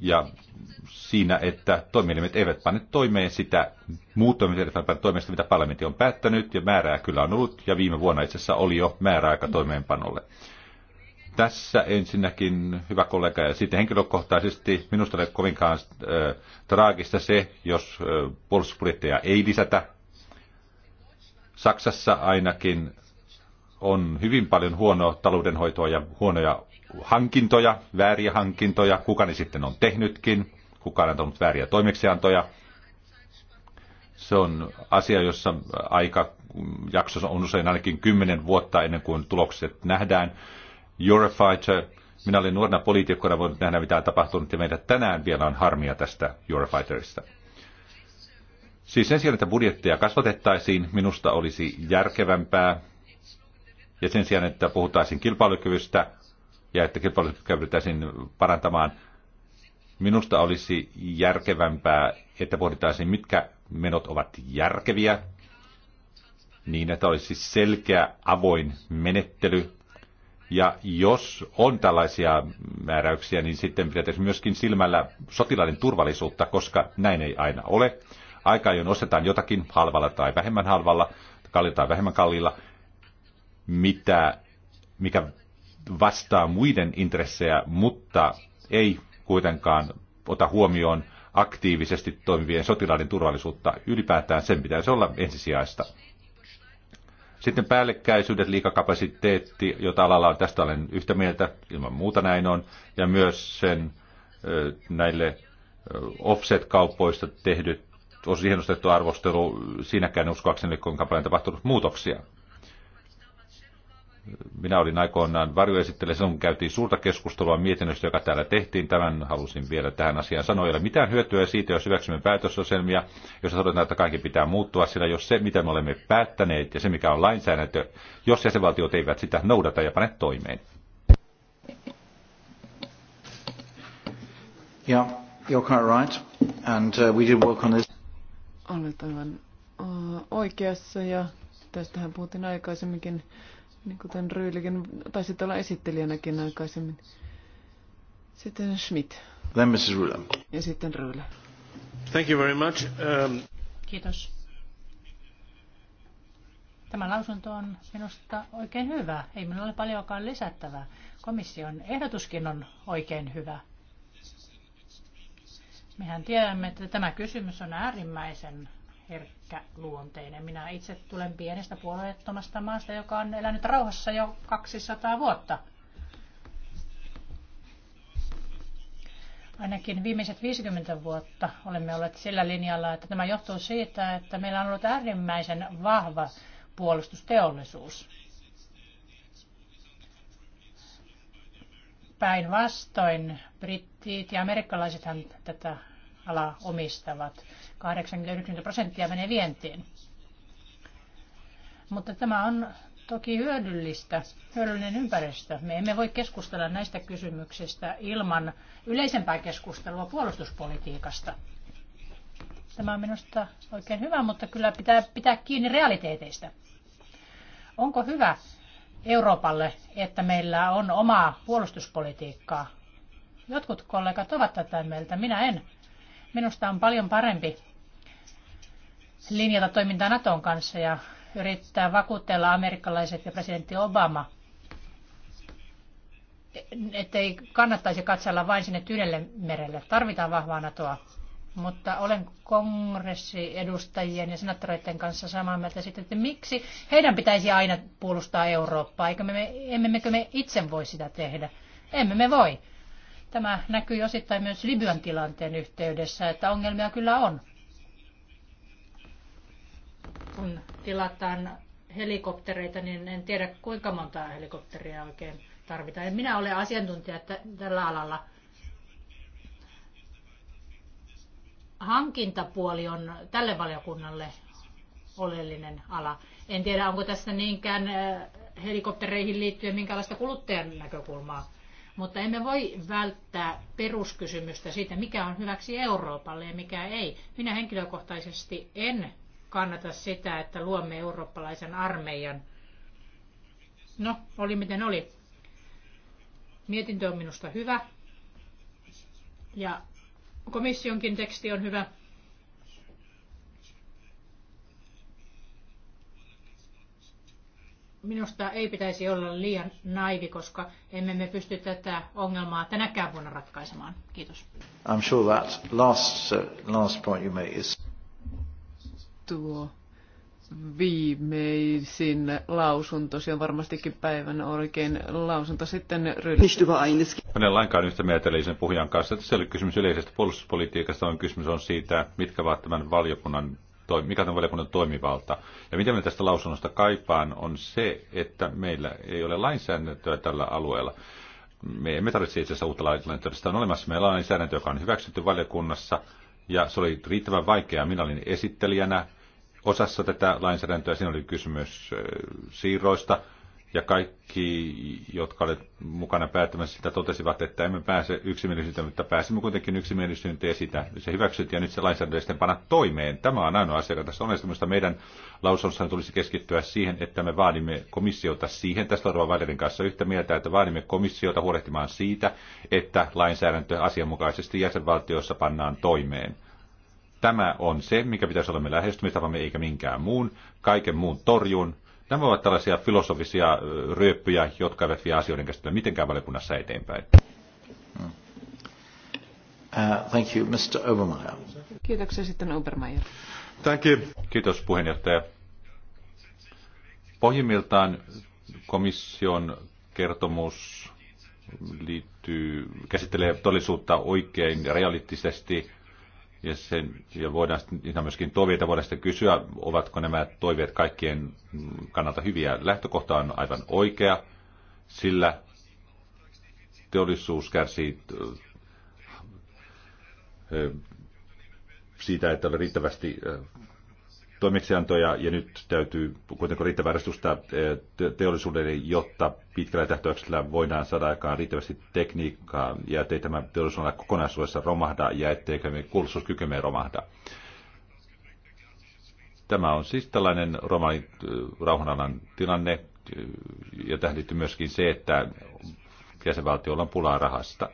ja siinä, että toimielimet eivät pane toimeen sitä, muut toimielimet eivät pane toimeen sitä, mitä parlamentti on päättänyt, ja määrää kyllä on ollut, ja viime vuonna itse asiassa oli jo määräaika toimeenpanolle. Tässä ensinnäkin, hyvä kollega, ja sitten henkilökohtaisesti minusta ei ole kovinkaan äh, traagista se, jos äh, puolustusbudjetteja ei lisätä. Saksassa ainakin on hyvin paljon huonoa taloudenhoitoa ja huonoja hankintoja, vääriä hankintoja, kuka ne sitten on tehnytkin, kuka on antanut vääriä toimeksiantoja. Se on asia, jossa aika jaksossa on usein ainakin kymmenen vuotta ennen kuin tulokset nähdään. Eurofighter, minä olin nuorena poliitikkona voinut nähdä, mitä on tapahtunut, ja meidän tänään vielä on harmia tästä Eurofighterista. Siis sen sijaan, että budjetteja kasvatettaisiin, minusta olisi järkevämpää, ja sen sijaan, että puhutaisiin kilpailukyvystä, ja että kilpailukykyä pyrittäisiin parantamaan. Minusta olisi järkevämpää, että pohdittaisiin, mitkä menot ovat järkeviä, niin että olisi selkeä avoin menettely. Ja jos on tällaisia määräyksiä, niin sitten pitäisi myöskin silmällä sotilaiden turvallisuutta, koska näin ei aina ole. Aika ajoin ostetaan jotakin halvalla tai vähemmän halvalla, kalliilla tai vähemmän kalliilla, mitä, mikä vastaa muiden intressejä, mutta ei kuitenkaan ota huomioon aktiivisesti toimivien sotilaiden turvallisuutta. Ylipäätään sen pitäisi olla ensisijaista. Sitten päällekkäisyydet, liikakapasiteetti, jota alalla on, tästä olen yhtä mieltä, ilman muuta näin on, ja myös sen näille offset-kaupoista tehdyt, siihen nostettu arvostelu, siinäkään uskoakseni, kuinka paljon tapahtunut muutoksia. Minä olin aikoinaan varjoesittelijä, silloin käytiin suurta keskustelua mietinnöstä, joka täällä tehtiin. Tämän halusin vielä tähän asiaan sanoa. Ei ole mitään hyötyä siitä, jos hyväksymme päätösoselmia, jos sanotaan, että kaikki pitää muuttua, sillä jos se, mitä me olemme päättäneet ja se, mikä on lainsäädäntö, jos jäsenvaltiot eivät sitä noudata ja pane toimeen. Yeah, you're quite right. And uh, we did work on this. Olet aivan uh, oikeassa ja tästähän puhuttiin aikaisemminkin niin kuten Ryylikin, taisit olla esittelijänäkin aikaisemmin. Sitten Schmidt. Then Mrs. Rula. Ja sitten Rula. Thank you very much. Um... Kiitos. Tämä lausunto on minusta oikein hyvä. Ei minulla ole paljonkaan lisättävää. Komission ehdotuskin on oikein hyvä. Mehän tiedämme, että tämä kysymys on äärimmäisen herkkä herkkäluonteinen. Minä itse tulen pienestä puolueettomasta maasta, joka on elänyt rauhassa jo 200 vuotta. Ainakin viimeiset 50 vuotta olemme olleet sillä linjalla, että tämä johtuu siitä, että meillä on ollut äärimmäisen vahva puolustusteollisuus. Päinvastoin brittiit ja amerikkalaisethan tätä alaa omistavat. 80-90 prosenttia menee vientiin. Mutta tämä on toki hyödyllistä, hyödyllinen ympäristö. Me emme voi keskustella näistä kysymyksistä ilman yleisempää keskustelua puolustuspolitiikasta. Tämä on minusta oikein hyvä, mutta kyllä pitää pitää kiinni realiteeteista. Onko hyvä Euroopalle, että meillä on omaa puolustuspolitiikkaa? Jotkut kollegat ovat tätä mieltä, minä en. Minusta on paljon parempi linjata toimintaa Naton kanssa ja yrittää vakuutella amerikkalaiset ja presidentti Obama, ettei kannattaisi katsella vain sinne Tyynelle merelle. Tarvitaan vahvaa NATOa. Mutta olen kongressiedustajien ja senaattoreiden kanssa samaa mieltä siitä, että miksi heidän pitäisi aina puolustaa Eurooppaa, eikö me, emme mekö me itse voi sitä tehdä. Emme me voi. Tämä näkyy osittain myös Libyan tilanteen yhteydessä, että ongelmia kyllä on kun tilataan helikoptereita, niin en tiedä kuinka montaa helikopteria oikein tarvitaan. En minä ole asiantuntija tällä alalla. Hankintapuoli on tälle valiokunnalle oleellinen ala. En tiedä, onko tässä niinkään äh, helikoptereihin liittyen minkälaista kuluttajan näkökulmaa. Mutta emme voi välttää peruskysymystä siitä, mikä on hyväksi Euroopalle ja mikä ei. Minä henkilökohtaisesti en kannata sitä, että luomme eurooppalaisen armeijan. No, oli miten oli. Mietintö on minusta hyvä. Ja komissionkin teksti on hyvä. Minusta ei pitäisi olla liian naivi, koska emme me pysty tätä ongelmaa tänäkään vuonna ratkaisemaan. Kiitos. I'm sure that last, uh, last point you made is tuo viimeisin lausunto. Se on varmastikin päivän oikein lausunto sitten ryhdytty. En lainkaan yhtä mieltä sen puhujan kanssa. Tässä oli kysymys yleisestä puolustuspolitiikasta, on kysymys on siitä, mitkä ovat tämän valiokunnan mikä on valiokunnan toimivalta. Ja mitä me tästä lausunnosta kaipaan, on se, että meillä ei ole lainsäädäntöä tällä alueella. Me emme tarvitse itse asiassa uutta lainsäädäntöä. Sitä on olemassa. Meillä on lainsäädäntö, joka on hyväksytty valiokunnassa, ja se oli riittävän vaikeaa. Minä olin esittelijänä, osassa tätä lainsäädäntöä siinä oli kysymys siirroista, ja kaikki, jotka olivat mukana päättämässä sitä, totesivat, että emme pääse yksimielisyyteen, mutta pääsimme kuitenkin yksimielisyyteen sitä. Se hyväksyttiin ja nyt se lainsäädäntö sitten panna toimeen. Tämä on ainoa asia, joka tässä on. Minusta meidän lausunnossa tulisi keskittyä siihen, että me vaadimme komissiota siihen. Tästä ollaan Valerin kanssa yhtä mieltä, että vaadimme komissiota huolehtimaan siitä, että lainsäädäntö asianmukaisesti jäsenvaltioissa pannaan toimeen. Tämä on se, mikä pitäisi olla me lähestymistapamme, eikä minkään muun. Kaiken muun torjun. Nämä ovat tällaisia filosofisia ryöppyjä, jotka eivät vie asioiden käsittelyä mitenkään valiokunnassa eteenpäin. Uh, thank you, Mr. Obermeier. Kiitoksia sitten Obermeier. Thank you. Kiitos puheenjohtaja. Pohjimmiltaan komission kertomus liittyy, käsittelee todellisuutta oikein ja realistisesti ja, sen, ja voidaan ja myöskin toiveita voidaan sitten kysyä, ovatko nämä toiveet kaikkien kannalta hyviä. Lähtökohta on aivan oikea, sillä teollisuus kärsii siitä, että riittävästi toimeksiantoja ja nyt täytyy kuitenkin riittävää resursseja eh, teollisuudelle, jotta pitkällä tähtäyksellä voidaan saada aikaan riittävästi tekniikkaa ja ettei tämä teollisuudella kokonaisuudessa romahda ja etteikö me kulutuskykymme romahda. Tämä on siis tällainen romani rauhanalan tilanne ja tähditty myöskin se, että jäsenvaltiolla on pulaa rahasta.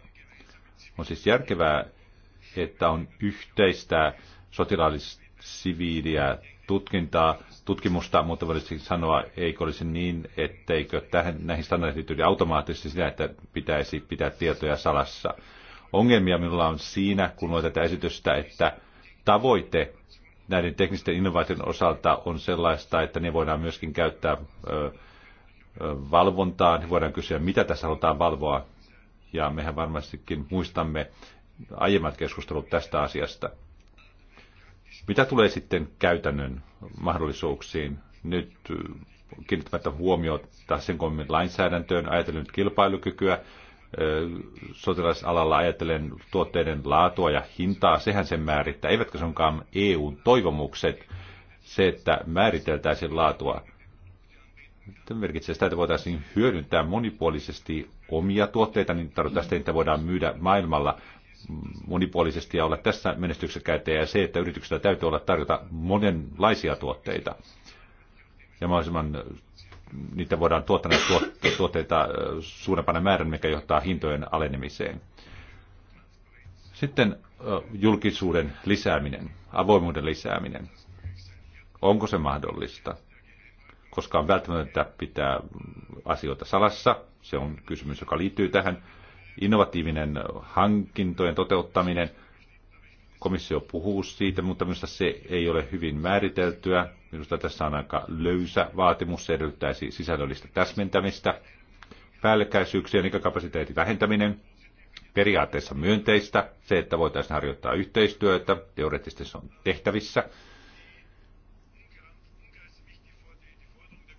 On siis järkevää, että on yhteistä sotilaallista siviiliä tutkintaa, tutkimusta, mutta voisin sanoa, eikö olisi niin, etteikö tähän, näihin standardeihin liittyy automaattisesti sitä, että pitäisi pitää tietoja salassa. Ongelmia minulla on siinä, kun luo tätä esitystä, että tavoite näiden teknisten innovaation osalta on sellaista, että ne voidaan myöskin käyttää ö, valvontaan. Voidaan kysyä, mitä tässä halutaan valvoa. Ja mehän varmastikin muistamme aiemmat keskustelut tästä asiasta. Mitä tulee sitten käytännön mahdollisuuksiin? Nyt kiinnittämättä huomiota sen kommentin lainsäädäntöön, ajatellen kilpailukykyä, sotilasalalla ajatellen tuotteiden laatua ja hintaa, sehän sen määrittää. Eivätkö se onkaan EUn toivomukset se, että määriteltäisiin laatua? Tämä merkitsee sitä, että voitaisiin hyödyntää monipuolisesti omia tuotteita, niin tarvitaan sitä, että voidaan myydä maailmalla – monipuolisesti ja olla tässä menestyksekkäitä ja se, että yrityksellä täytyy olla tarjota monenlaisia tuotteita. Ja mahdollisimman niitä voidaan tuottaa tuotteita suurempana määrän, mikä johtaa hintojen alenemiseen. Sitten julkisuuden lisääminen, avoimuuden lisääminen. Onko se mahdollista? Koska on välttämätöntä pitää asioita salassa. Se on kysymys, joka liittyy tähän innovatiivinen hankintojen toteuttaminen. Komissio puhuu siitä, mutta minusta se ei ole hyvin määriteltyä. Minusta tässä on aika löysä vaatimus, se edellyttäisi sisällöllistä täsmentämistä. Päällekkäisyyksien ikäkapasiteetin vähentäminen, periaatteessa myönteistä, se, että voitaisiin harjoittaa yhteistyötä, teoreettisesti se on tehtävissä.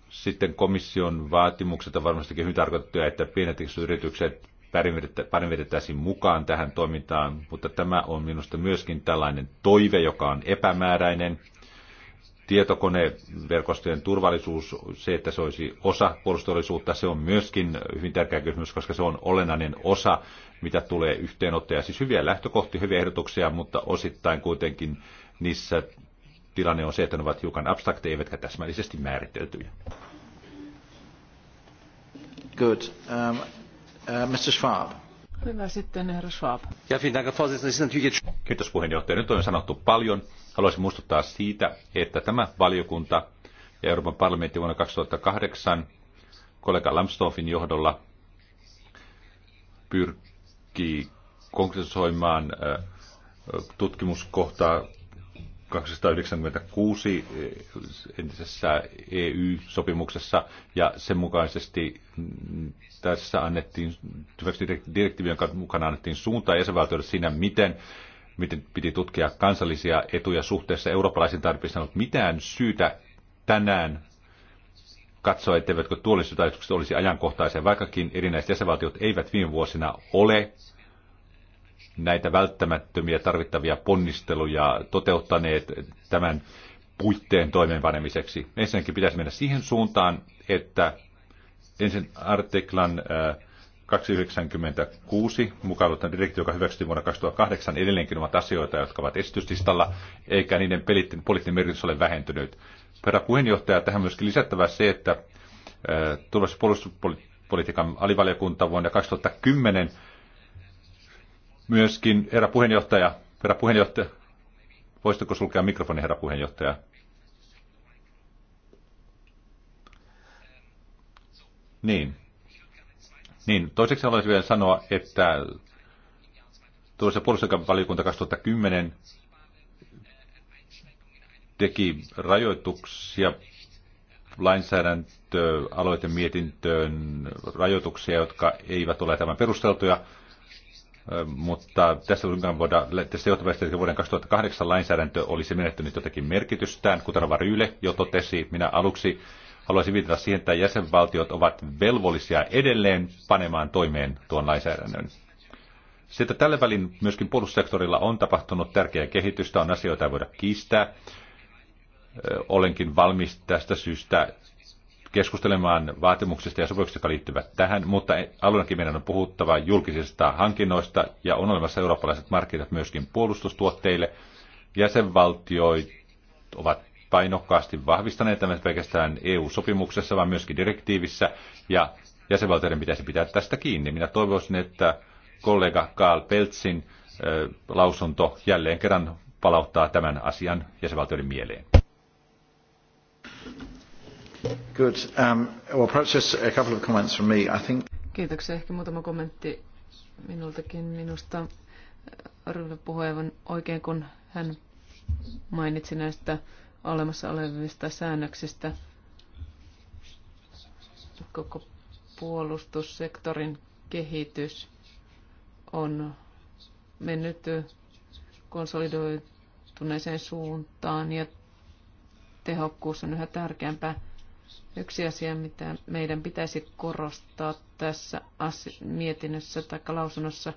Sitten komission vaatimukset on varmastikin hyvin tarkoitettuja, että pienet yritykset pärjättäisiin mukaan tähän toimintaan, mutta tämä on minusta myöskin tällainen toive, joka on epämääräinen. Tietokoneverkostojen turvallisuus, se, että se olisi osa puolustollisuutta, se on myöskin hyvin tärkeä kysymys, koska se on olennainen osa, mitä tulee yhteenottoja. Siis hyviä lähtökohtia, hyviä ehdotuksia, mutta osittain kuitenkin niissä tilanne on se, että ne ovat hiukan abstrakteja, eivätkä täsmällisesti määriteltyjä. Good. Um, arvoisa uh, Schwab. Hyvä sitten, herra Schwab. Nyt on sanottu paljon. Haluaisin muistuttaa siitä, että tämä valiokunta ja Euroopan parlamentti vuonna 2008 kollega Lambsdorffin johdolla pyrkii konkretisoimaan äh, tutkimuskohtaa 296 eh, entisessä EU-sopimuksessa ja sen mukaisesti mm, tässä annettiin, direktiivien mukana annettiin suuntaa jäsenvaltioille siinä, miten miten piti tutkia kansallisia etuja suhteessa eurooppalaisiin tarpeisiin, mutta mitään syytä tänään katsoa, etteivätkö tuollisuusajatukset olisi ajankohtaisia, vaikkakin erinäiset jäsenvaltiot eivät viime vuosina ole näitä välttämättömiä tarvittavia ponnisteluja toteuttaneet tämän puitteen toimeenpanemiseksi. Ensinnäkin pitäisi mennä siihen suuntaan, että ensin artiklan 296 äh, mukaan direktio, joka hyväksyttiin vuonna 2008, edelleenkin ovat asioita, jotka ovat esityslistalla, eikä niiden poliittinen merkitys ole vähentynyt. Herra puheenjohtaja, tähän myöskin lisättävä se, että äh, tulossa puolustuspolitiikan alivaliokunta vuonna 2010 myöskin herra puheenjohtaja, herra puheenjohtaja, voisitko sulkea mikrofoni herra puheenjohtaja? Niin. Niin, toiseksi haluaisin vielä sanoa, että tuossa puolustusvaliokunta 2010 teki rajoituksia lainsäädäntöaloitemietintöön, rajoituksia, jotka eivät ole tämän perusteltuja mutta tässä voida, tästä johtopäästä, että vuoden 2008 lainsäädäntö olisi menettänyt jotakin merkitystään, kuten Rava Ryyle jo totesi, minä aluksi haluaisin viitata siihen, että jäsenvaltiot ovat velvollisia edelleen panemaan toimeen tuon lainsäädännön. Sitten tällä välin myöskin puolustussektorilla on tapahtunut tärkeää kehitystä, on asioita ei voida kiistää. Olenkin valmis tästä syystä keskustelemaan vaatimuksista ja sopimuksista, jotka liittyvät tähän, mutta alueenkin meidän on puhuttava julkisista hankinnoista ja on olemassa eurooppalaiset markkinat myöskin puolustustuotteille. Jäsenvaltiot ovat painokkaasti vahvistaneet tämän pelkästään EU-sopimuksessa, vaan myöskin direktiivissä, ja jäsenvaltioiden pitäisi pitää tästä kiinni. Minä toivoisin, että kollega Karl Peltsin lausunto jälleen kerran palauttaa tämän asian jäsenvaltioiden mieleen. Good. Um, well, perhaps just a couple of comments from me. I think... Kiitoksia. Ehkä muutama kommentti minultakin. Minusta arvoisa äh, puhui aivan oikein, kun hän mainitsi näistä olemassa olevista säännöksistä koko puolustussektorin kehitys on mennyt konsolidoituneeseen suuntaan ja tehokkuus on yhä tärkeämpää. Yksi asia, mitä meidän pitäisi korostaa tässä mietinnössä tai lausunnossa,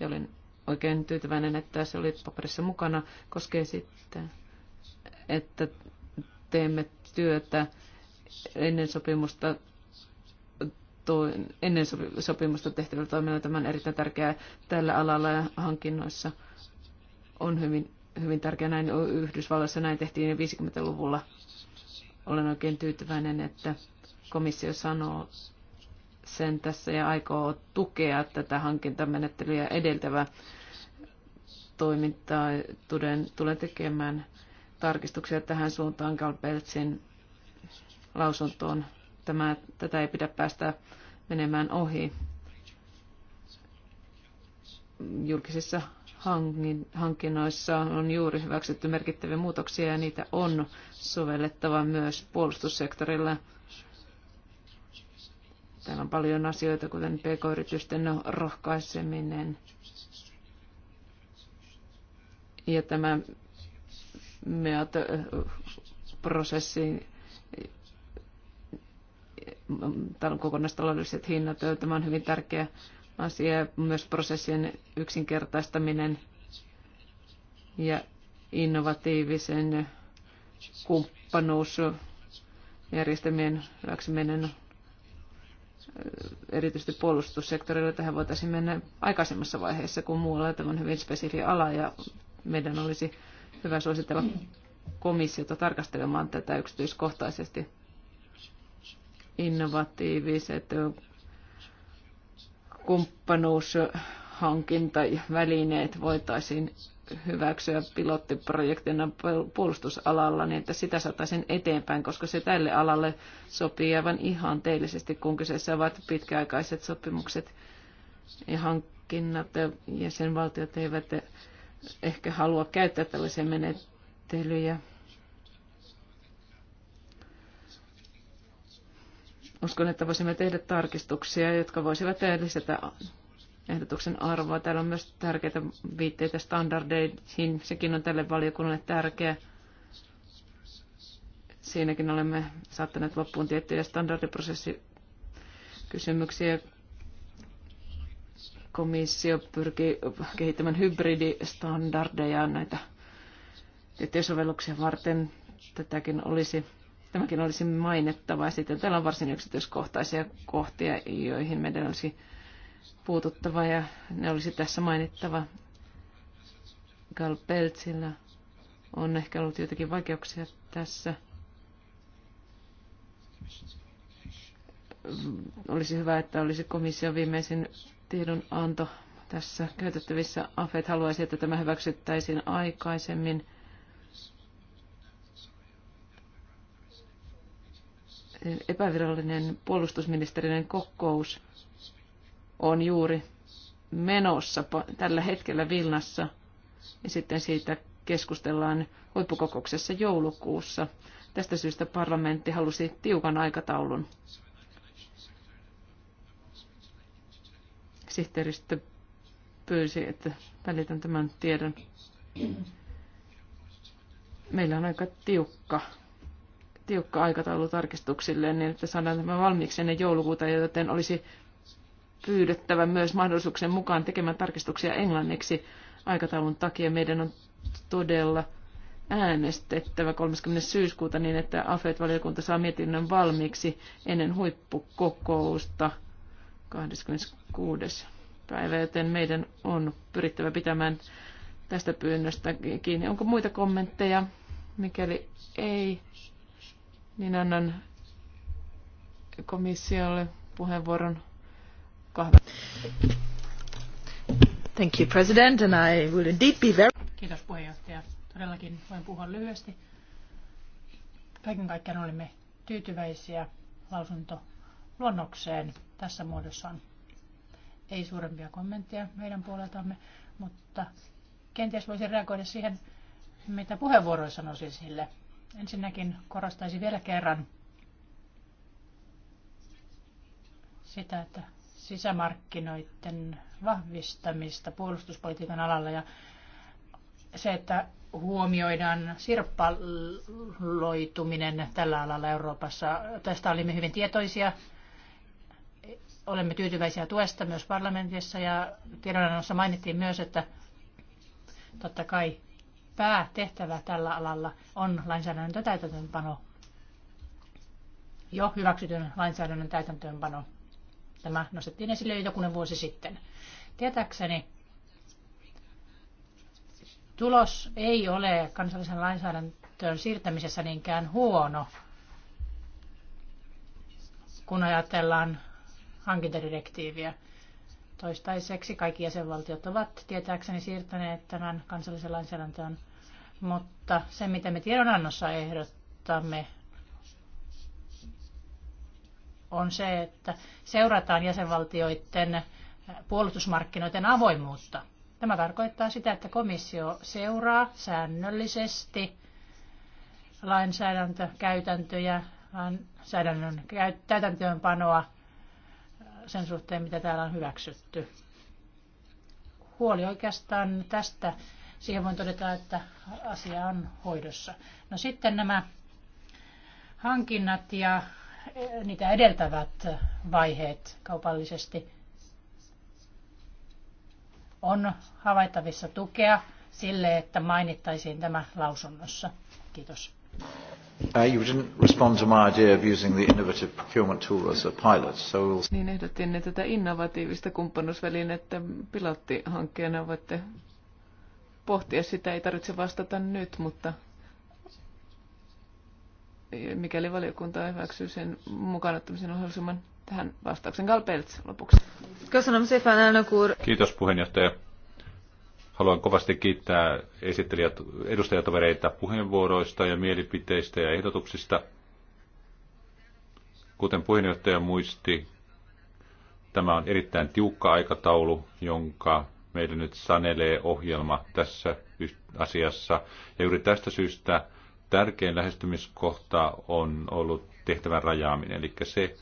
ja olin oikein tyytyväinen, että se oli paperissa mukana, koskee sitten, että teemme työtä ennen sopimusta to, ennen sopimusta tehtävällä toimilla Tämä on erittäin tärkeää tällä alalla ja hankinnoissa on hyvin, hyvin tärkeää. Näin Yhdysvalloissa näin tehtiin 50-luvulla olen oikein tyytyväinen, että komissio sanoo sen tässä ja aikoo tukea tätä hankintamenettelyä edeltävää toimintaa. Tulen, tulen tekemään tarkistuksia tähän suuntaan Kalpeltsin lausuntoon. Tämä, tätä ei pidä päästä menemään ohi. Julkisissa hankinnoissa on juuri hyväksytty merkittäviä muutoksia ja niitä on sovellettava myös puolustussektorilla. Täällä on paljon asioita, kuten pk-yritysten rohkaiseminen ja tämä MEAT-prosessi, kokonaistaloudelliset hinnat, tämä on hyvin tärkeä asia, myös prosessien yksinkertaistaminen ja innovatiivisen kumppanuusjärjestelmien hyväksyminen äh, erityisesti puolustussektorilla. Tähän voitaisiin mennä aikaisemmassa vaiheessa kuin muualla. Tämä on hyvin spesifi ala ja meidän olisi hyvä suositella komissiota tarkastelemaan tätä yksityiskohtaisesti. Innovatiiviset kumppanuushankinta ja välineet voitaisiin hyväksyä pilottiprojektina puolustusalalla, niin että sitä saataisiin eteenpäin, koska se tälle alalle sopii aivan ihanteellisesti, kun kyseessä ovat pitkäaikaiset sopimukset ja hankinnat. valtiot eivät ehkä halua käyttää tällaisia menettelyjä Uskon, että voisimme tehdä tarkistuksia, jotka voisivat lisätä ehdotuksen arvoa. Täällä on myös tärkeitä viitteitä standardeihin. Sekin on tälle valiokunnalle tärkeä. Siinäkin olemme saattaneet loppuun tiettyjä standardiprosessikysymyksiä. Komissio pyrkii kehittämään hybridistandardeja näitä tiettyjä sovelluksia varten. Tätäkin olisi Tämäkin olisi mainittava. Sitten täällä on varsin yksityiskohtaisia kohtia, joihin meidän olisi puututtava ja ne olisi tässä mainittava. Gal Peltsillä on ehkä ollut jotakin vaikeuksia tässä. Olisi hyvä, että olisi komissio viimeisin tiedonanto tässä käytettävissä. AFET haluaisi, että tämä hyväksyttäisiin aikaisemmin. epävirallinen puolustusministerinen kokous on juuri menossa tällä hetkellä Vilnassa ja sitten siitä keskustellaan huippukokouksessa joulukuussa. Tästä syystä parlamentti halusi tiukan aikataulun. Sihteeristö pyysi, että välitän tämän tiedon. Meillä on aika tiukka tiukka aikataulu tarkistuksille, niin että saadaan tämä valmiiksi ennen joulukuuta, joten olisi pyydettävä myös mahdollisuuksien mukaan tekemään tarkistuksia englanniksi aikataulun takia. Meidän on todella äänestettävä 30. syyskuuta niin, että AFET-valiokunta saa mietinnön valmiiksi ennen huippukokousta 26. päivä, joten meidän on pyrittävä pitämään tästä pyynnöstä kiinni. Onko muita kommentteja? Mikäli ei, niin annan komissiolle puheenvuoron kahve. Thank you, President, and I will indeed be very... Kiitos puheenjohtaja. Todellakin voin puhua lyhyesti. Kaiken kaikkiaan olimme tyytyväisiä lausunto luonnokseen tässä muodossaan. Ei suurempia kommentteja meidän puoleltamme, mutta kenties voisin reagoida siihen, mitä puheenvuoroissa nousi sille. Ensinnäkin korostaisin vielä kerran sitä, että sisämarkkinoiden vahvistamista puolustuspolitiikan alalla ja se, että huomioidaan sirppaloituminen tällä alalla Euroopassa. Tästä olimme hyvin tietoisia. Olemme tyytyväisiä tuesta myös parlamentissa ja tiedonannossa mainittiin myös, että totta kai päätehtävä tällä alalla on lainsäädännön täytäntöönpano. Jo hyväksytyn lainsäädännön täytäntöönpano. Tämä nostettiin esille jo jokunen vuosi sitten. Tietääkseni tulos ei ole kansallisen lainsäädäntöön siirtämisessä niinkään huono, kun ajatellaan hankintadirektiiviä. Toistaiseksi kaikki jäsenvaltiot ovat tietääkseni siirtäneet tämän kansallisen lainsäädäntöön, mutta se mitä me tiedonannossa ehdottamme on se, että seurataan jäsenvaltioiden puolustusmarkkinoiden avoimuutta. Tämä tarkoittaa sitä, että komissio seuraa säännöllisesti lainsäädäntökäytäntöjä, lainsäädännön täytäntöönpanoa sen suhteen, mitä täällä on hyväksytty. Huoli oikeastaan tästä. Siihen voin todeta, että asia on hoidossa. No sitten nämä hankinnat ja e, niitä edeltävät vaiheet kaupallisesti on havaittavissa tukea sille, että mainittaisiin tämä lausunnossa. Kiitos. Uh, you didn't respond to my idea of using the innovative procurement tool as a pilot, so we'll... Niin ehdotin, että tätä innovatiivista kumppanuusvälinettä pilottihankkeena voitte pohtia sitä. Ei tarvitse vastata nyt, mutta mikäli valiokunta hyväksyy sen mukana ottamisen ohjelman tähän vastauksen Galpelts lopuksi. Kiitos puheenjohtaja. Haluan kovasti kiittää esittelijät, edustajatovereita puheenvuoroista ja mielipiteistä ja ehdotuksista. Kuten puheenjohtaja muisti, tämä on erittäin tiukka aikataulu, jonka meidän nyt sanelee ohjelma tässä asiassa. Ja juuri tästä syystä tärkein lähestymiskohta on ollut tehtävän rajaaminen, eli se,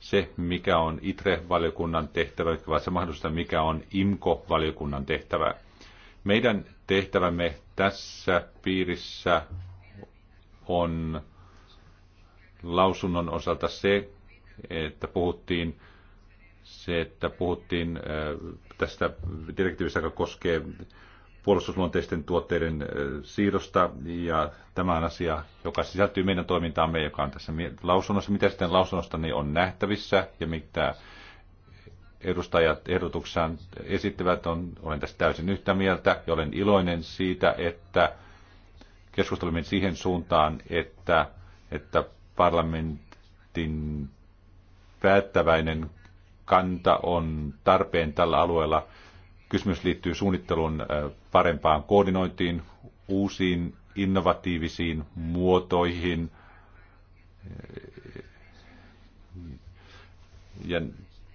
se mikä on ITRE-valiokunnan tehtävä, vai se mahdollista, mikä on IMKO-valiokunnan tehtävä. Meidän tehtävämme tässä piirissä on lausunnon osalta se, että puhuttiin se, että puhuttiin äh, tästä direktiivistä, joka koskee puolustusluonteisten tuotteiden äh, siirrosta, ja tämä on asia, joka sisältyy meidän toimintaamme, joka on tässä lausunnossa. Mitä sitten lausunnosta niin on nähtävissä, ja mitä edustajat ehdotuksessaan esittävät, on, olen tässä täysin yhtä mieltä ja olen iloinen siitä, että keskustelimme siihen suuntaan, että, että parlamentin päättäväinen kanta on tarpeen tällä alueella. Kysymys liittyy suunnittelun parempaan koordinointiin, uusiin innovatiivisiin muotoihin ja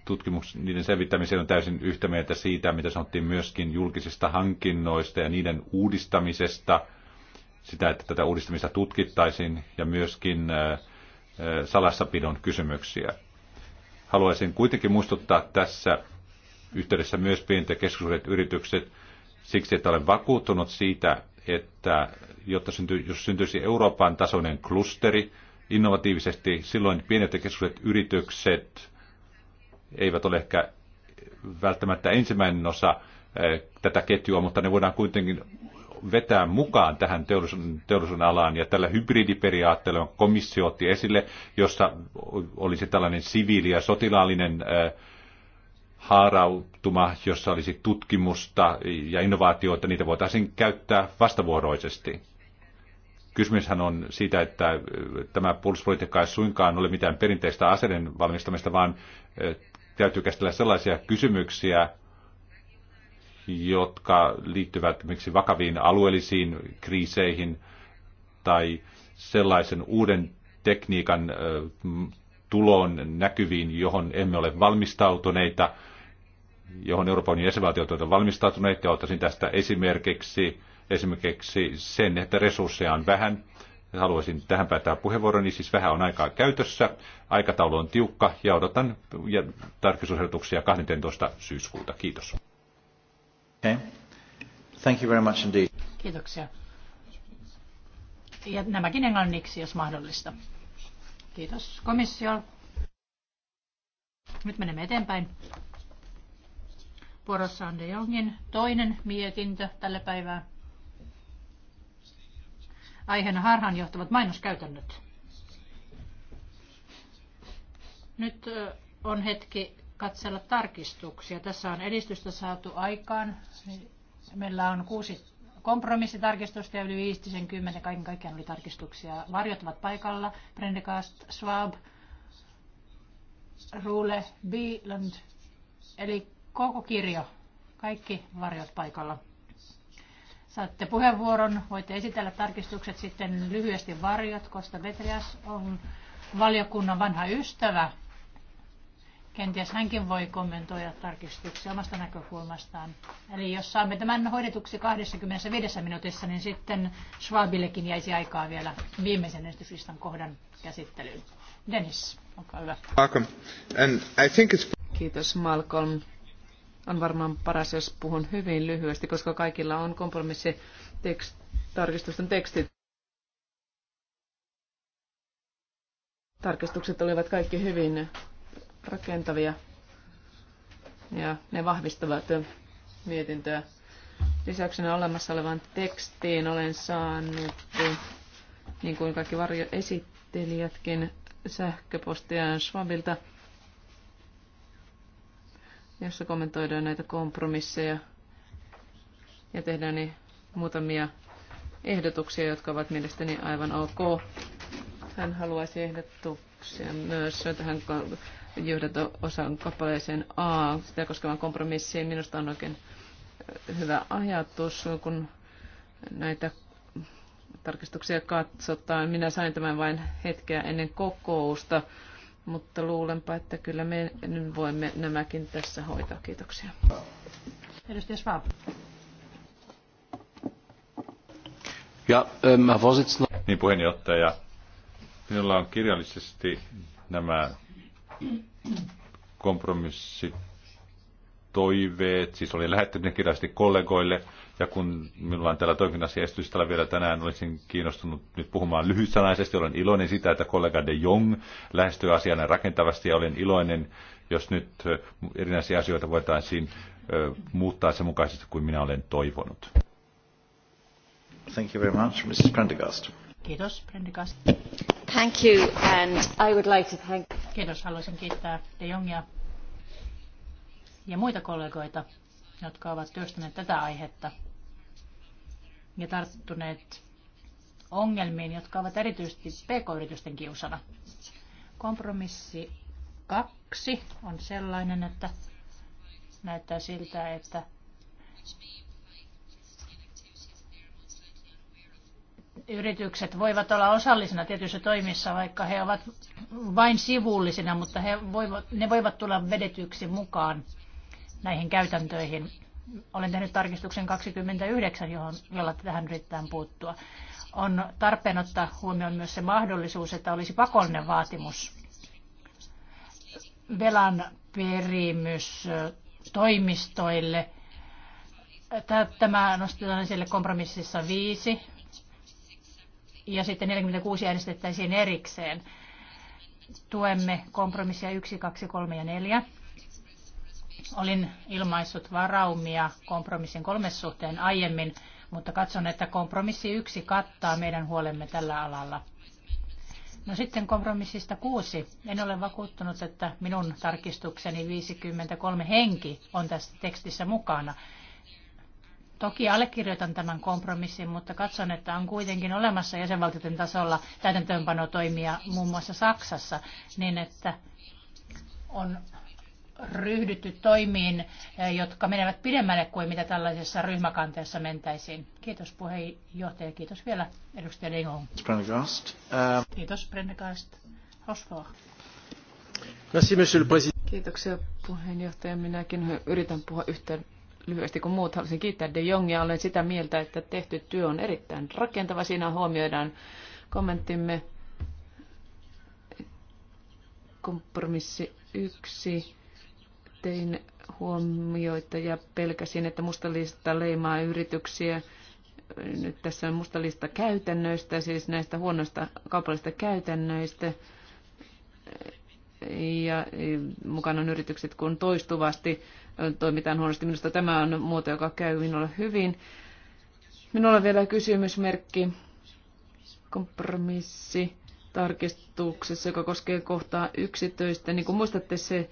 tutkimuksen, niiden selvittämiseen on täysin yhtä mieltä siitä, mitä sanottiin myöskin julkisista hankinnoista ja niiden uudistamisesta, sitä, että tätä uudistamista tutkittaisiin ja myöskin äh, äh, salassapidon kysymyksiä. Haluaisin kuitenkin muistuttaa tässä yhteydessä myös pienet ja yritykset siksi, että olen vakuuttunut siitä, että jotta synty, jos syntyisi Euroopan tasoinen klusteri innovatiivisesti, silloin pienet ja keskisuuret yritykset eivät ole ehkä välttämättä ensimmäinen osa eh, tätä ketjua, mutta ne voidaan kuitenkin vetää mukaan tähän teollisuuden, teollisuuden alaan. Ja tällä hybridiperiaatteella on komissio otti esille, jossa olisi tällainen siviili- ja sotilaallinen eh, haarautuma, jossa olisi tutkimusta ja innovaatioita, niitä voitaisiin käyttää vastavuoroisesti. Kysymyshän on siitä, että eh, tämä puolustuspolitiikka ei suinkaan ole mitään perinteistä aseiden valmistamista, vaan täytyy käsitellä sellaisia kysymyksiä, jotka liittyvät miksi vakaviin alueellisiin kriiseihin tai sellaisen uuden tekniikan tulon näkyviin, johon emme ole valmistautuneita, johon Euroopan jäsenvaltiot ovat valmistautuneet, ja ottaisin tästä esimerkiksi, esimerkiksi sen, että resursseja on vähän, haluaisin tähän päättää puheenvuoroni, niin siis vähän on aikaa käytössä. Aikataulu on tiukka ja odotan tarkistusehdotuksia 12. syyskuuta. Kiitos. Okay. Thank you very much indeed. Kiitoksia. Ja nämäkin englanniksi, jos mahdollista. Kiitos komissio. Nyt menemme eteenpäin. Vuorossa on De Jongin toinen mietintö tälle päivää aiheena harhaanjohtavat mainoskäytännöt. Nyt on hetki katsella tarkistuksia. Tässä on edistystä saatu aikaan. Meillä on kuusi kompromissitarkistusta ja yli 50 kaiken kaikkiaan oli tarkistuksia. Varjot ovat paikalla. Prendekast, Schwab, Rule, Bieland, eli koko kirjo. Kaikki varjot paikalla. Saatte puheenvuoron, voitte esitellä tarkistukset sitten lyhyesti varjot, koska Petrias on valiokunnan vanha ystävä. Kenties hänkin voi kommentoida tarkistuksia omasta näkökulmastaan. Eli jos saamme tämän hoidetuksi 25 minuutissa, niin sitten Schwabillekin jäisi aikaa vielä viimeisen esityslistan kohdan käsittelyyn. Dennis, olkaa hyvä. Malcolm. And I think it's... Kiitos Malcolm on varmaan paras, jos puhun hyvin lyhyesti, koska kaikilla on tarkistusten tekstit. Tarkistukset olivat kaikki hyvin rakentavia ja ne vahvistavat mietintöä. Lisäksi olemassa olevan tekstiin olen saanut, niin kuin kaikki varjoesittelijätkin, sähköpostia Schwabilta – jossa kommentoidaan näitä kompromisseja ja tehdään niin muutamia ehdotuksia, jotka ovat mielestäni aivan ok. Hän haluaisi ehdotuksia myös tähän johdato-osan kappaleeseen A, sitä koskevan kompromissiin. Minusta on oikein hyvä ajatus, kun näitä tarkistuksia katsotaan. Minä sain tämän vain hetkeä ennen kokousta mutta luulenpa, että kyllä me voimme nämäkin tässä hoitaa. Kiitoksia. Edustaja Schwab. Ja, mä ähm, voisin... Niin puheenjohtaja, minulla on kirjallisesti nämä kompromissitoiveet, siis oli lähettänyt ne kirjallisesti kollegoille, ja kun minulla on täällä toiminnassa esitys täällä vielä tänään, olisin kiinnostunut nyt puhumaan lyhytsanaisesti. Olen iloinen sitä, että kollega de Jong lähestyy asiana rakentavasti ja olen iloinen, jos nyt erinäisiä asioita voitaisiin muuttaa sen mukaisesti kuin minä olen toivonut. Thank you very much, Mrs. Prendergast. Kiitos, Prendergast. Thank you, and I would like to thank... Kiitos, haluaisin kiittää De Jongia ja muita kollegoita, jotka ovat työstäneet tätä aihetta ja tarttuneet ongelmiin, jotka ovat erityisesti pk-yritysten kiusana. Kompromissi kaksi on sellainen, että näyttää siltä, että yritykset voivat olla osallisina tietyissä toimissa, vaikka he ovat vain sivullisina, mutta he voivat, ne voivat tulla vedetyksi mukaan näihin käytäntöihin. Olen tehnyt tarkistuksen 29, johon, jolla tähän yritetään puuttua. On tarpeen ottaa huomioon myös se mahdollisuus, että olisi pakollinen vaatimus. Velan perimys toimistoille. Tämä nostetaan esille kompromississa viisi ja sitten 46 äänestettäisiin erikseen. Tuemme kompromissia 1, 2, 3 ja 4. Olin ilmaissut varaumia kompromissin kolmes suhteen aiemmin, mutta katson, että kompromissi yksi kattaa meidän huolemme tällä alalla. No sitten kompromissista kuusi. En ole vakuuttunut, että minun tarkistukseni 53 henki on tässä tekstissä mukana. Toki allekirjoitan tämän kompromissin, mutta katson, että on kuitenkin olemassa jäsenvaltioiden tasolla täytäntöönpanotoimia muun muassa Saksassa, niin että on ryhdytty toimiin, eh, jotka menevät pidemmälle kuin mitä tällaisessa ryhmäkanteessa mentäisiin. Kiitos puheenjohtaja, kiitos vielä edustaja Dingholm. Prendergast. Eh, kiitos Prendergast. Merci, monsieur le président. Kiitoksia puheenjohtaja. Minäkin yritän puhua yhtä lyhyesti kuin muut. Haluaisin kiittää De Jongia. Olen sitä mieltä, että tehty työ on erittäin rakentava. Siinä huomioidaan kommenttimme kompromissi yksi tein huomioita ja pelkäsin, että mustalista leimaa yrityksiä. Nyt tässä on mustalista käytännöistä, siis näistä huonoista kaupallisista käytännöistä. Ja e, mukana on yritykset, kun toistuvasti toimitaan huonosti. Minusta tämä on muoto, joka käy minulle hyvin. Minulla on vielä kysymysmerkki, kompromissi tarkistuksessa, joka koskee kohtaa 11. Niin kuin muistatte, se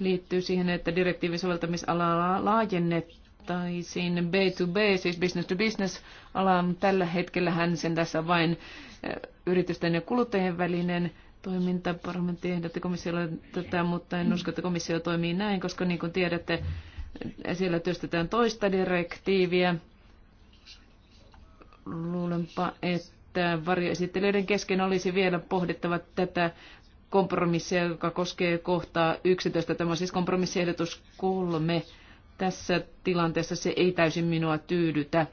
liittyy siihen, että direktiivin soveltamisalaa laajennettaisiin B2B, siis business to business alaan. Tällä hetkellä hän sen tässä vain eh, yritysten ja kuluttajien välinen toiminta. Parlamentti ehdotti komissiolle tätä, mutta en usko, että komissio toimii näin, koska niin kuin tiedätte, siellä työstetään toista direktiiviä. Luulenpa, että varjoesittelijöiden kesken olisi vielä pohdittava tätä kompromissia, joka koskee kohtaa 11. Tämä on siis kompromissiehdotus kolme. Tässä tilanteessa se ei täysin minua tyydytä.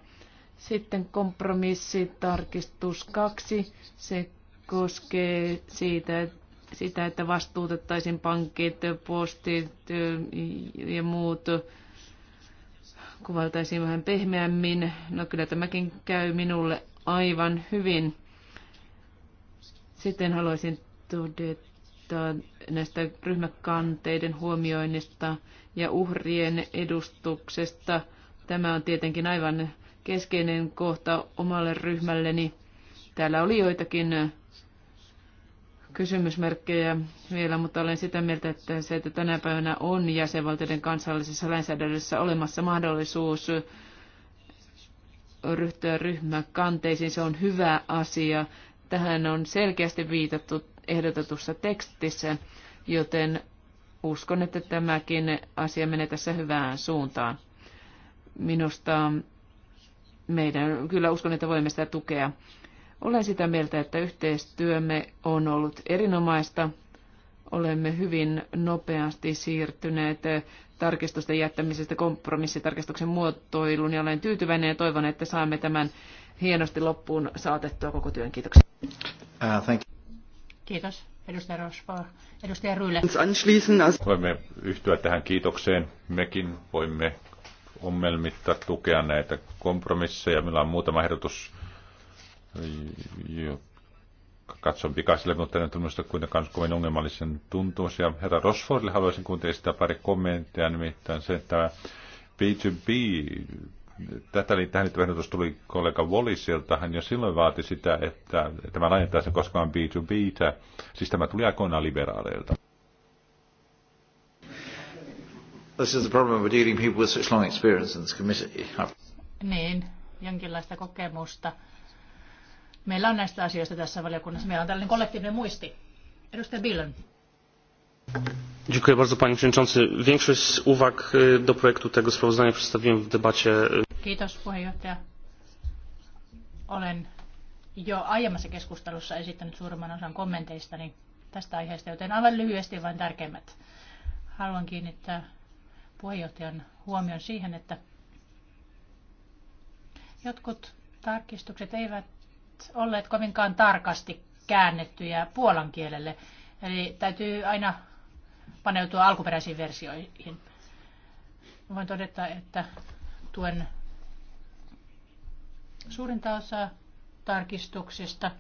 Sitten kompromissitarkistus kaksi. Se koskee siitä, sitä, että vastuutettaisiin pankit, postit ja muut kuvaltaisiin vähän pehmeämmin. No kyllä tämäkin käy minulle aivan hyvin. Sitten haluaisin todeta, huolehdittua näistä ryhmäkanteiden huomioinnista ja uhrien edustuksesta. Tämä on tietenkin aivan keskeinen kohta omalle ryhmälleni. Täällä oli joitakin kysymysmerkkejä vielä, mutta olen sitä mieltä, että se, että tänä päivänä on jäsenvaltioiden kansallisessa lainsäädännössä olemassa mahdollisuus ryhtyä ryhmäkanteisiin, se on hyvä asia. Tähän on selkeästi viitattu ehdotetussa tekstissä, joten uskon, että tämäkin asia menee tässä hyvään suuntaan. Minusta meidän, kyllä uskon, että voimme sitä tukea. Olen sitä mieltä, että yhteistyömme on ollut erinomaista. Olemme hyvin nopeasti siirtyneet tarkistusten jättämisestä kompromissitarkistuksen muotoiluun ja olen tyytyväinen ja toivon, että saamme tämän hienosti loppuun saatettua koko työn. Kiitoksia. Uh, thank you. Kiitos. Edustaja Rosvaa. Edustaja Voimme yhtyä tähän kiitokseen. Mekin voimme ongelmitta tukea näitä kompromisseja. Meillä on muutama ehdotus, katson pikaisille, mutta en tunnusta kuitenkaan kovin ongelmallisen tuntuisia. Herra Rosfordille haluaisin kuitenkin sitä pari kommenttia, nimittäin se, että B2B Tätä, tähän liittyvä ehdotus tuli kollega Wallisilta. Hän jo silloin vaati sitä, että tämä laajentaisi koskaan B2B. Siis tämä tuli aikoinaan liberaaleilta. This is the problem with dealing people with such long experience in this committee. Niin, jonkinlaista kokemusta. Meillä on näistä asioista tässä valiokunnassa. Meillä on tällainen kollektiivinen muisti. Edustaja Billen. Dziękuję bardzo panie przewodniczący. Większość uwag do projektu tego sprawozdania przedstawiłem w debacie Kiitos puheenjohtaja. Olen jo aiemmassa keskustelussa esittänyt suurimman osan kommenteistani tästä aiheesta, joten aivan lyhyesti vain tärkeimmät. Haluan kiinnittää puheenjohtajan huomion siihen, että jotkut tarkistukset eivät olleet kovinkaan tarkasti käännettyjä puolan kielelle. Eli täytyy aina paneutua alkuperäisiin versioihin. Voin todeta, että tuen Suurinta osaa tarkistuksista,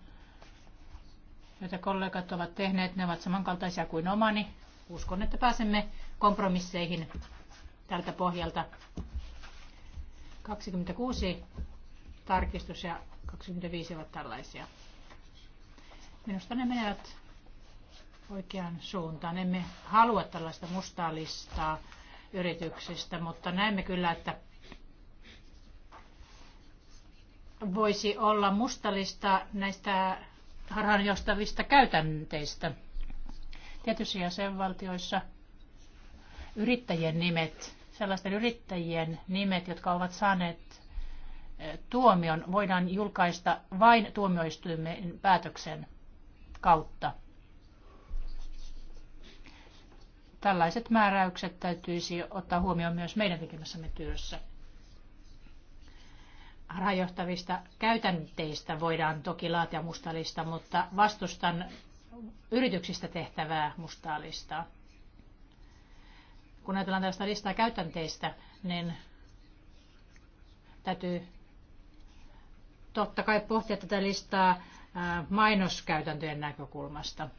joita kollegat ovat tehneet, ne ovat samankaltaisia kuin omani. Uskon, että pääsemme kompromisseihin tältä pohjalta. 26 tarkistus ja 25 ovat tällaisia. Minusta ne menevät oikeaan suuntaan. Emme halua tällaista mustaa listaa yrityksistä, mutta näemme kyllä, että voisi olla mustalista näistä harhaanjohtavista käytänteistä. Tietyissä jäsenvaltioissa yrittäjien nimet, sellaisten yrittäjien nimet, jotka ovat saaneet eh, tuomion, voidaan julkaista vain tuomioistuimen päätöksen kautta. Tällaiset määräykset täytyisi ottaa huomioon myös meidän tekemässämme työssä rajoittavista käytänteistä voidaan toki laatia musta lista, mutta vastustan yrityksistä tehtävää mustaa listaa. Kun ajatellaan tällaista listaa käytänteistä, niin täytyy totta kai pohtia tätä listaa mainoskäytäntöjen näkökulmasta.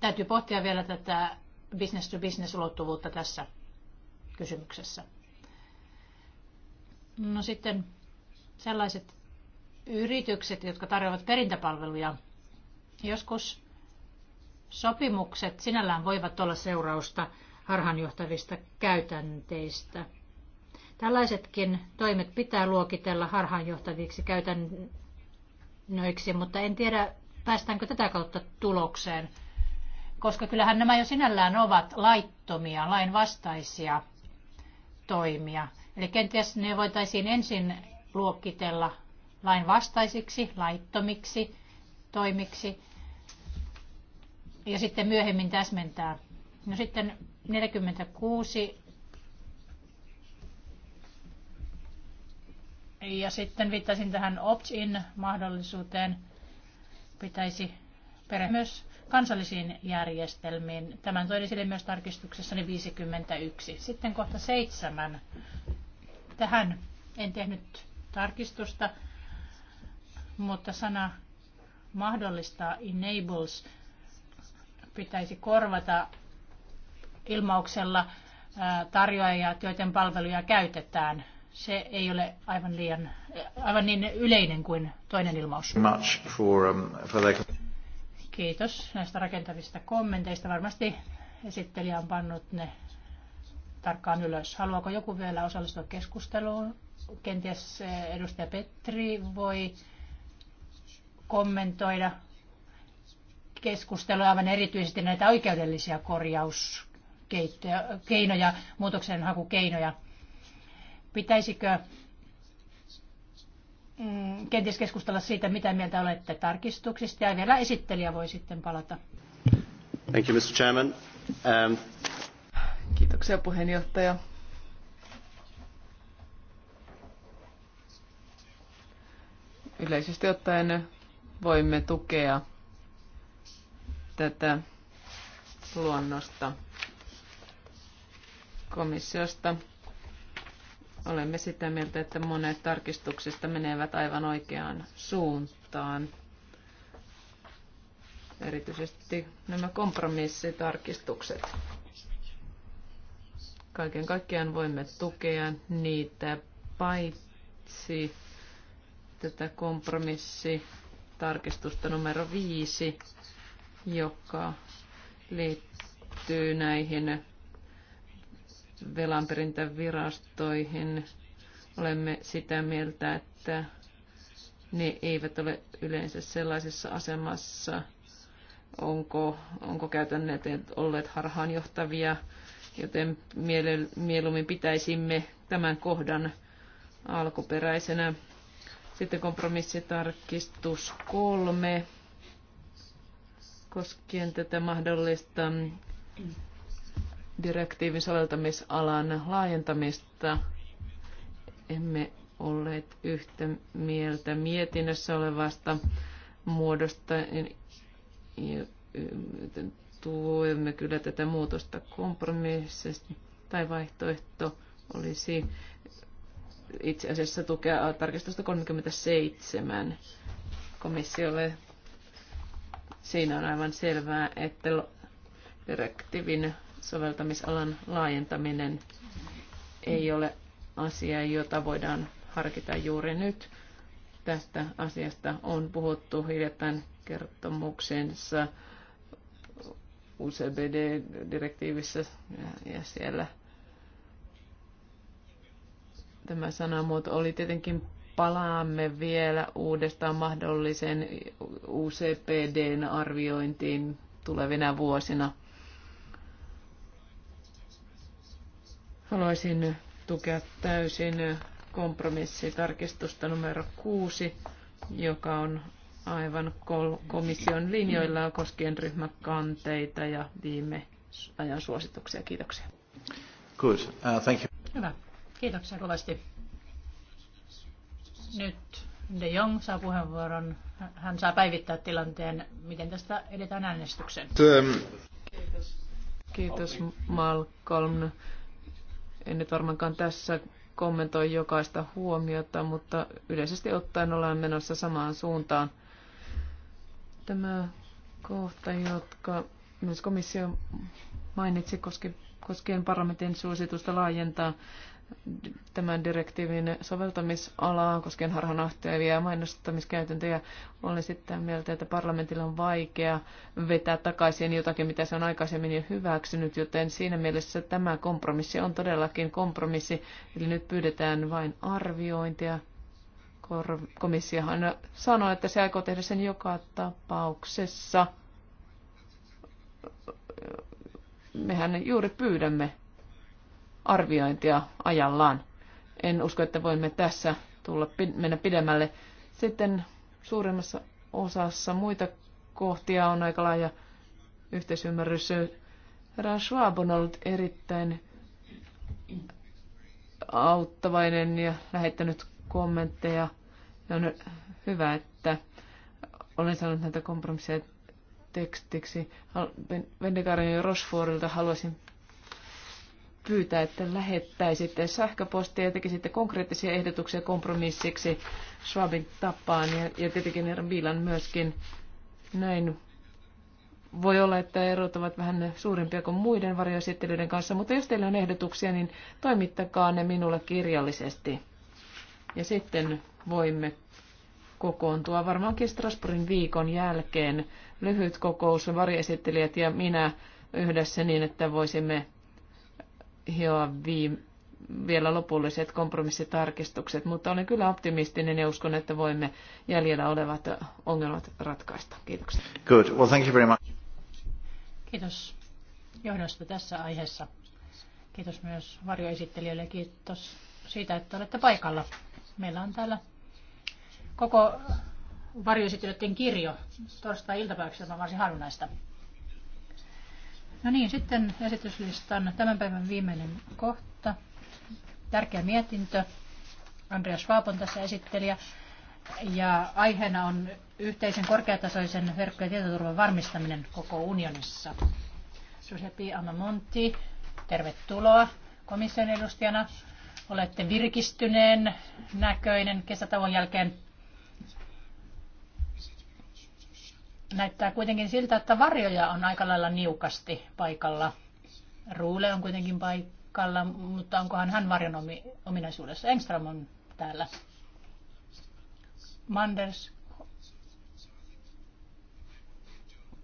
Täytyy pohtia vielä tätä business-to-business-ulottuvuutta tässä kysymyksessä. No sitten sellaiset yritykset, jotka tarjoavat perintäpalveluja. Joskus sopimukset sinällään voivat olla seurausta harhaanjohtavista käytänteistä. Tällaisetkin toimet pitää luokitella harhaanjohtaviksi käytännöiksi, mutta en tiedä, päästäänkö tätä kautta tulokseen koska kyllähän nämä jo sinällään ovat laittomia, lainvastaisia toimia. Eli kenties ne voitaisiin ensin luokkitella lainvastaisiksi, laittomiksi toimiksi ja sitten myöhemmin täsmentää. No sitten 46 ja sitten viittasin tähän opt-in mahdollisuuteen. Pitäisi perehtyä myös kansallisiin järjestelmiin. Tämän toin esille myös tarkistuksessani 51. Sitten kohta seitsemän. Tähän en tehnyt tarkistusta, mutta sana mahdollistaa enables pitäisi korvata ilmauksella tarjoajia, joiden palveluja käytetään. Se ei ole aivan, liian, aivan niin yleinen kuin toinen ilmaus. Much for, um, for Kiitos näistä rakentavista kommenteista. Varmasti esittelijä on pannut ne tarkkaan ylös. Haluaako joku vielä osallistua keskusteluun? Kenties eh, edustaja Petri voi kommentoida keskustelua aivan erityisesti näitä oikeudellisia korjauskeinoja, muutoksenhakukeinoja. Pitäisikö Mm, kenties keskustella siitä, mitä mieltä olette tarkistuksista. Ja vielä esittelijä voi sitten palata. Thank you, Mr. Chairman. Um... Kiitoksia puheenjohtaja. Yleisesti ottaen voimme tukea tätä luonnosta komissiosta Olemme sitä mieltä, että monet tarkistuksista menevät aivan oikeaan suuntaan. Erityisesti nämä kompromissitarkistukset. Kaiken kaikkiaan voimme tukea niitä paitsi tätä kompromissitarkistusta numero viisi, joka liittyy näihin velanperintävirastoihin. Olemme sitä mieltä, että ne eivät ole yleensä sellaisessa asemassa, onko, onko käytännöt olleet harhaanjohtavia, joten mieluummin pitäisimme tämän kohdan alkuperäisenä. Sitten kompromissitarkistus kolme koskien tätä mahdollista direktiivin soveltamisalan laajentamista. Emme olleet yhtä mieltä mietinnössä olevasta muodosta. Tuemme kyllä tätä muutosta kompromissista tai vaihtoehto olisi itse asiassa tukea tarkistusta 37 komissiolle. Siinä on aivan selvää, että direktiivin soveltamisalan laajentaminen ei ole asia, jota voidaan harkita juuri nyt. Tästä asiasta on puhuttu hiljattain kertomuksensa UCBD-direktiivissä ja siellä tämä sanamuoto oli tietenkin palaamme vielä uudestaan mahdollisen UCPDn arviointiin tulevina vuosina. Haluaisin tukea täysin kompromissitarkistusta numero kuusi, joka on aivan komission linjoilla koskien ryhmäkanteita ja viime ajan suosituksia. Kiitoksia. Good. Uh, thank you. Hyvä. Kiitoksia kovasti. Nyt De Jong saa puheenvuoron. Hän saa päivittää tilanteen. Miten tästä edetään äänestykseen? Kiitos. Um, Kiitos Malcolm. En nyt varmaankaan tässä kommentoi jokaista huomiota, mutta yleisesti ottaen ollaan menossa samaan suuntaan. Tämä kohta, jotka myös komissio mainitsi koskien parlamentin suositusta laajentaa tämän direktiivin soveltamisalaa koskien harhanahtoja ja mainostamiskäytäntöjä. Olen sitten mieltä, että parlamentilla on vaikea vetää takaisin jotakin, mitä se on aikaisemmin jo hyväksynyt, joten siinä mielessä tämä kompromissi on todellakin kompromissi. Eli nyt pyydetään vain arviointia. Komissiohan sanoi, että se aikoo tehdä sen joka tapauksessa. Mehän juuri pyydämme arviointia ajallaan. En usko, että voimme tässä tulla, mennä pidemmälle. Sitten suurimmassa osassa muita kohtia on aika laaja yhteisymmärrys. Herra Schwab on ollut erittäin auttavainen ja lähettänyt kommentteja. Ja on hyvä, että olen saanut näitä kompromisseja tekstiksi. Vendekarin ja Rosforilta haluaisin pyytää, että lähettäisitte sähköpostia ja tekisitte konkreettisia ehdotuksia kompromissiksi Schwabin tapaan ja, ja tietenkin Herran Viilan myöskin. Näin voi olla, että erot ovat vähän suurempia kuin muiden varjoesittelyiden kanssa, mutta jos teillä on ehdotuksia, niin toimittakaa ne minulle kirjallisesti. Ja sitten voimme kokoontua varmaankin Strasbourgin viikon jälkeen. Lyhyt kokous, varjoesittelijät ja minä yhdessä niin, että voisimme hioa viime, vielä lopulliset kompromissitarkistukset, mutta olen kyllä optimistinen ja uskon, että voimme jäljellä olevat ongelmat ratkaista. Kiitoksia. Good. Well, thank you very much. Kiitos johdosta tässä aiheessa. Kiitos myös varjoesittelijöille ja kiitos siitä, että olette paikalla. Meillä on täällä koko varjoesittelijöiden kirjo torstai-iltapäiväksi, on varsin harvinaista. No niin, sitten esityslistan tämän päivän viimeinen kohta. Tärkeä mietintö. Andreas Schwab on tässä esittelijä. Ja aiheena on yhteisen korkeatasoisen verkko- ja tietoturvan varmistaminen koko unionissa. Giuseppe Amamonti, tervetuloa komission edustajana. Olette virkistyneen näköinen kesätauon jälkeen. Näyttää kuitenkin siltä, että varjoja on aika lailla niukasti paikalla. Ruule on kuitenkin paikalla, mutta onkohan hän varjon ominaisuudessa? Engström on täällä. Manders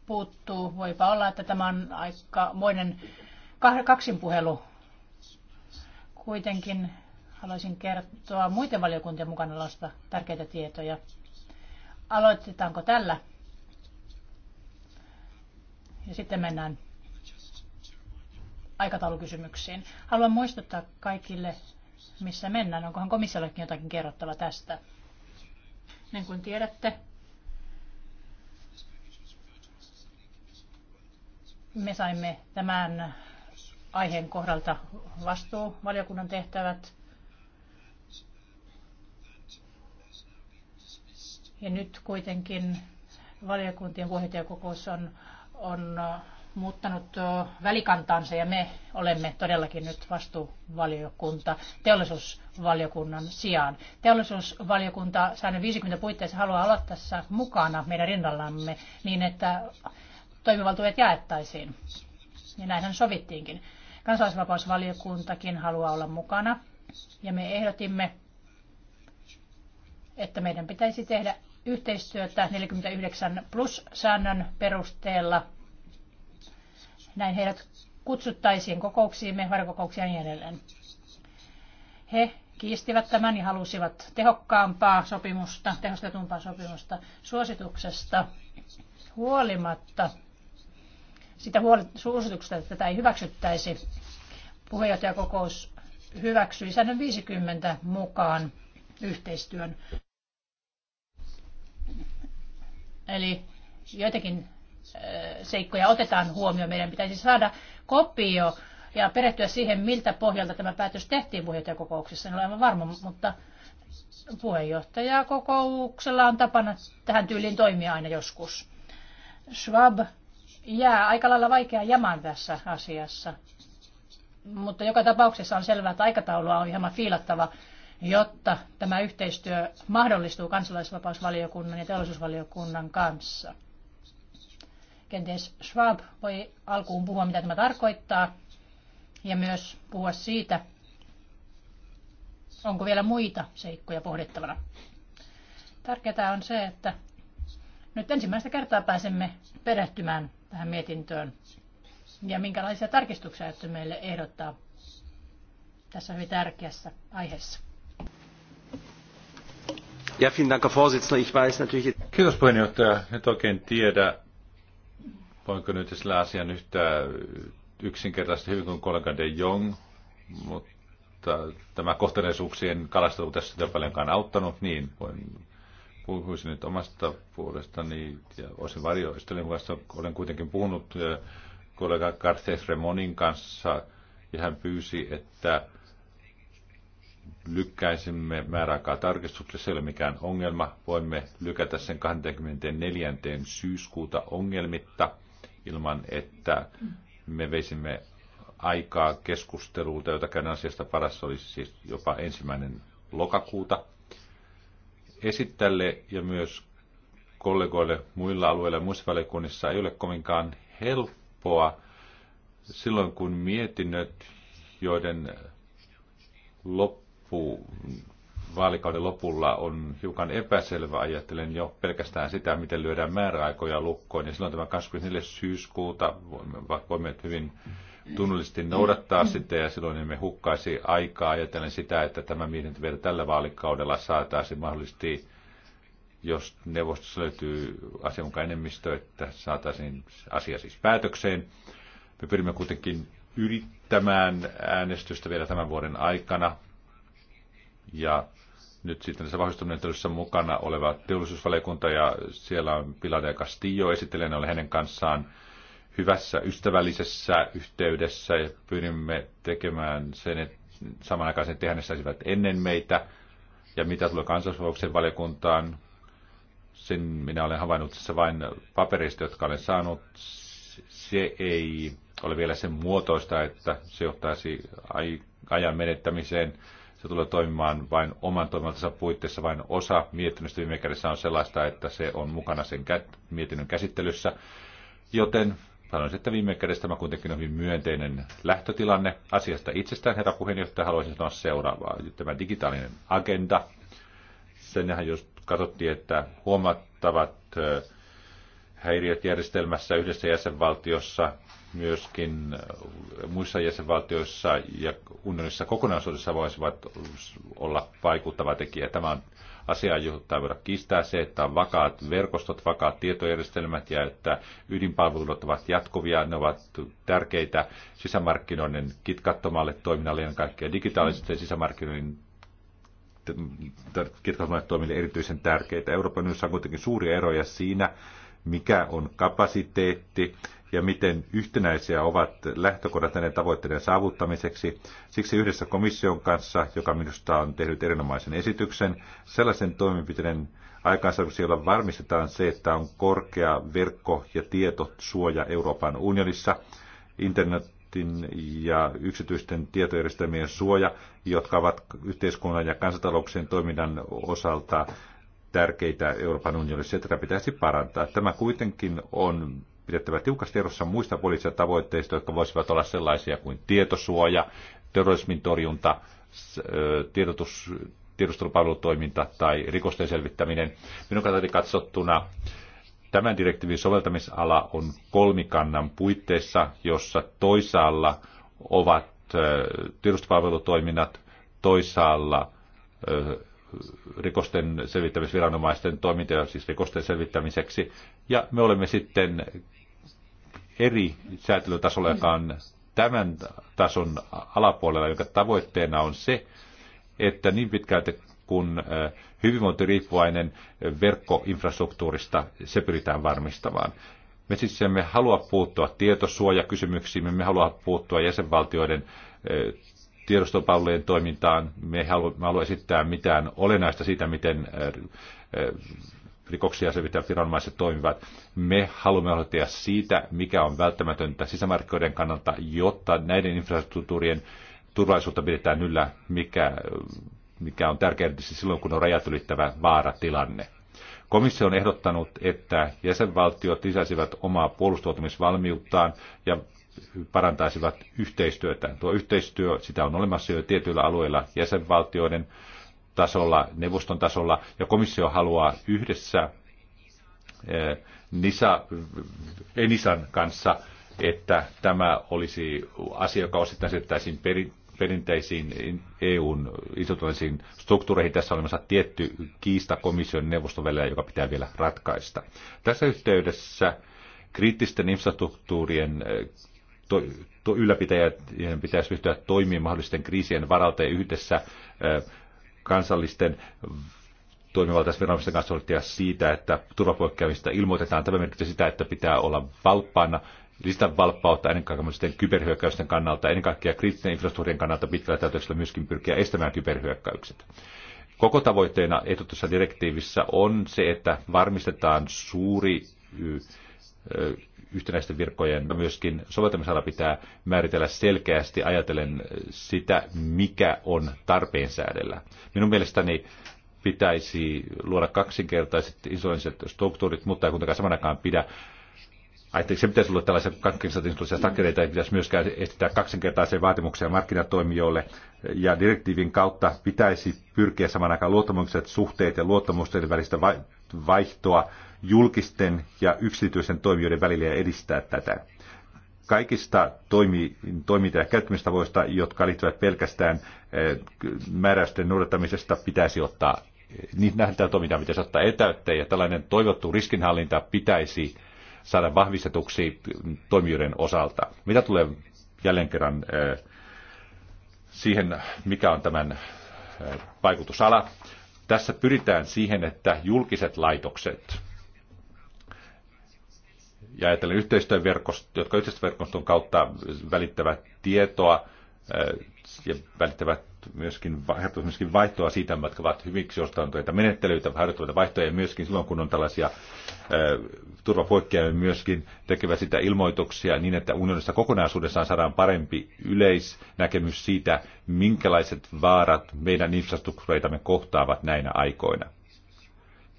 puuttuu. Voipa olla, että tämä on aika moinen kaksinpuhelu. Kuitenkin haluaisin kertoa muiden valiokuntien mukana olevasta tärkeitä tietoja. Aloitetaanko tällä? Ja sitten mennään aikataulukysymyksiin. Haluan muistuttaa kaikille, missä mennään. Onkohan komissiollekin jotakin kerrottava tästä? Niin kuin tiedätte, me saimme tämän aiheen kohdalta vastuuvaliokunnan tehtävät. Ja nyt kuitenkin valiokuntien puheenjohtajakokous on on muuttanut välikantaansa ja me olemme todellakin nyt vastuuvaliokunta teollisuusvaliokunnan sijaan. Teollisuusvaliokunta säännön 50 puitteissa haluaa olla tässä mukana meidän rinnallamme niin, että toimivaltuudet jaettaisiin. Ja näinhän sovittiinkin. Kansalaisvapausvaliokuntakin haluaa olla mukana ja me ehdotimme, että meidän pitäisi tehdä yhteistyötä 49 plus-säännön perusteella. Näin heidät kutsuttaisiin kokouksiimme, varjokokouksia ja niin edelleen. He kiistivät tämän ja halusivat tehokkaampaa sopimusta, tehostetumpaa sopimusta suosituksesta huolimatta. Sitä huoli, suosituksesta, että tätä ei hyväksyttäisi, puheenjohtajakokous hyväksyi säännön 50 mukaan yhteistyön. Eli joitakin seikkoja otetaan huomioon. Meidän pitäisi saada kopio ja perehtyä siihen, miltä pohjalta tämä päätös tehtiin puheenjohtajakokouksessa. En ole aivan varma, mutta puheenjohtajakokouksella on tapana tähän tyyliin toimia aina joskus. Schwab jää aika lailla vaikea jamaan tässä asiassa. Mutta joka tapauksessa on selvää, että aikataulua on hieman fiilattava jotta tämä yhteistyö mahdollistuu kansalaisvapausvaliokunnan ja teollisuusvaliokunnan kanssa. Kenties Schwab voi alkuun puhua, mitä tämä tarkoittaa, ja myös puhua siitä, onko vielä muita seikkoja pohdittavana. Tärkeää on se, että nyt ensimmäistä kertaa pääsemme perehtymään tähän mietintöön ja minkälaisia tarkistuksia että meille ehdottaa tässä hyvin tärkeässä aiheessa. Ja, vielen Dank, Kiitos puheenjohtaja. Nyt oikein tiedä, voinko nyt sillä asian yhtä yksinkertaisesti hyvin kuin kollega de Jong, mutta tämä kohteleisuuksien kalastelu tässä sitä paljonkaan auttanut, niin voin puhuisin nyt omasta puolestani ja osin varjoistelin kanssa. Olen kuitenkin puhunut eh, kollega Garces Remonin kanssa ja hän pyysi, että lykkäisimme määräaikaa tarkistukselle, se ei ole mikään ongelma. Voimme lykätä sen 24. syyskuuta ongelmitta ilman, että me veisimme aikaa keskustelulta, jota käydään asiasta paras olisi siis jopa ensimmäinen lokakuuta. Esittäjälle ja myös kollegoille muilla alueilla ja muissa valiokunnissa ei ole kovinkaan helppoa silloin, kun mietinnöt, joiden loppu loppu vaalikauden lopulla on hiukan epäselvä, ajattelen jo pelkästään sitä, miten lyödään määräaikoja lukkoon. Ja silloin tämä 24. syyskuuta voimme hyvin tunnollisesti noudattaa sitä ja silloin emme hukkaisi aikaa Ajattelen sitä, että tämä mietintö vielä tällä vaalikaudella saataisiin mahdollisesti, jos neuvostossa löytyy asianmukainen enemmistö, että saataisiin asia siis päätökseen. Me pyrimme kuitenkin yrittämään äänestystä vielä tämän vuoden aikana ja nyt sitten tässä vahvistumenettelyssä mukana oleva teollisuusvaliokunta ja siellä on Pilar ja Castillo esittelijänä, olen hänen kanssaan hyvässä ystävällisessä yhteydessä ja pyrimme tekemään sen, että samanaikaisen tehnestäisivät ennen meitä. Ja mitä tulee kansallisvauksen valiokuntaan, sen minä olen havainnut tässä vain paperista, jotka olen saanut. Se ei ole vielä sen muotoista, että se johtaisi ajan menettämiseen se tulee toimimaan vain oman toimintansa puitteissa, vain osa mietinnöstä viime kädessä on sellaista, että se on mukana sen kä- mietinnön käsittelyssä. Joten sanoisin, että viime kädessä tämä kuitenkin on hyvin myönteinen lähtötilanne. Asiasta itsestään, herra puheenjohtaja, haluaisin sanoa seuraavaa. Tämä digitaalinen agenda, senhän jos katsottiin, että huomattavat häiriöt järjestelmässä yhdessä jäsenvaltiossa, myöskin muissa jäsenvaltioissa ja unionissa kokonaisuudessa voisivat olla vaikuttava tekijä. Tämä on asia, jota voida kiistää se, että on vakaat verkostot, vakaat tietojärjestelmät ja että ydinpalvelut ovat jatkuvia, ne ovat tärkeitä sisämarkkinoiden kitkattomalle toiminnalle ja kaikkea digitaalisten sisämarkkinoiden kitkattomalle toimille erityisen tärkeitä. Euroopan unionissa on kuitenkin suuria eroja siinä, mikä on kapasiteetti ja miten yhtenäisiä ovat lähtökohdat näiden tavoitteiden saavuttamiseksi. Siksi yhdessä komission kanssa, joka minusta on tehnyt erinomaisen esityksen, sellaisen toimenpiteiden aikaansaamiseksi, jolla varmistetaan se, että on korkea verkko- ja tietosuoja Euroopan unionissa, internetin ja yksityisten tietojärjestelmien suoja, jotka ovat yhteiskunnan ja kansantalouksien toiminnan osalta tärkeitä Euroopan unionissa, tätä pitäisi parantaa. Tämä kuitenkin on pidettävä tiukasti erossa muista poliittisista tavoitteista, jotka voisivat olla sellaisia kuin tietosuoja, terrorismin torjunta, tiedotus, tiedustelupalvelutoiminta tai rikosten selvittäminen. Minun kannalta katsottuna tämän direktiivin soveltamisala on kolmikannan puitteissa, jossa toisaalla ovat tiedustelupalvelutoiminnat, toisaalla rikosten selvittämisviranomaisten toimintoja, siis rikosten selvittämiseksi. Ja me olemme sitten eri säätelytasolla, joka on tämän tason alapuolella, jonka tavoitteena on se, että niin pitkälti kun hyvinvointiriippuvainen verkkoinfrastruktuurista se pyritään varmistamaan. Me siis emme halua puuttua tietosuojakysymyksiin, me halua puuttua jäsenvaltioiden tiedostopalvelujen toimintaan. Me ei halua, me halua esittää mitään olennaista siitä, miten äh, äh, rikoksia selvittävät viranomaiset toimivat. Me haluamme aloittaa siitä, mikä on välttämätöntä sisämarkkinoiden kannalta, jotta näiden infrastruktuurien turvallisuutta pidetään yllä, mikä, mikä on tärkeää silloin, kun on rajat ylittävä vaaratilanne. Komissio on ehdottanut, että jäsenvaltiot lisäisivät omaa puolustautumisvalmiuttaan ja parantaisivat yhteistyötä. Tuo yhteistyö, sitä on olemassa jo tietyillä alueilla jäsenvaltioiden tasolla, neuvoston tasolla, ja komissio haluaa yhdessä eh, Nisa, Enisan kanssa, että tämä olisi asia, joka osittain siirtäisiin perin, perinteisiin EUn instituutioisiin struktuureihin. Tässä on olemassa tietty kiista komission neuvoston välillä, joka pitää vielä ratkaista. Tässä yhteydessä kriittisten infrastruktuurien eh, to, to, ylläpitäjien pitäisi ryhtyä toimimaan mahdollisten kriisien varalta ja yhdessä kansallisten toimivaltaisviranomaisten kanssa huolehtia siitä, että turvapoikkeamista ilmoitetaan. Tämä merkitsee sitä, että pitää olla valppaana, lisätä valppautta ennen kaikkea kyberhyökkäysten kannalta, ennen kaikkea kriittisen infrastruktuurin kannalta pitkällä täytöksellä myöskin pyrkiä estämään kyberhyökkäykset. Koko tavoitteena ehdotussa direktiivissä on se, että varmistetaan suuri yhtenäisten virkojen myöskin soveltamisala pitää määritellä selkeästi ajatellen sitä, mikä on tarpeen säädellä. Minun mielestäni pitäisi luoda kaksinkertaiset isoiset struktuurit, mutta ei kuitenkaan samanakaan pidä Ajattelin, se pitäisi olla tällaisia kaksinkertaisia takereita, ei pitäisi myöskään estää kaksinkertaisia vaatimuksia markkinatoimijoille. Ja direktiivin kautta pitäisi pyrkiä saman aikaan luottamukset, suhteet ja luottamusten välistä vaihtoa julkisten ja yksityisen toimijoiden välillä ja edistää tätä. Kaikista toimi, toiminta- ja käyttämistavoista, jotka liittyvät pelkästään eh, määräysten noudattamisesta, pitäisi ottaa, niin nähdään toimintaa pitäisi ottaa etäyttä ja tällainen toivottu riskinhallinta pitäisi saada vahvistetuksi toimijoiden osalta. Mitä tulee jälleen kerran eh, siihen, mikä on tämän eh, vaikutusala. Tässä pyritään siihen, että julkiset laitokset, ja ajatellen yhteistyöverkostoja, jotka yhteistyöverkoston kautta välittävät tietoa äh, ja välittävät myöskin, myöskin vaihtoa siitä, jotka ovat hyviksi ostantuneita menettelyitä, harjoittavat vaihtoja ja myöskin silloin, kun on tällaisia äh, turvapoikkeamia, niin myöskin tekevät sitä ilmoituksia niin, että unionissa kokonaisuudessaan saadaan parempi yleisnäkemys siitä, minkälaiset vaarat meidän infrastruktureitamme kohtaavat näinä aikoina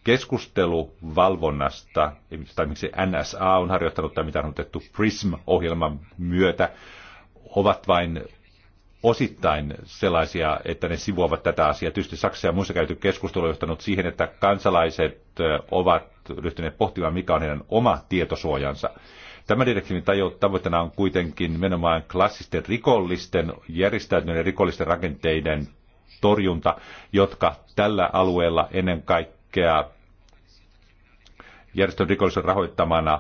keskustelu valvonnasta, tai miksi NSA on harjoittanut tai mitä on otettu PRISM-ohjelman myötä, ovat vain osittain sellaisia, että ne sivuavat tätä asiaa. Tietysti Saksassa ja muissa käyty keskustelu on johtanut siihen, että kansalaiset ovat ryhtyneet pohtimaan, mikä on heidän oma tietosuojansa. Tämä direktiivin tavoitteena on kuitenkin menomaan klassisten rikollisten, järjestäytyneiden rikollisten rakenteiden torjunta, jotka tällä alueella ennen kaikkea kaikkea järjestön rikollisen rahoittamana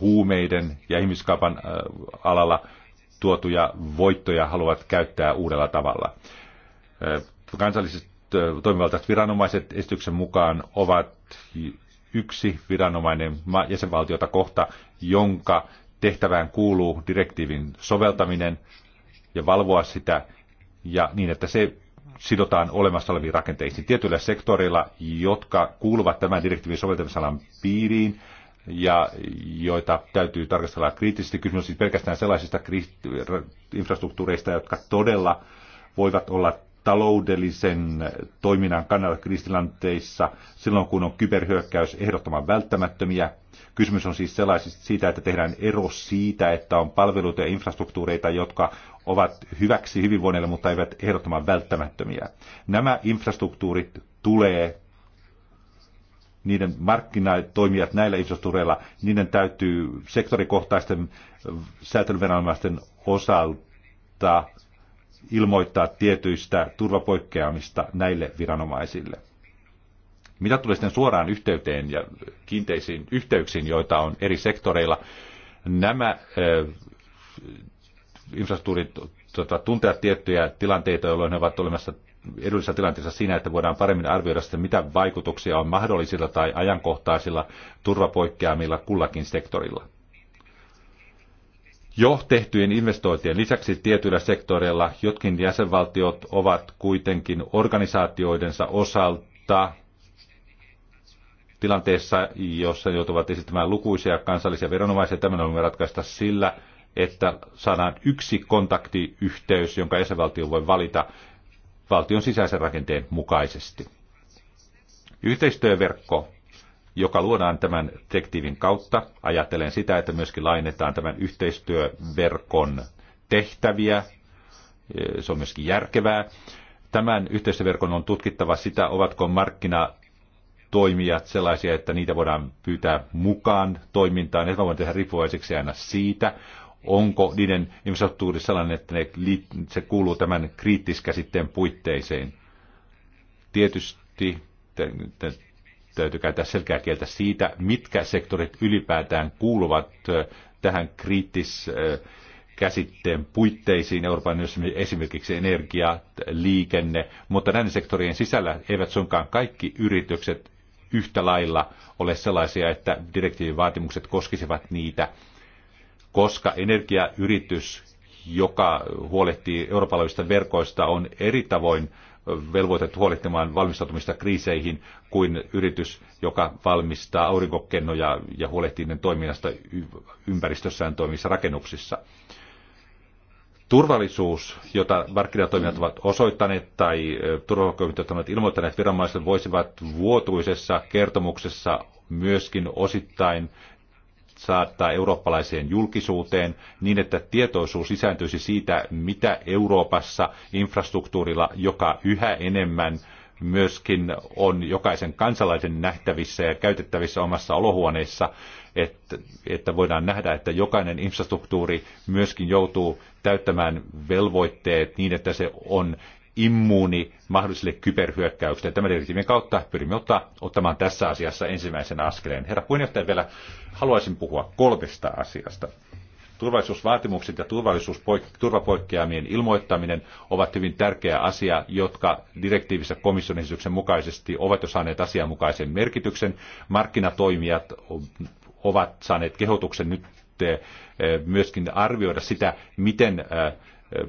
huumeiden ja ihmiskaupan alalla tuotuja voittoja haluavat käyttää uudella tavalla. Kansalliset toimivaltaiset viranomaiset esityksen mukaan ovat yksi viranomainen jäsenvaltiota kohta, jonka tehtävään kuuluu direktiivin soveltaminen ja valvoa sitä, ja niin, että se sidotaan olemassa oleviin rakenteisiin tietyillä sektoreilla, jotka kuuluvat tämän direktiivin soveltamisalan piiriin ja joita täytyy tarkastella kriittisesti. Kysymys on siis pelkästään sellaisista infrastruktuureista, jotka todella voivat olla taloudellisen toiminnan kannalta kristilanteissa silloin, kun on kyberhyökkäys ehdottoman välttämättömiä. Kysymys on siis sellaisista siitä, että tehdään ero siitä, että on palveluita ja infrastruktuureita, jotka ovat hyväksi hyvinvoinnille, mutta eivät ehdottoman välttämättömiä. Nämä infrastruktuurit tulee niiden markkinatoimijat näillä infrastruktuureilla, niiden täytyy sektorikohtaisten säätelyviranomaisten osalta ilmoittaa tietyistä turvapoikkeamista näille viranomaisille. Mitä tulee sitten suoraan yhteyteen ja kiinteisiin yhteyksiin, joita on eri sektoreilla, nämä äh, infrastruktuurit tota, tuntea tiettyjä tilanteita, jolloin ne ovat olemassa edullisessa tilanteessa siinä, että voidaan paremmin arvioida sitä, mitä vaikutuksia on mahdollisilla tai ajankohtaisilla turvapoikkeamilla kullakin sektorilla. Jo tehtyjen investointien lisäksi tietyillä sektoreilla jotkin jäsenvaltiot ovat kuitenkin organisaatioidensa osalta tilanteessa, jossa joutuvat esittämään lukuisia kansallisia viranomaisia. Tämän on ratkaista sillä, että saadaan yksi kontaktiyhteys, jonka jäsenvaltio voi valita valtion sisäisen rakenteen mukaisesti. Yhteistyöverkko joka luodaan tämän direktiivin kautta. Ajattelen sitä, että myöskin lainetaan tämän yhteistyöverkon tehtäviä. Se on myöskin järkevää. Tämän yhteistyöverkon on tutkittava sitä, ovatko markkina toimijat sellaisia, että niitä voidaan pyytää mukaan toimintaan. Ne voidaan tehdä riippuvaiseksi aina siitä, onko niiden infrastruktuuri sellainen, että ne, se kuuluu tämän kriittiskäsitteen puitteiseen. Tietysti täytyy käyttää selkeää kieltä siitä, mitkä sektorit ylipäätään kuuluvat tähän kriittis käsitteen puitteisiin Euroopan esimerkiksi energia, liikenne, mutta näiden sektorien sisällä eivät suinkaan kaikki yritykset yhtä lailla ole sellaisia, että direktiivin vaatimukset koskisivat niitä, koska energiayritys, joka huolehtii eurooppalaisista verkoista, on eri tavoin velvoitettu huolehtimaan valmistautumista kriiseihin kuin yritys, joka valmistaa aurinkokennoja ja huolehtii niiden toiminnasta ympäristössään toimissa rakennuksissa. Turvallisuus, jota markkinatoimijat ovat osoittaneet tai turvakomitat ovat ilmoittaneet viranomaiset, voisivat vuotuisessa kertomuksessa myöskin osittain saattaa eurooppalaiseen julkisuuteen niin, että tietoisuus lisääntyisi siitä, mitä Euroopassa infrastruktuurilla, joka yhä enemmän myöskin on jokaisen kansalaisen nähtävissä ja käytettävissä omassa olohuoneessa, että, että voidaan nähdä, että jokainen infrastruktuuri myöskin joutuu täyttämään velvoitteet niin, että se on immuuni mahdollisille kyberhyökkäyksille. Tämän direktiivin kautta pyrimme ottaa, ottamaan tässä asiassa ensimmäisen askeleen. Herra puheenjohtaja, vielä haluaisin puhua kolmesta asiasta. Turvallisuusvaatimukset ja turvapoikkeamien ilmoittaminen ovat hyvin tärkeä asia, jotka direktiivissä komission esityksen mukaisesti ovat jo saaneet asianmukaisen merkityksen. Markkinatoimijat ovat saaneet kehotuksen nyt eh, eh, myöskin arvioida sitä, miten eh,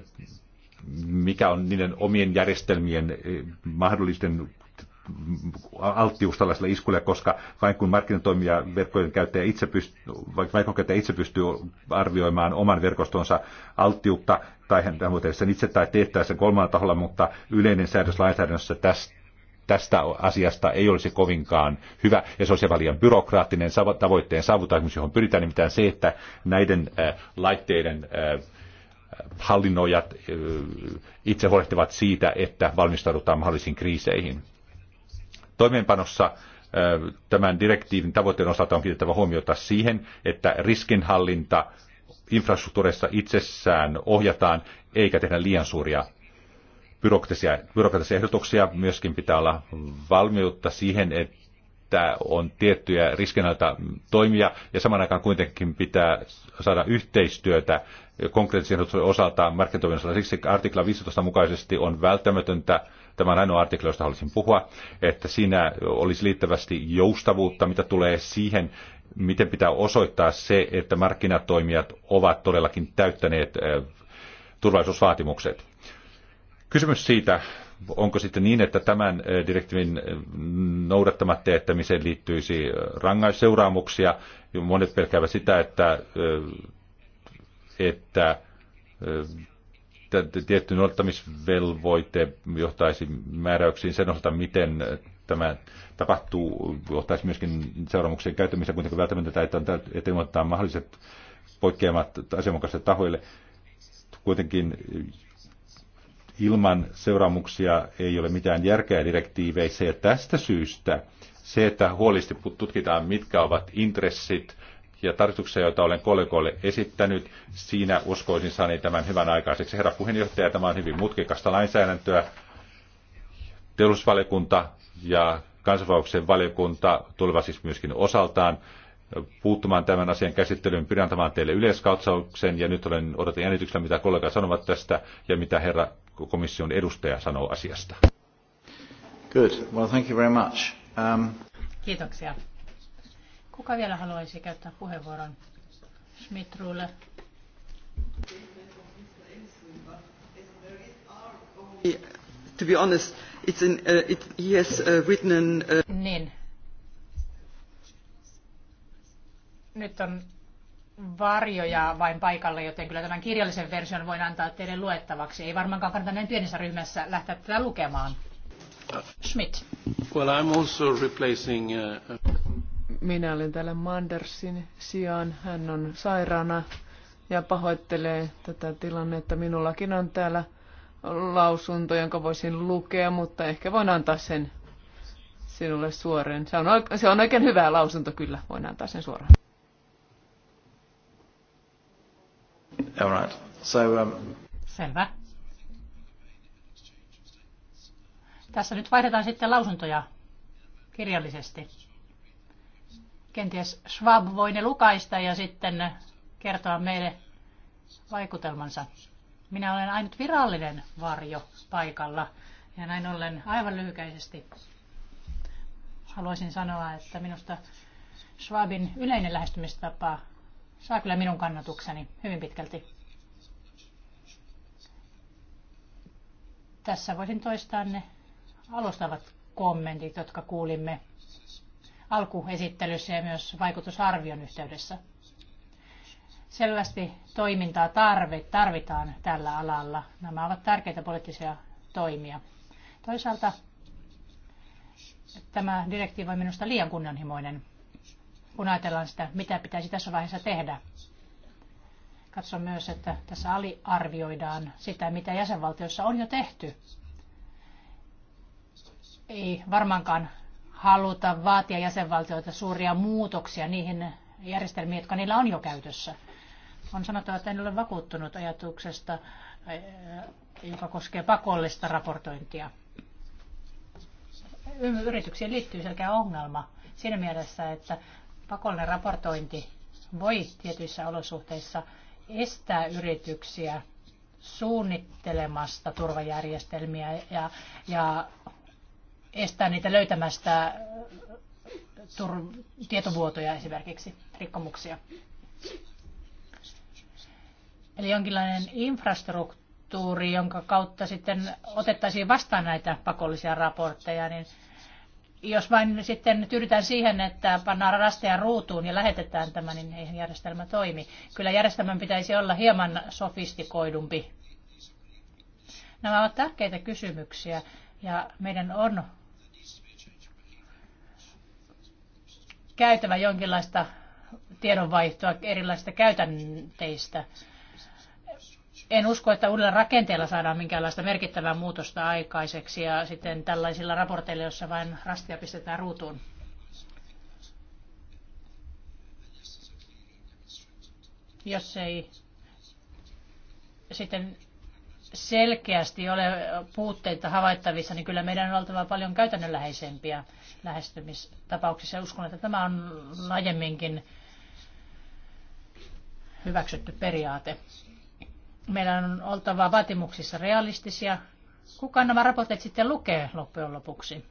mikä on niiden omien järjestelmien eh, mahdollisten alttius tällaiselle iskulle, koska vain kun markkinatoimija verkkojen käyttäjä itse pystyy, vaikka käyttäjä itse pystyy arvioimaan oman verkostonsa alttiutta, tai hän sen itse tai teettää sen kolmannella taholla, mutta yleinen säädös lainsäädännössä tästä tästä asiasta ei olisi kovinkaan hyvä ja se olisi aivan liian byrokraattinen tavoitteen saavutus, johon pyritään nimittäin se, että näiden eh, laitteiden äh, hallinnoijat itse huolehtivat siitä, että valmistaudutaan mahdollisiin kriiseihin. Toimeenpanossa tämän direktiivin tavoitteen osalta on kiinnitettävä huomiota siihen, että riskinhallinta infrastruktuurissa itsessään ohjataan, eikä tehdä liian suuria byrokratisia, byrokratisia ehdotuksia. Myöskin pitää olla valmiutta siihen, että on tiettyjä riskinhallinta toimia ja saman aikaan kuitenkin pitää saada yhteistyötä konkreettisen osaltaan markkinatoiminnassa. Siksi artikla 15 mukaisesti on välttämätöntä, tämä on ainoa artikla, josta haluaisin puhua, että siinä olisi liittävästi joustavuutta, mitä tulee siihen, miten pitää osoittaa se, että markkinatoimijat ovat todellakin täyttäneet eh, turvallisuusvaatimukset. Kysymys siitä, onko sitten niin, että tämän eh, direktiivin eh, noudattamatta jättämiseen liittyisi rangaisseuraamuksia. Monet pelkäävät sitä, että että tietty noudattamisvelvoite johtaisi määräyksiin sen osalta, miten tämä tapahtuu, johtaisi myöskin seuraamuksien käyttämiseen kuitenkin välttämättä, että, että ilmoitetaan mahdolliset poikkeamat asianmukaisille tahoille. Kuitenkin ilman seuraamuksia ei ole mitään järkeä direktiiveissä ja tästä syystä se, että huolisti tutkitaan, mitkä ovat intressit, ja tarkoituksia, joita olen kollegoille esittänyt. Siinä uskoisin saani tämän hyvän aikaiseksi. Herra puheenjohtaja, tämä on hyvin mutkikasta lainsäädäntöä. Teollisuusvaliokunta ja kansanvauksen valiokunta tulevat siis myöskin osaltaan puuttumaan tämän asian käsittelyyn, pyrin antamaan teille yleiskatsauksen ja nyt olen odotan jännityksellä, mitä kollegat sanovat tästä ja mitä herra komission edustaja sanoo asiasta. Good. Well, thank you very much. Um... Kiitoksia. Kuka vielä haluaisi käyttää puheenvuoron? Schmidt To be honest, it's in, uh, it, he has uh, written an, uh... Niin. Nyt on varjoja vain paikalle, joten kyllä tämän kirjallisen version voin antaa teille luettavaksi. Ei varmaankaan kannata näin pienessä ryhmässä lähteä tätä lukemaan. Schmidt. Well, I'm also replacing, uh... Minä olen täällä Mandersin sijaan. Hän on sairaana ja pahoittelee tätä tilannetta. Minullakin on täällä lausunto, jonka voisin lukea, mutta ehkä voin antaa sen sinulle suoraan. Se on, se on oikein hyvä lausunto kyllä, voin antaa sen suoraan. All right. so, um... Selvä. Tässä nyt vaihdetaan sitten lausuntoja kirjallisesti. Kenties Schwab voi ne lukaista ja sitten kertoa meille vaikutelmansa. Minä olen ainut virallinen varjo paikalla ja näin ollen aivan lyhykäisesti haluaisin sanoa, että minusta Schwabin yleinen lähestymistapa saa kyllä minun kannatukseni hyvin pitkälti. Tässä voisin toistaa ne alustavat kommentit, jotka kuulimme alkuesittelyssä ja myös vaikutusarvion yhteydessä. Selvästi toimintaa tarvitaan tällä alalla. Nämä ovat tärkeitä poliittisia toimia. Toisaalta tämä direktiivi on minusta liian kunnianhimoinen, kun ajatellaan sitä, mitä pitäisi tässä vaiheessa tehdä. Katson myös, että tässä aliarvioidaan sitä, mitä jäsenvaltioissa on jo tehty. Ei varmaankaan haluta vaatia jäsenvaltioita suuria muutoksia niihin järjestelmiin, jotka niillä on jo käytössä. On sanottava, että en ole vakuuttunut ajatuksesta, eh, joka koskee pakollista raportointia. Yrityksiin liittyy selkeä ongelma siinä mielessä, että pakollinen raportointi voi tietyissä olosuhteissa estää yrityksiä suunnittelemasta turvajärjestelmiä ja, ja estää niitä löytämästä äh, tur- tietovuotoja esimerkiksi, rikkomuksia. Eli jonkinlainen infrastruktuuri, jonka kautta sitten otettaisiin vastaan näitä pakollisia raportteja, niin jos vain sitten tyydytään siihen, että pannaan rasteja ruutuun ja lähetetään tämä, niin eihän järjestelmä toimi. Kyllä järjestelmän pitäisi olla hieman sofistikoidumpi. Nämä ovat tärkeitä kysymyksiä ja meidän on käytävä jonkinlaista tiedonvaihtoa erilaisista käytänteistä. En usko, että uudella rakenteella saadaan minkäänlaista merkittävää muutosta aikaiseksi ja sitten tällaisilla raporteilla, joissa vain rastia pistetään ruutuun. Jos ei sitten selkeästi ole puutteita havaittavissa, niin kyllä meidän on oltava paljon käytännönläheisempiä lähestymistapauksissa. Uskon, että tämä on laajemminkin hyväksytty periaate. Meillä on oltava vaatimuksissa realistisia. Kuka nämä raportit sitten lukee loppujen lopuksi?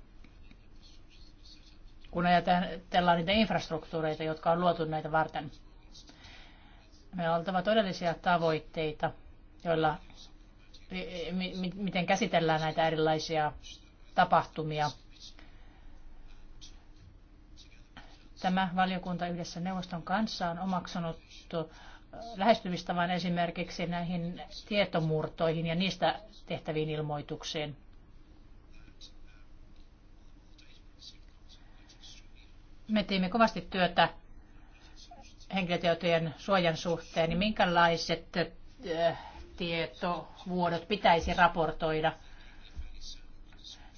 Kun ajatellaan niitä infrastruktuureita, jotka on luotu näitä varten. Meillä on oltava todellisia tavoitteita, joilla miten käsitellään näitä erilaisia tapahtumia Tämä valiokunta yhdessä neuvoston kanssa on omaksunut lähestymistavan esimerkiksi näihin tietomurtoihin ja niistä tehtäviin ilmoituksiin. Me teimme kovasti työtä henkilötietojen suojan suhteen, niin minkälaiset tietovuodot pitäisi raportoida.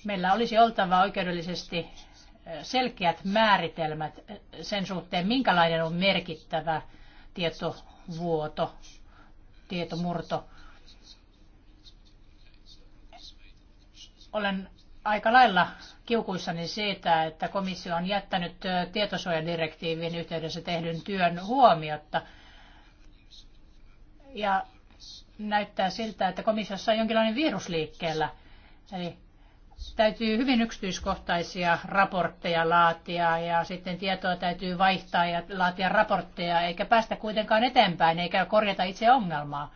Meillä olisi oltava oikeudellisesti selkeät määritelmät sen suhteen, minkälainen on merkittävä tietovuoto, tietomurto. Olen aika lailla kiukuissani siitä, että komissio on jättänyt tietosuojadirektiivin yhteydessä tehdyn työn huomiotta. Ja näyttää siltä, että komissiossa on jonkinlainen virusliikkeellä. Eli täytyy hyvin yksityiskohtaisia raportteja laatia ja sitten tietoa täytyy vaihtaa ja laatia raportteja, eikä päästä kuitenkaan eteenpäin eikä korjata itse ongelmaa.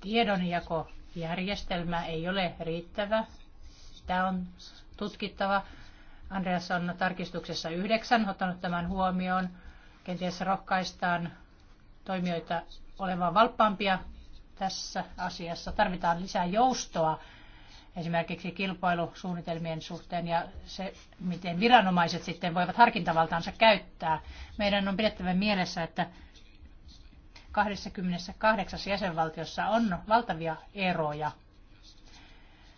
Tiedonjakojärjestelmä ei ole riittävä. Tämä on tutkittava. Andreas on tarkistuksessa yhdeksän ottanut tämän huomioon. Kenties rohkaistaan toimijoita oleva valppaampia tässä asiassa. Tarvitaan lisää joustoa esimerkiksi kilpailusuunnitelmien suhteen ja se, miten viranomaiset sitten voivat harkintavaltaansa käyttää. Meidän on pidettävä mielessä, että 28 jäsenvaltiossa on valtavia eroja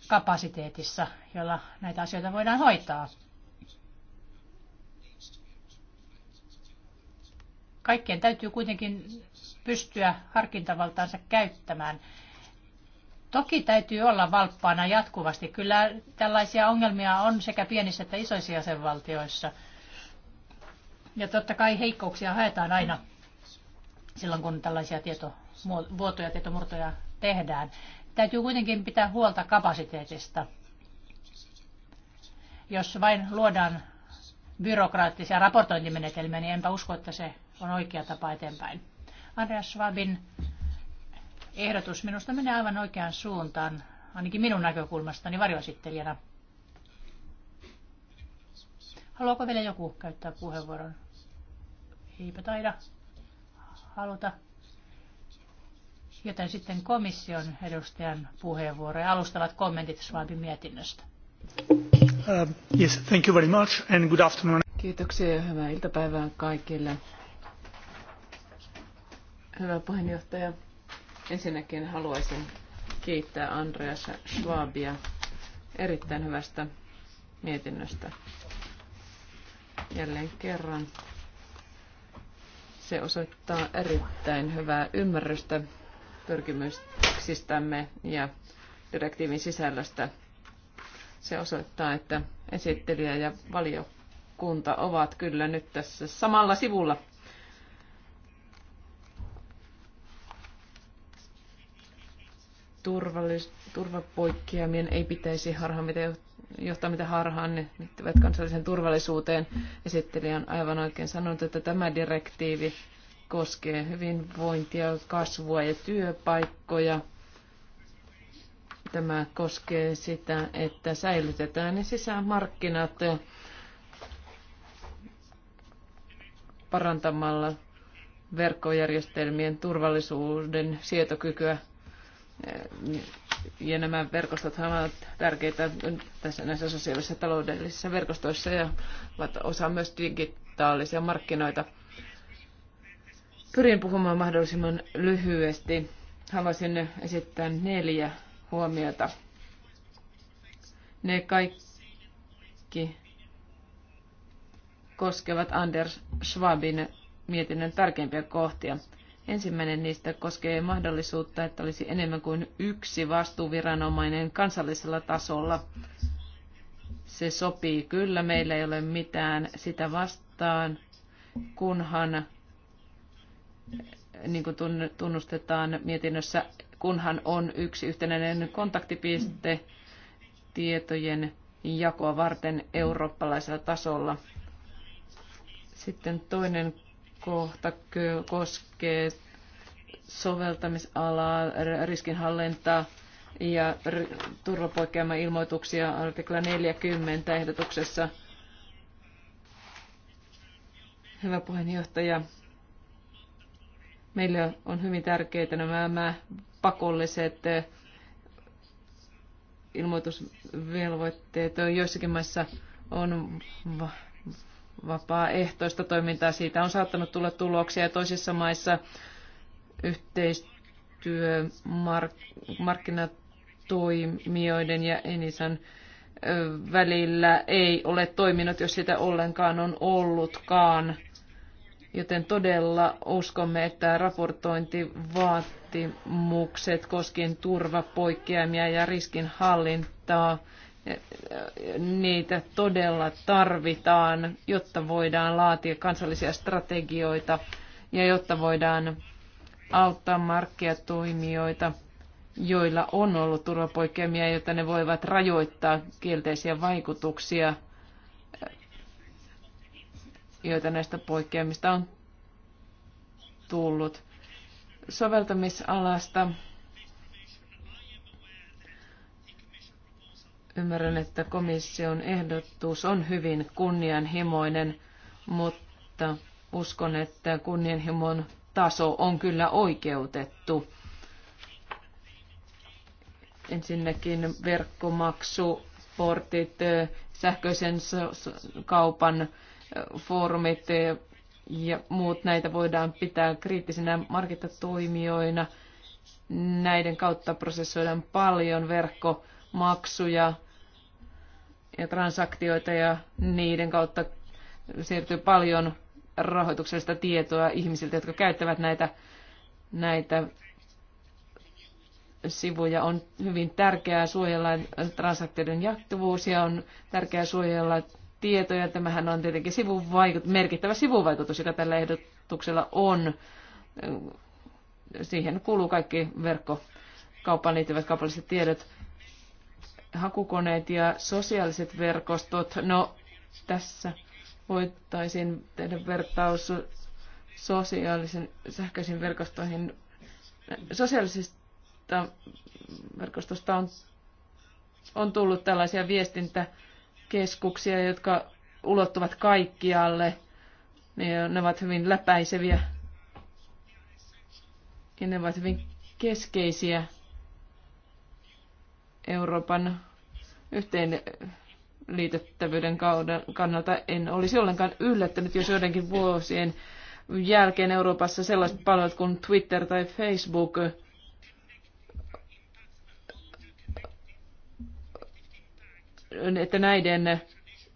kapasiteetissa, jolla näitä asioita voidaan hoitaa. Kaikkien täytyy kuitenkin pystyä harkintavaltaansa käyttämään. Toki täytyy olla valppaana jatkuvasti. Kyllä tällaisia ongelmia on sekä pienissä että isoissa jäsenvaltioissa. Ja totta kai heikkouksia haetaan aina silloin, kun tällaisia tietovuotoja, tietomurtoja tehdään. Täytyy kuitenkin pitää huolta kapasiteetista. Jos vain luodaan byrokraattisia raportointimenetelmiä, niin enpä usko, että se on oikea tapa eteenpäin. Andreas Schwabin ehdotus minusta menee aivan oikeaan suuntaan, ainakin minun näkökulmastani varjoesittelijänä. Haluaako vielä joku käyttää puheenvuoron? Eipä taida haluta. Joten sitten komission edustajan puheenvuoro ja alustavat kommentit Schwabin mietinnöstä. Uh, yes, thank you very much and good afternoon. Kiitoksia ja hyvää iltapäivää kaikille. Hyvä puheenjohtaja. Ensinnäkin haluaisin kiittää Andreas Schwabia erittäin hyvästä mietinnöstä. Jälleen kerran se osoittaa erittäin hyvää ymmärrystä pyrkimyksistämme ja direktiivin sisällöstä. Se osoittaa, että esittelijä ja valiokunta ovat kyllä nyt tässä samalla sivulla. turvallis, turvapoikkeamien ei pitäisi harhaan mitä johtaa mitä harhaan, ne liittyvät kansalliseen turvallisuuteen. Esittelijä on aivan oikein sanonut, että tämä direktiivi koskee hyvinvointia, kasvua ja työpaikkoja. Tämä koskee sitä, että säilytetään ne sisämarkkinat parantamalla verkkojärjestelmien turvallisuuden sietokykyä ja nämä verkostot ovat tärkeitä tässä näissä sosiaalisissa taloudellisissa verkostoissa ja ovat osa myös digitaalisia markkinoita. Pyrin puhumaan mahdollisimman lyhyesti. Haluaisin esittää neljä huomiota. Ne kaikki koskevat Anders Schwabin mietinnön tärkeimpiä kohtia. Ensimmäinen niistä koskee mahdollisuutta, että olisi enemmän kuin yksi vastuuviranomainen kansallisella tasolla. Se sopii kyllä, meillä ei ole mitään sitä vastaan, kunhan, niin kuin tunnustetaan mietinnössä, kunhan on yksi yhtenäinen kontaktipiste tietojen jakoa varten eurooppalaisella tasolla. Sitten toinen kohta koskee soveltamisalaa, riskinhallintaa ja turvapoikkeama ilmoituksia artikla 40 ehdotuksessa. Hyvä puheenjohtaja, meille on hyvin tärkeitä nämä pakolliset eh, ilmoitusvelvoitteet. Joissakin maissa on vapaaehtoista toimintaa. Siitä on saattanut tulla tuloksia ja toisissa maissa yhteistyö markkinatoimijoiden ja Enisan välillä ei ole toiminut, jos sitä ollenkaan on ollutkaan. Joten todella uskomme, että raportointivaatimukset koskien turvapoikkeamia ja riskinhallintaa niitä todella tarvitaan, jotta voidaan laatia kansallisia strategioita ja jotta voidaan auttaa markkinatoimijoita, joilla on ollut turvapoikkeamia, jotta ne voivat rajoittaa kielteisiä vaikutuksia, joita näistä poikkeamista on tullut. Soveltamisalasta Ymmärrän, että komission ehdotus on hyvin kunnianhimoinen, mutta uskon, että kunnianhimon taso on kyllä oikeutettu. Ensinnäkin verkkomaksuportit, sähköisen kaupan foorumit ja muut näitä voidaan pitää kriittisinä markkinatoimijoina. Näiden kautta prosessoidaan paljon verkko maksuja ja transaktioita ja niiden kautta siirtyy paljon rahoituksellista tietoa ihmisiltä, jotka käyttävät näitä, näitä sivuja. On hyvin tärkeää suojella transaktioiden jatkuvuus ja on tärkeää suojella tietoja. Tämähän on tietenkin sivuvaikut, merkittävä sivuvaikutus, joka tällä ehdotuksella on. Siihen kuuluu kaikki verkkokauppaan liittyvät kaupalliset tiedot hakukoneet ja sosiaaliset verkostot. No, tässä voitaisiin tehdä vertaus sosiaalisen sähköisiin verkostoihin. Sosiaalisesta verkostosta on, on tullut tällaisia viestintäkeskuksia, jotka ulottuvat kaikkialle. Ne ovat hyvin läpäiseviä ja ne ovat hyvin keskeisiä Euroopan yhteen liitettävyyden kannalta en olisi ollenkaan yllättänyt, jos joidenkin vuosien jälkeen Euroopassa sellaiset palvelut kuin Twitter tai Facebook että näiden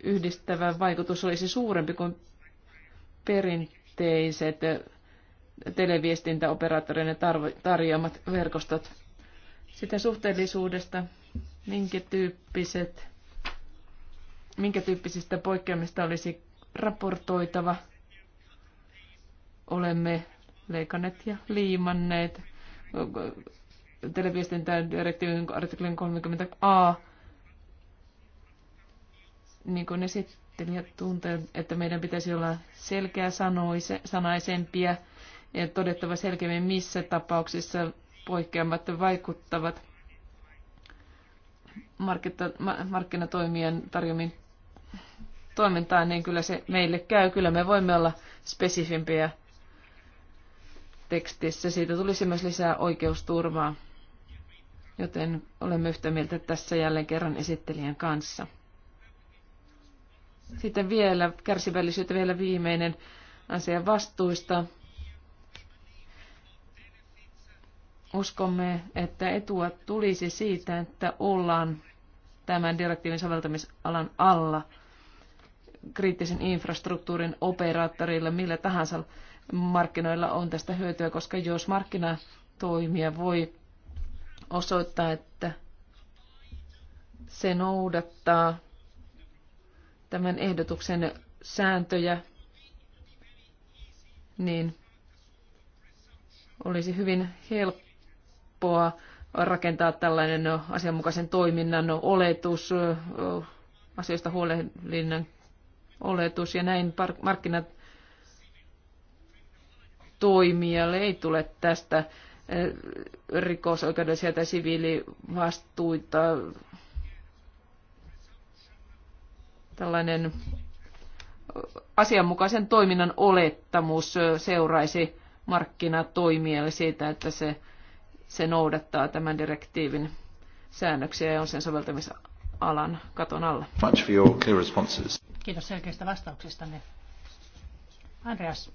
yhdistävä vaikutus olisi suurempi kuin perinteiset televiestintäoperaattoreiden tarjoamat verkostot. Sitten suhteellisuudesta, minkä, tyyppiset, minkä tyyppisistä poikkeamista olisi raportoitava. Olemme leikanneet ja liimanneet televiestintään direktiivin artiklin 30a. Niin kuin esittelijät tuntee, että meidän pitäisi olla selkeä sanoise, sanaisempia ja todettava selkeämmin, missä tapauksissa poikkeamat vaikuttavat markkinatoimien tarjomin toimintaan, niin kyllä se meille käy. Kyllä me voimme olla spesifimpiä tekstissä. Siitä tulisi myös lisää oikeusturvaa, joten olemme yhtä mieltä tässä jälleen kerran esittelijän kanssa. Sitten vielä kärsivällisyyttä vielä viimeinen asia vastuista. Uskomme, että etua tulisi siitä, että ollaan tämän direktiivin soveltamisalan alla kriittisen infrastruktuurin operaattorille millä tahansa markkinoilla on tästä hyötyä, koska jos markkinatoimija voi osoittaa, että se noudattaa tämän ehdotuksen sääntöjä, niin olisi hyvin helppo helppoa rakentaa tällainen asianmukaisen toiminnan oletus, asioista huolehdinnan oletus ja näin markkinat toimijalle ei tule tästä eh, rikosoikeudellisia tai siviilivastuita. Tällainen asianmukaisen toiminnan olettamus seuraisi markkinatoimijalle siitä, että se se noudattaa tämän direktiivin säännöksiä ja on sen soveltamisalan katon alla. Much for your clear responses. Kiitos selkeistä vastauksistanne. Andreas,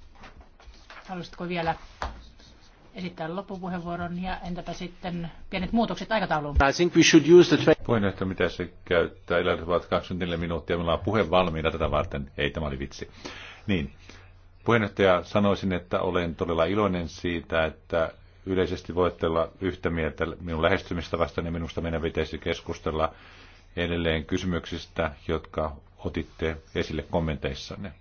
haluaisitko vielä esittää loppupuheenvuoron ja entäpä sitten pienet muutokset aikatauluun? I think we should use the... Puheenjohtaja, mitä se käyttää? Eläiset ovat 24 minuuttia, meillä on puhe valmiina tätä varten. Ei, tämä oli vitsi. Niin, puheenjohtaja, sanoisin, että olen todella iloinen siitä, että yleisesti voitte olla yhtä mieltä minun lähestymistavasta, niin minusta meidän pitäisi keskustella edelleen kysymyksistä, jotka otitte esille kommenteissanne.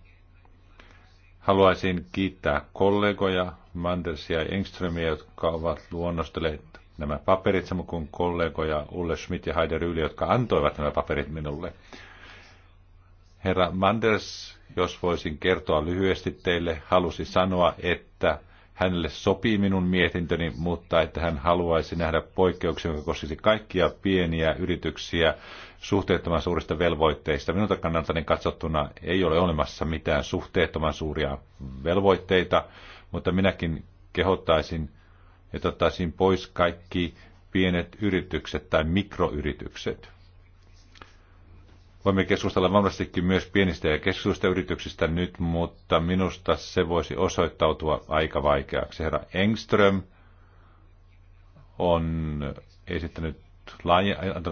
Haluaisin kiittää kollegoja Mandersia ja Engströmiä, jotka ovat luonnostelleet nämä paperit, samoin kuin kollegoja Ulle Schmidt ja Heider Yli, jotka antoivat nämä paperit minulle. Herra Manders, jos voisin kertoa lyhyesti teille, halusi sanoa, että hänelle sopii minun mietintöni, mutta että hän haluaisi nähdä poikkeuksia, joka koskisi kaikkia pieniä yrityksiä suhteettoman suurista velvoitteista. Minulta kannaltani katsottuna ei ole olemassa mitään suhteettoman suuria velvoitteita, mutta minäkin kehottaisin, että ottaisin pois kaikki pienet yritykset tai mikroyritykset. Voimme keskustella varmastikin myös pienistä ja keskustelusta yrityksistä nyt, mutta minusta se voisi osoittautua aika vaikeaksi. Herra Engström on esittänyt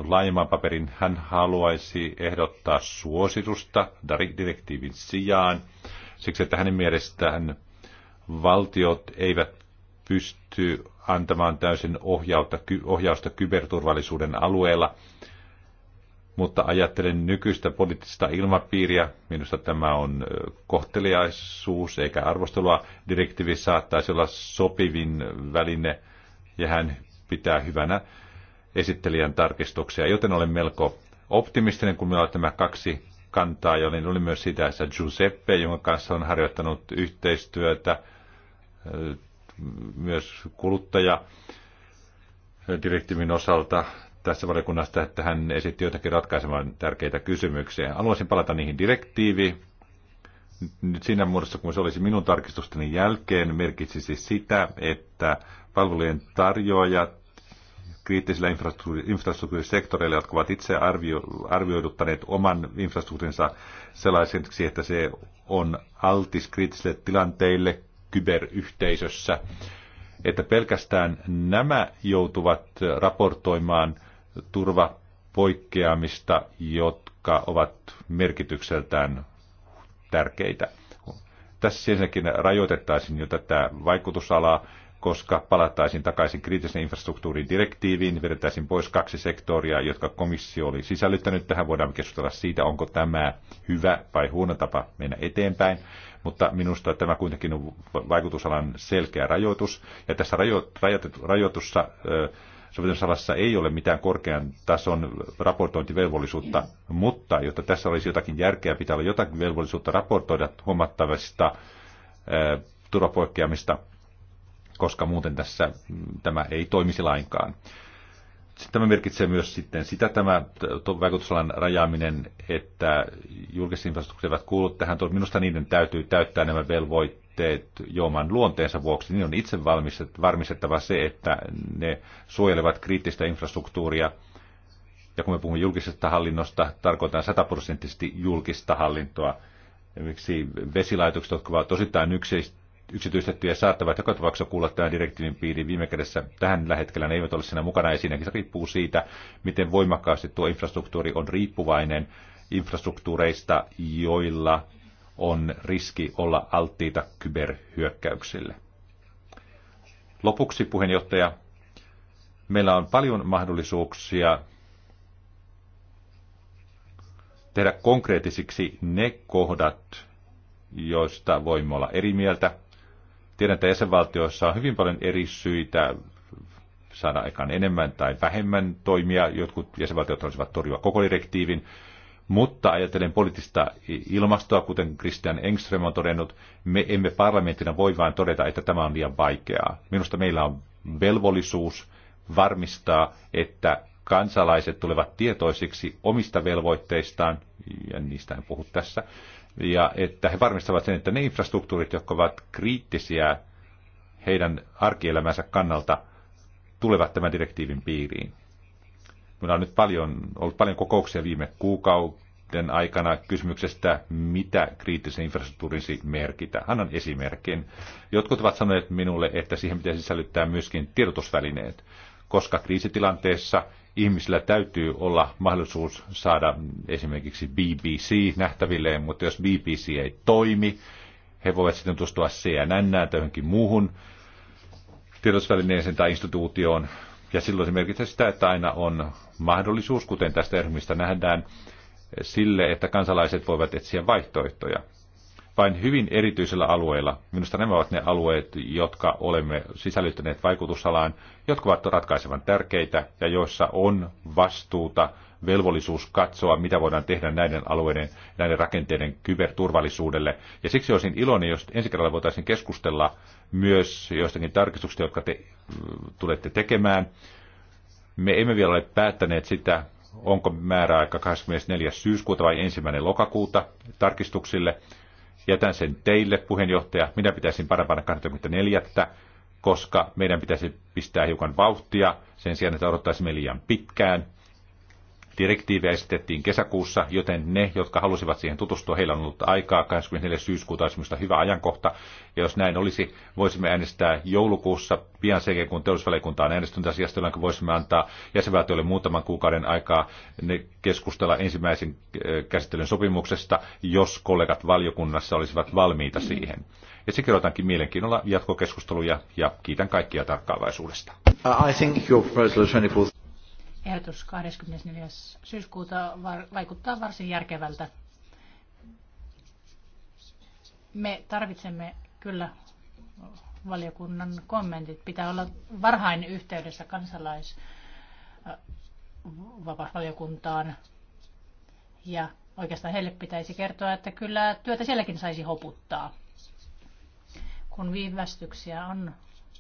laajemman paperin. Hän haluaisi ehdottaa suositusta direktiivin sijaan, siksi että hänen mielestään valtiot eivät pysty antamaan täysin ohjausta kyberturvallisuuden alueella – mutta ajattelen nykyistä poliittista ilmapiiriä. Minusta tämä on kohteliaisuus eikä arvostelua. Direktiivi saattaisi olla sopivin väline ja hän pitää hyvänä esittelijän tarkistuksia, joten olen melko optimistinen, kun meillä on tämä kaksi kantaa, ja olin, olin myös sitä, että Giuseppe, jonka kanssa on harjoittanut yhteistyötä, myös kuluttaja direktiivin osalta tässä valiokunnasta, että hän esitti jotakin ratkaisemaan tärkeitä kysymyksiä. Haluaisin palata niihin direktiivi. Nyt siinä muodossa, kun se olisi minun tarkistusteni jälkeen, merkitsisi sitä, että palvelujen tarjoajat kriittisillä infrastruktuurisektoreilla, jotka ovat itse arvio, arvioiduttaneet oman infrastruktuurinsa sellaiseksi, että se on altis kriittisille tilanteille kyberyhteisössä, että pelkästään nämä joutuvat raportoimaan – turvapoikkeamista, jotka ovat merkitykseltään tärkeitä. Tässä ensinnäkin rajoitettaisiin jo tätä vaikutusalaa, koska palattaisiin takaisin kriittisen infrastruktuurin direktiiviin, vedettäisiin pois kaksi sektoria, jotka komissio oli sisällyttänyt tähän. Voidaan keskustella siitä, onko tämä hyvä vai huono tapa mennä eteenpäin, mutta minusta tämä kuitenkin on vaikutusalan selkeä rajoitus. Ja tässä rajo, rajoitussa soveltamisalassa ei ole mitään korkean tason raportointivelvollisuutta, mutta jotta tässä olisi jotakin järkeä, pitää olla jotakin velvollisuutta raportoida huomattavista eh, turvapoikkeamista, koska muuten tässä mm, tämä ei toimisi lainkaan. Sitten tämä merkitsee myös sitten sitä tämä vaikutusalan rajaaminen, että julkiset infrastruktuurit eivät kuulu tähän. Minusta niiden täytyy täyttää nämä velvoitteet jätteet juoman luonteensa vuoksi, niin on itse varmistettava se, että ne suojelevat kriittistä infrastruktuuria. Ja kun me puhumme julkisesta hallinnosta, tarkoitan sataprosenttisesti julkista hallintoa. Esimerkiksi vesilaitokset, jotka ovat osittain yksityistettyjä, saattavat joka tapauksessa kuulla tämän direktiivin piiriin. Viime kädessä tähän hetkellä ne eivät ole siinä mukana, ja siinäkin se riippuu siitä, miten voimakkaasti tuo infrastruktuuri on riippuvainen infrastruktuureista, joilla on riski olla alttiita kyberhyökkäyksille. Lopuksi puheenjohtaja, meillä on paljon mahdollisuuksia tehdä konkreettisiksi ne kohdat, joista voimme olla eri mieltä. Tiedän, että jäsenvaltioissa on hyvin paljon eri syitä saada aikaan enemmän tai vähemmän toimia. Jotkut jäsenvaltiot haluaisivat torjua koko direktiivin, mutta ajatellen poliittista ilmastoa, kuten Christian Engström on todennut, me emme parlamenttina voi vain todeta, että tämä on liian vaikeaa. Minusta meillä on velvollisuus varmistaa, että kansalaiset tulevat tietoisiksi omista velvoitteistaan, ja niistä en puhu tässä, ja että he varmistavat sen, että ne infrastruktuurit, jotka ovat kriittisiä heidän arkielämänsä kannalta, tulevat tämän direktiivin piiriin. Meillä on nyt paljon, ollut paljon kokouksia viime kuukauden aikana kysymyksestä, mitä kriittisen infrastruktuurisi merkitä. Annan esimerkin. Jotkut ovat sanoneet minulle, että siihen pitäisi sisällyttää myöskin tiedotusvälineet, koska kriisitilanteessa ihmisillä täytyy olla mahdollisuus saada esimerkiksi BBC nähtävilleen, mutta jos BBC ei toimi, he voivat sitten tutustua CNN tai johonkin muuhun tiedotusvälineeseen tai instituutioon, ja silloin se merkitsee sitä, että aina on mahdollisuus, kuten tästä ehdokmista nähdään, sille, että kansalaiset voivat etsiä vaihtoehtoja. Vain hyvin erityisellä alueella. minusta nämä ovat ne alueet, jotka olemme sisällyttäneet vaikutusalaan, jotka ovat ratkaisevan tärkeitä ja joissa on vastuuta, velvollisuus katsoa, mitä voidaan tehdä näiden alueiden, näiden rakenteiden kyberturvallisuudelle. Ja siksi olisin iloinen, jos ensi kerralla voitaisiin keskustella myös joistakin tarkistuksista, jotka te mm, tulette tekemään. Me emme vielä ole päättäneet sitä, onko määräaika 24. syyskuuta vai ensimmäinen lokakuuta tarkistuksille. Jätän sen teille, puheenjohtaja. Minä pitäisin parempana 24. koska meidän pitäisi pistää hiukan vauhtia sen sijaan, että odottaisimme liian pitkään. Direktiiviä esitettiin kesäkuussa, joten ne, jotka halusivat siihen tutustua, heillä on ollut aikaa 24. syyskuuta esimerkiksi hyvä ajankohta. Ja jos näin olisi, voisimme äänestää joulukuussa pian sen jälkeen, kun teollisuusvaliokunta on äänestynyt asiasta, jolloin voisimme antaa jäsenvaltioille muutaman kuukauden aikaa ne keskustella ensimmäisen äh, käsittelyn sopimuksesta, jos kollegat valiokunnassa olisivat valmiita siihen. Ja se kerrotaankin mielenkiinnolla jatkokeskusteluja ja kiitän kaikkia tarkkaavaisuudesta. Uh, I think your proposal 24 ehdotus 24. syyskuuta vaikuttaa varsin järkevältä. Me tarvitsemme kyllä valiokunnan kommentit. Pitää olla varhain yhteydessä kansalaisvapausvaliokuntaan. Äh, ja oikeastaan heille pitäisi kertoa, että kyllä työtä sielläkin saisi hoputtaa. Kun viivästyksiä on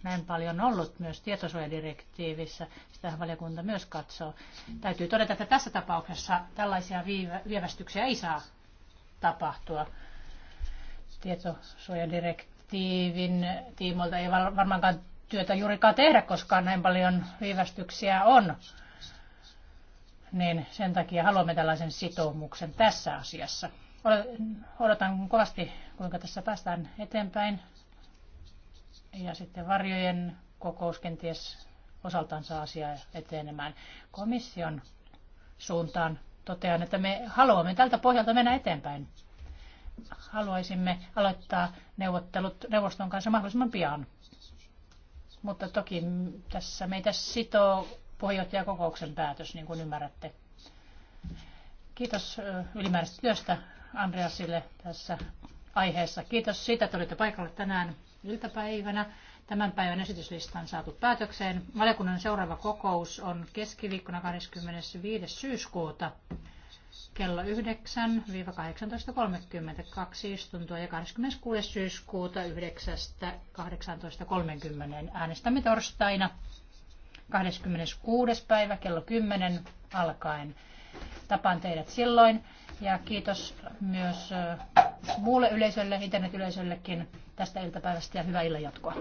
näin paljon ollut myös tietosuojadirektiivissä. Sitä valiokunta myös katsoo. Täytyy todeta, että tässä tapauksessa tällaisia viivästyksiä ei saa tapahtua. Tietosuojadirektiivin tiimoilta ei varmaankaan työtä juurikaan tehdä, koska näin paljon viivästyksiä on. Niin sen takia haluamme tällaisen sitoumuksen tässä asiassa. Odotan kovasti, kuinka tässä päästään eteenpäin. Ja sitten varjojen kokous kenties osaltansa asiaa etenemään komission suuntaan. Totean, että me haluamme tältä pohjalta mennä eteenpäin. Haluaisimme aloittaa neuvottelut neuvoston kanssa mahdollisimman pian. Mutta toki tässä meitä sitoo puheenjohtajakokouksen päätös, niin kuin ymmärrätte. Kiitos ylimääräisestä työstä Andreasille tässä aiheessa. Kiitos siitä, että olitte paikalla tänään iltapäivänä. Tämän päivän esityslista on saatu päätökseen. Valiokunnan seuraava kokous on keskiviikkona 25. syyskuuta kello 9-18.30, kaksi istuntoa ja 26. syyskuuta 9-18.30. Äänestämme torstaina 26. päivä kello 10 alkaen. Tapaan teidät silloin ja kiitos myös äh, muulle yleisölle, internetyleisöllekin tästä iltapäivästä ja hyvää illanjatkoa.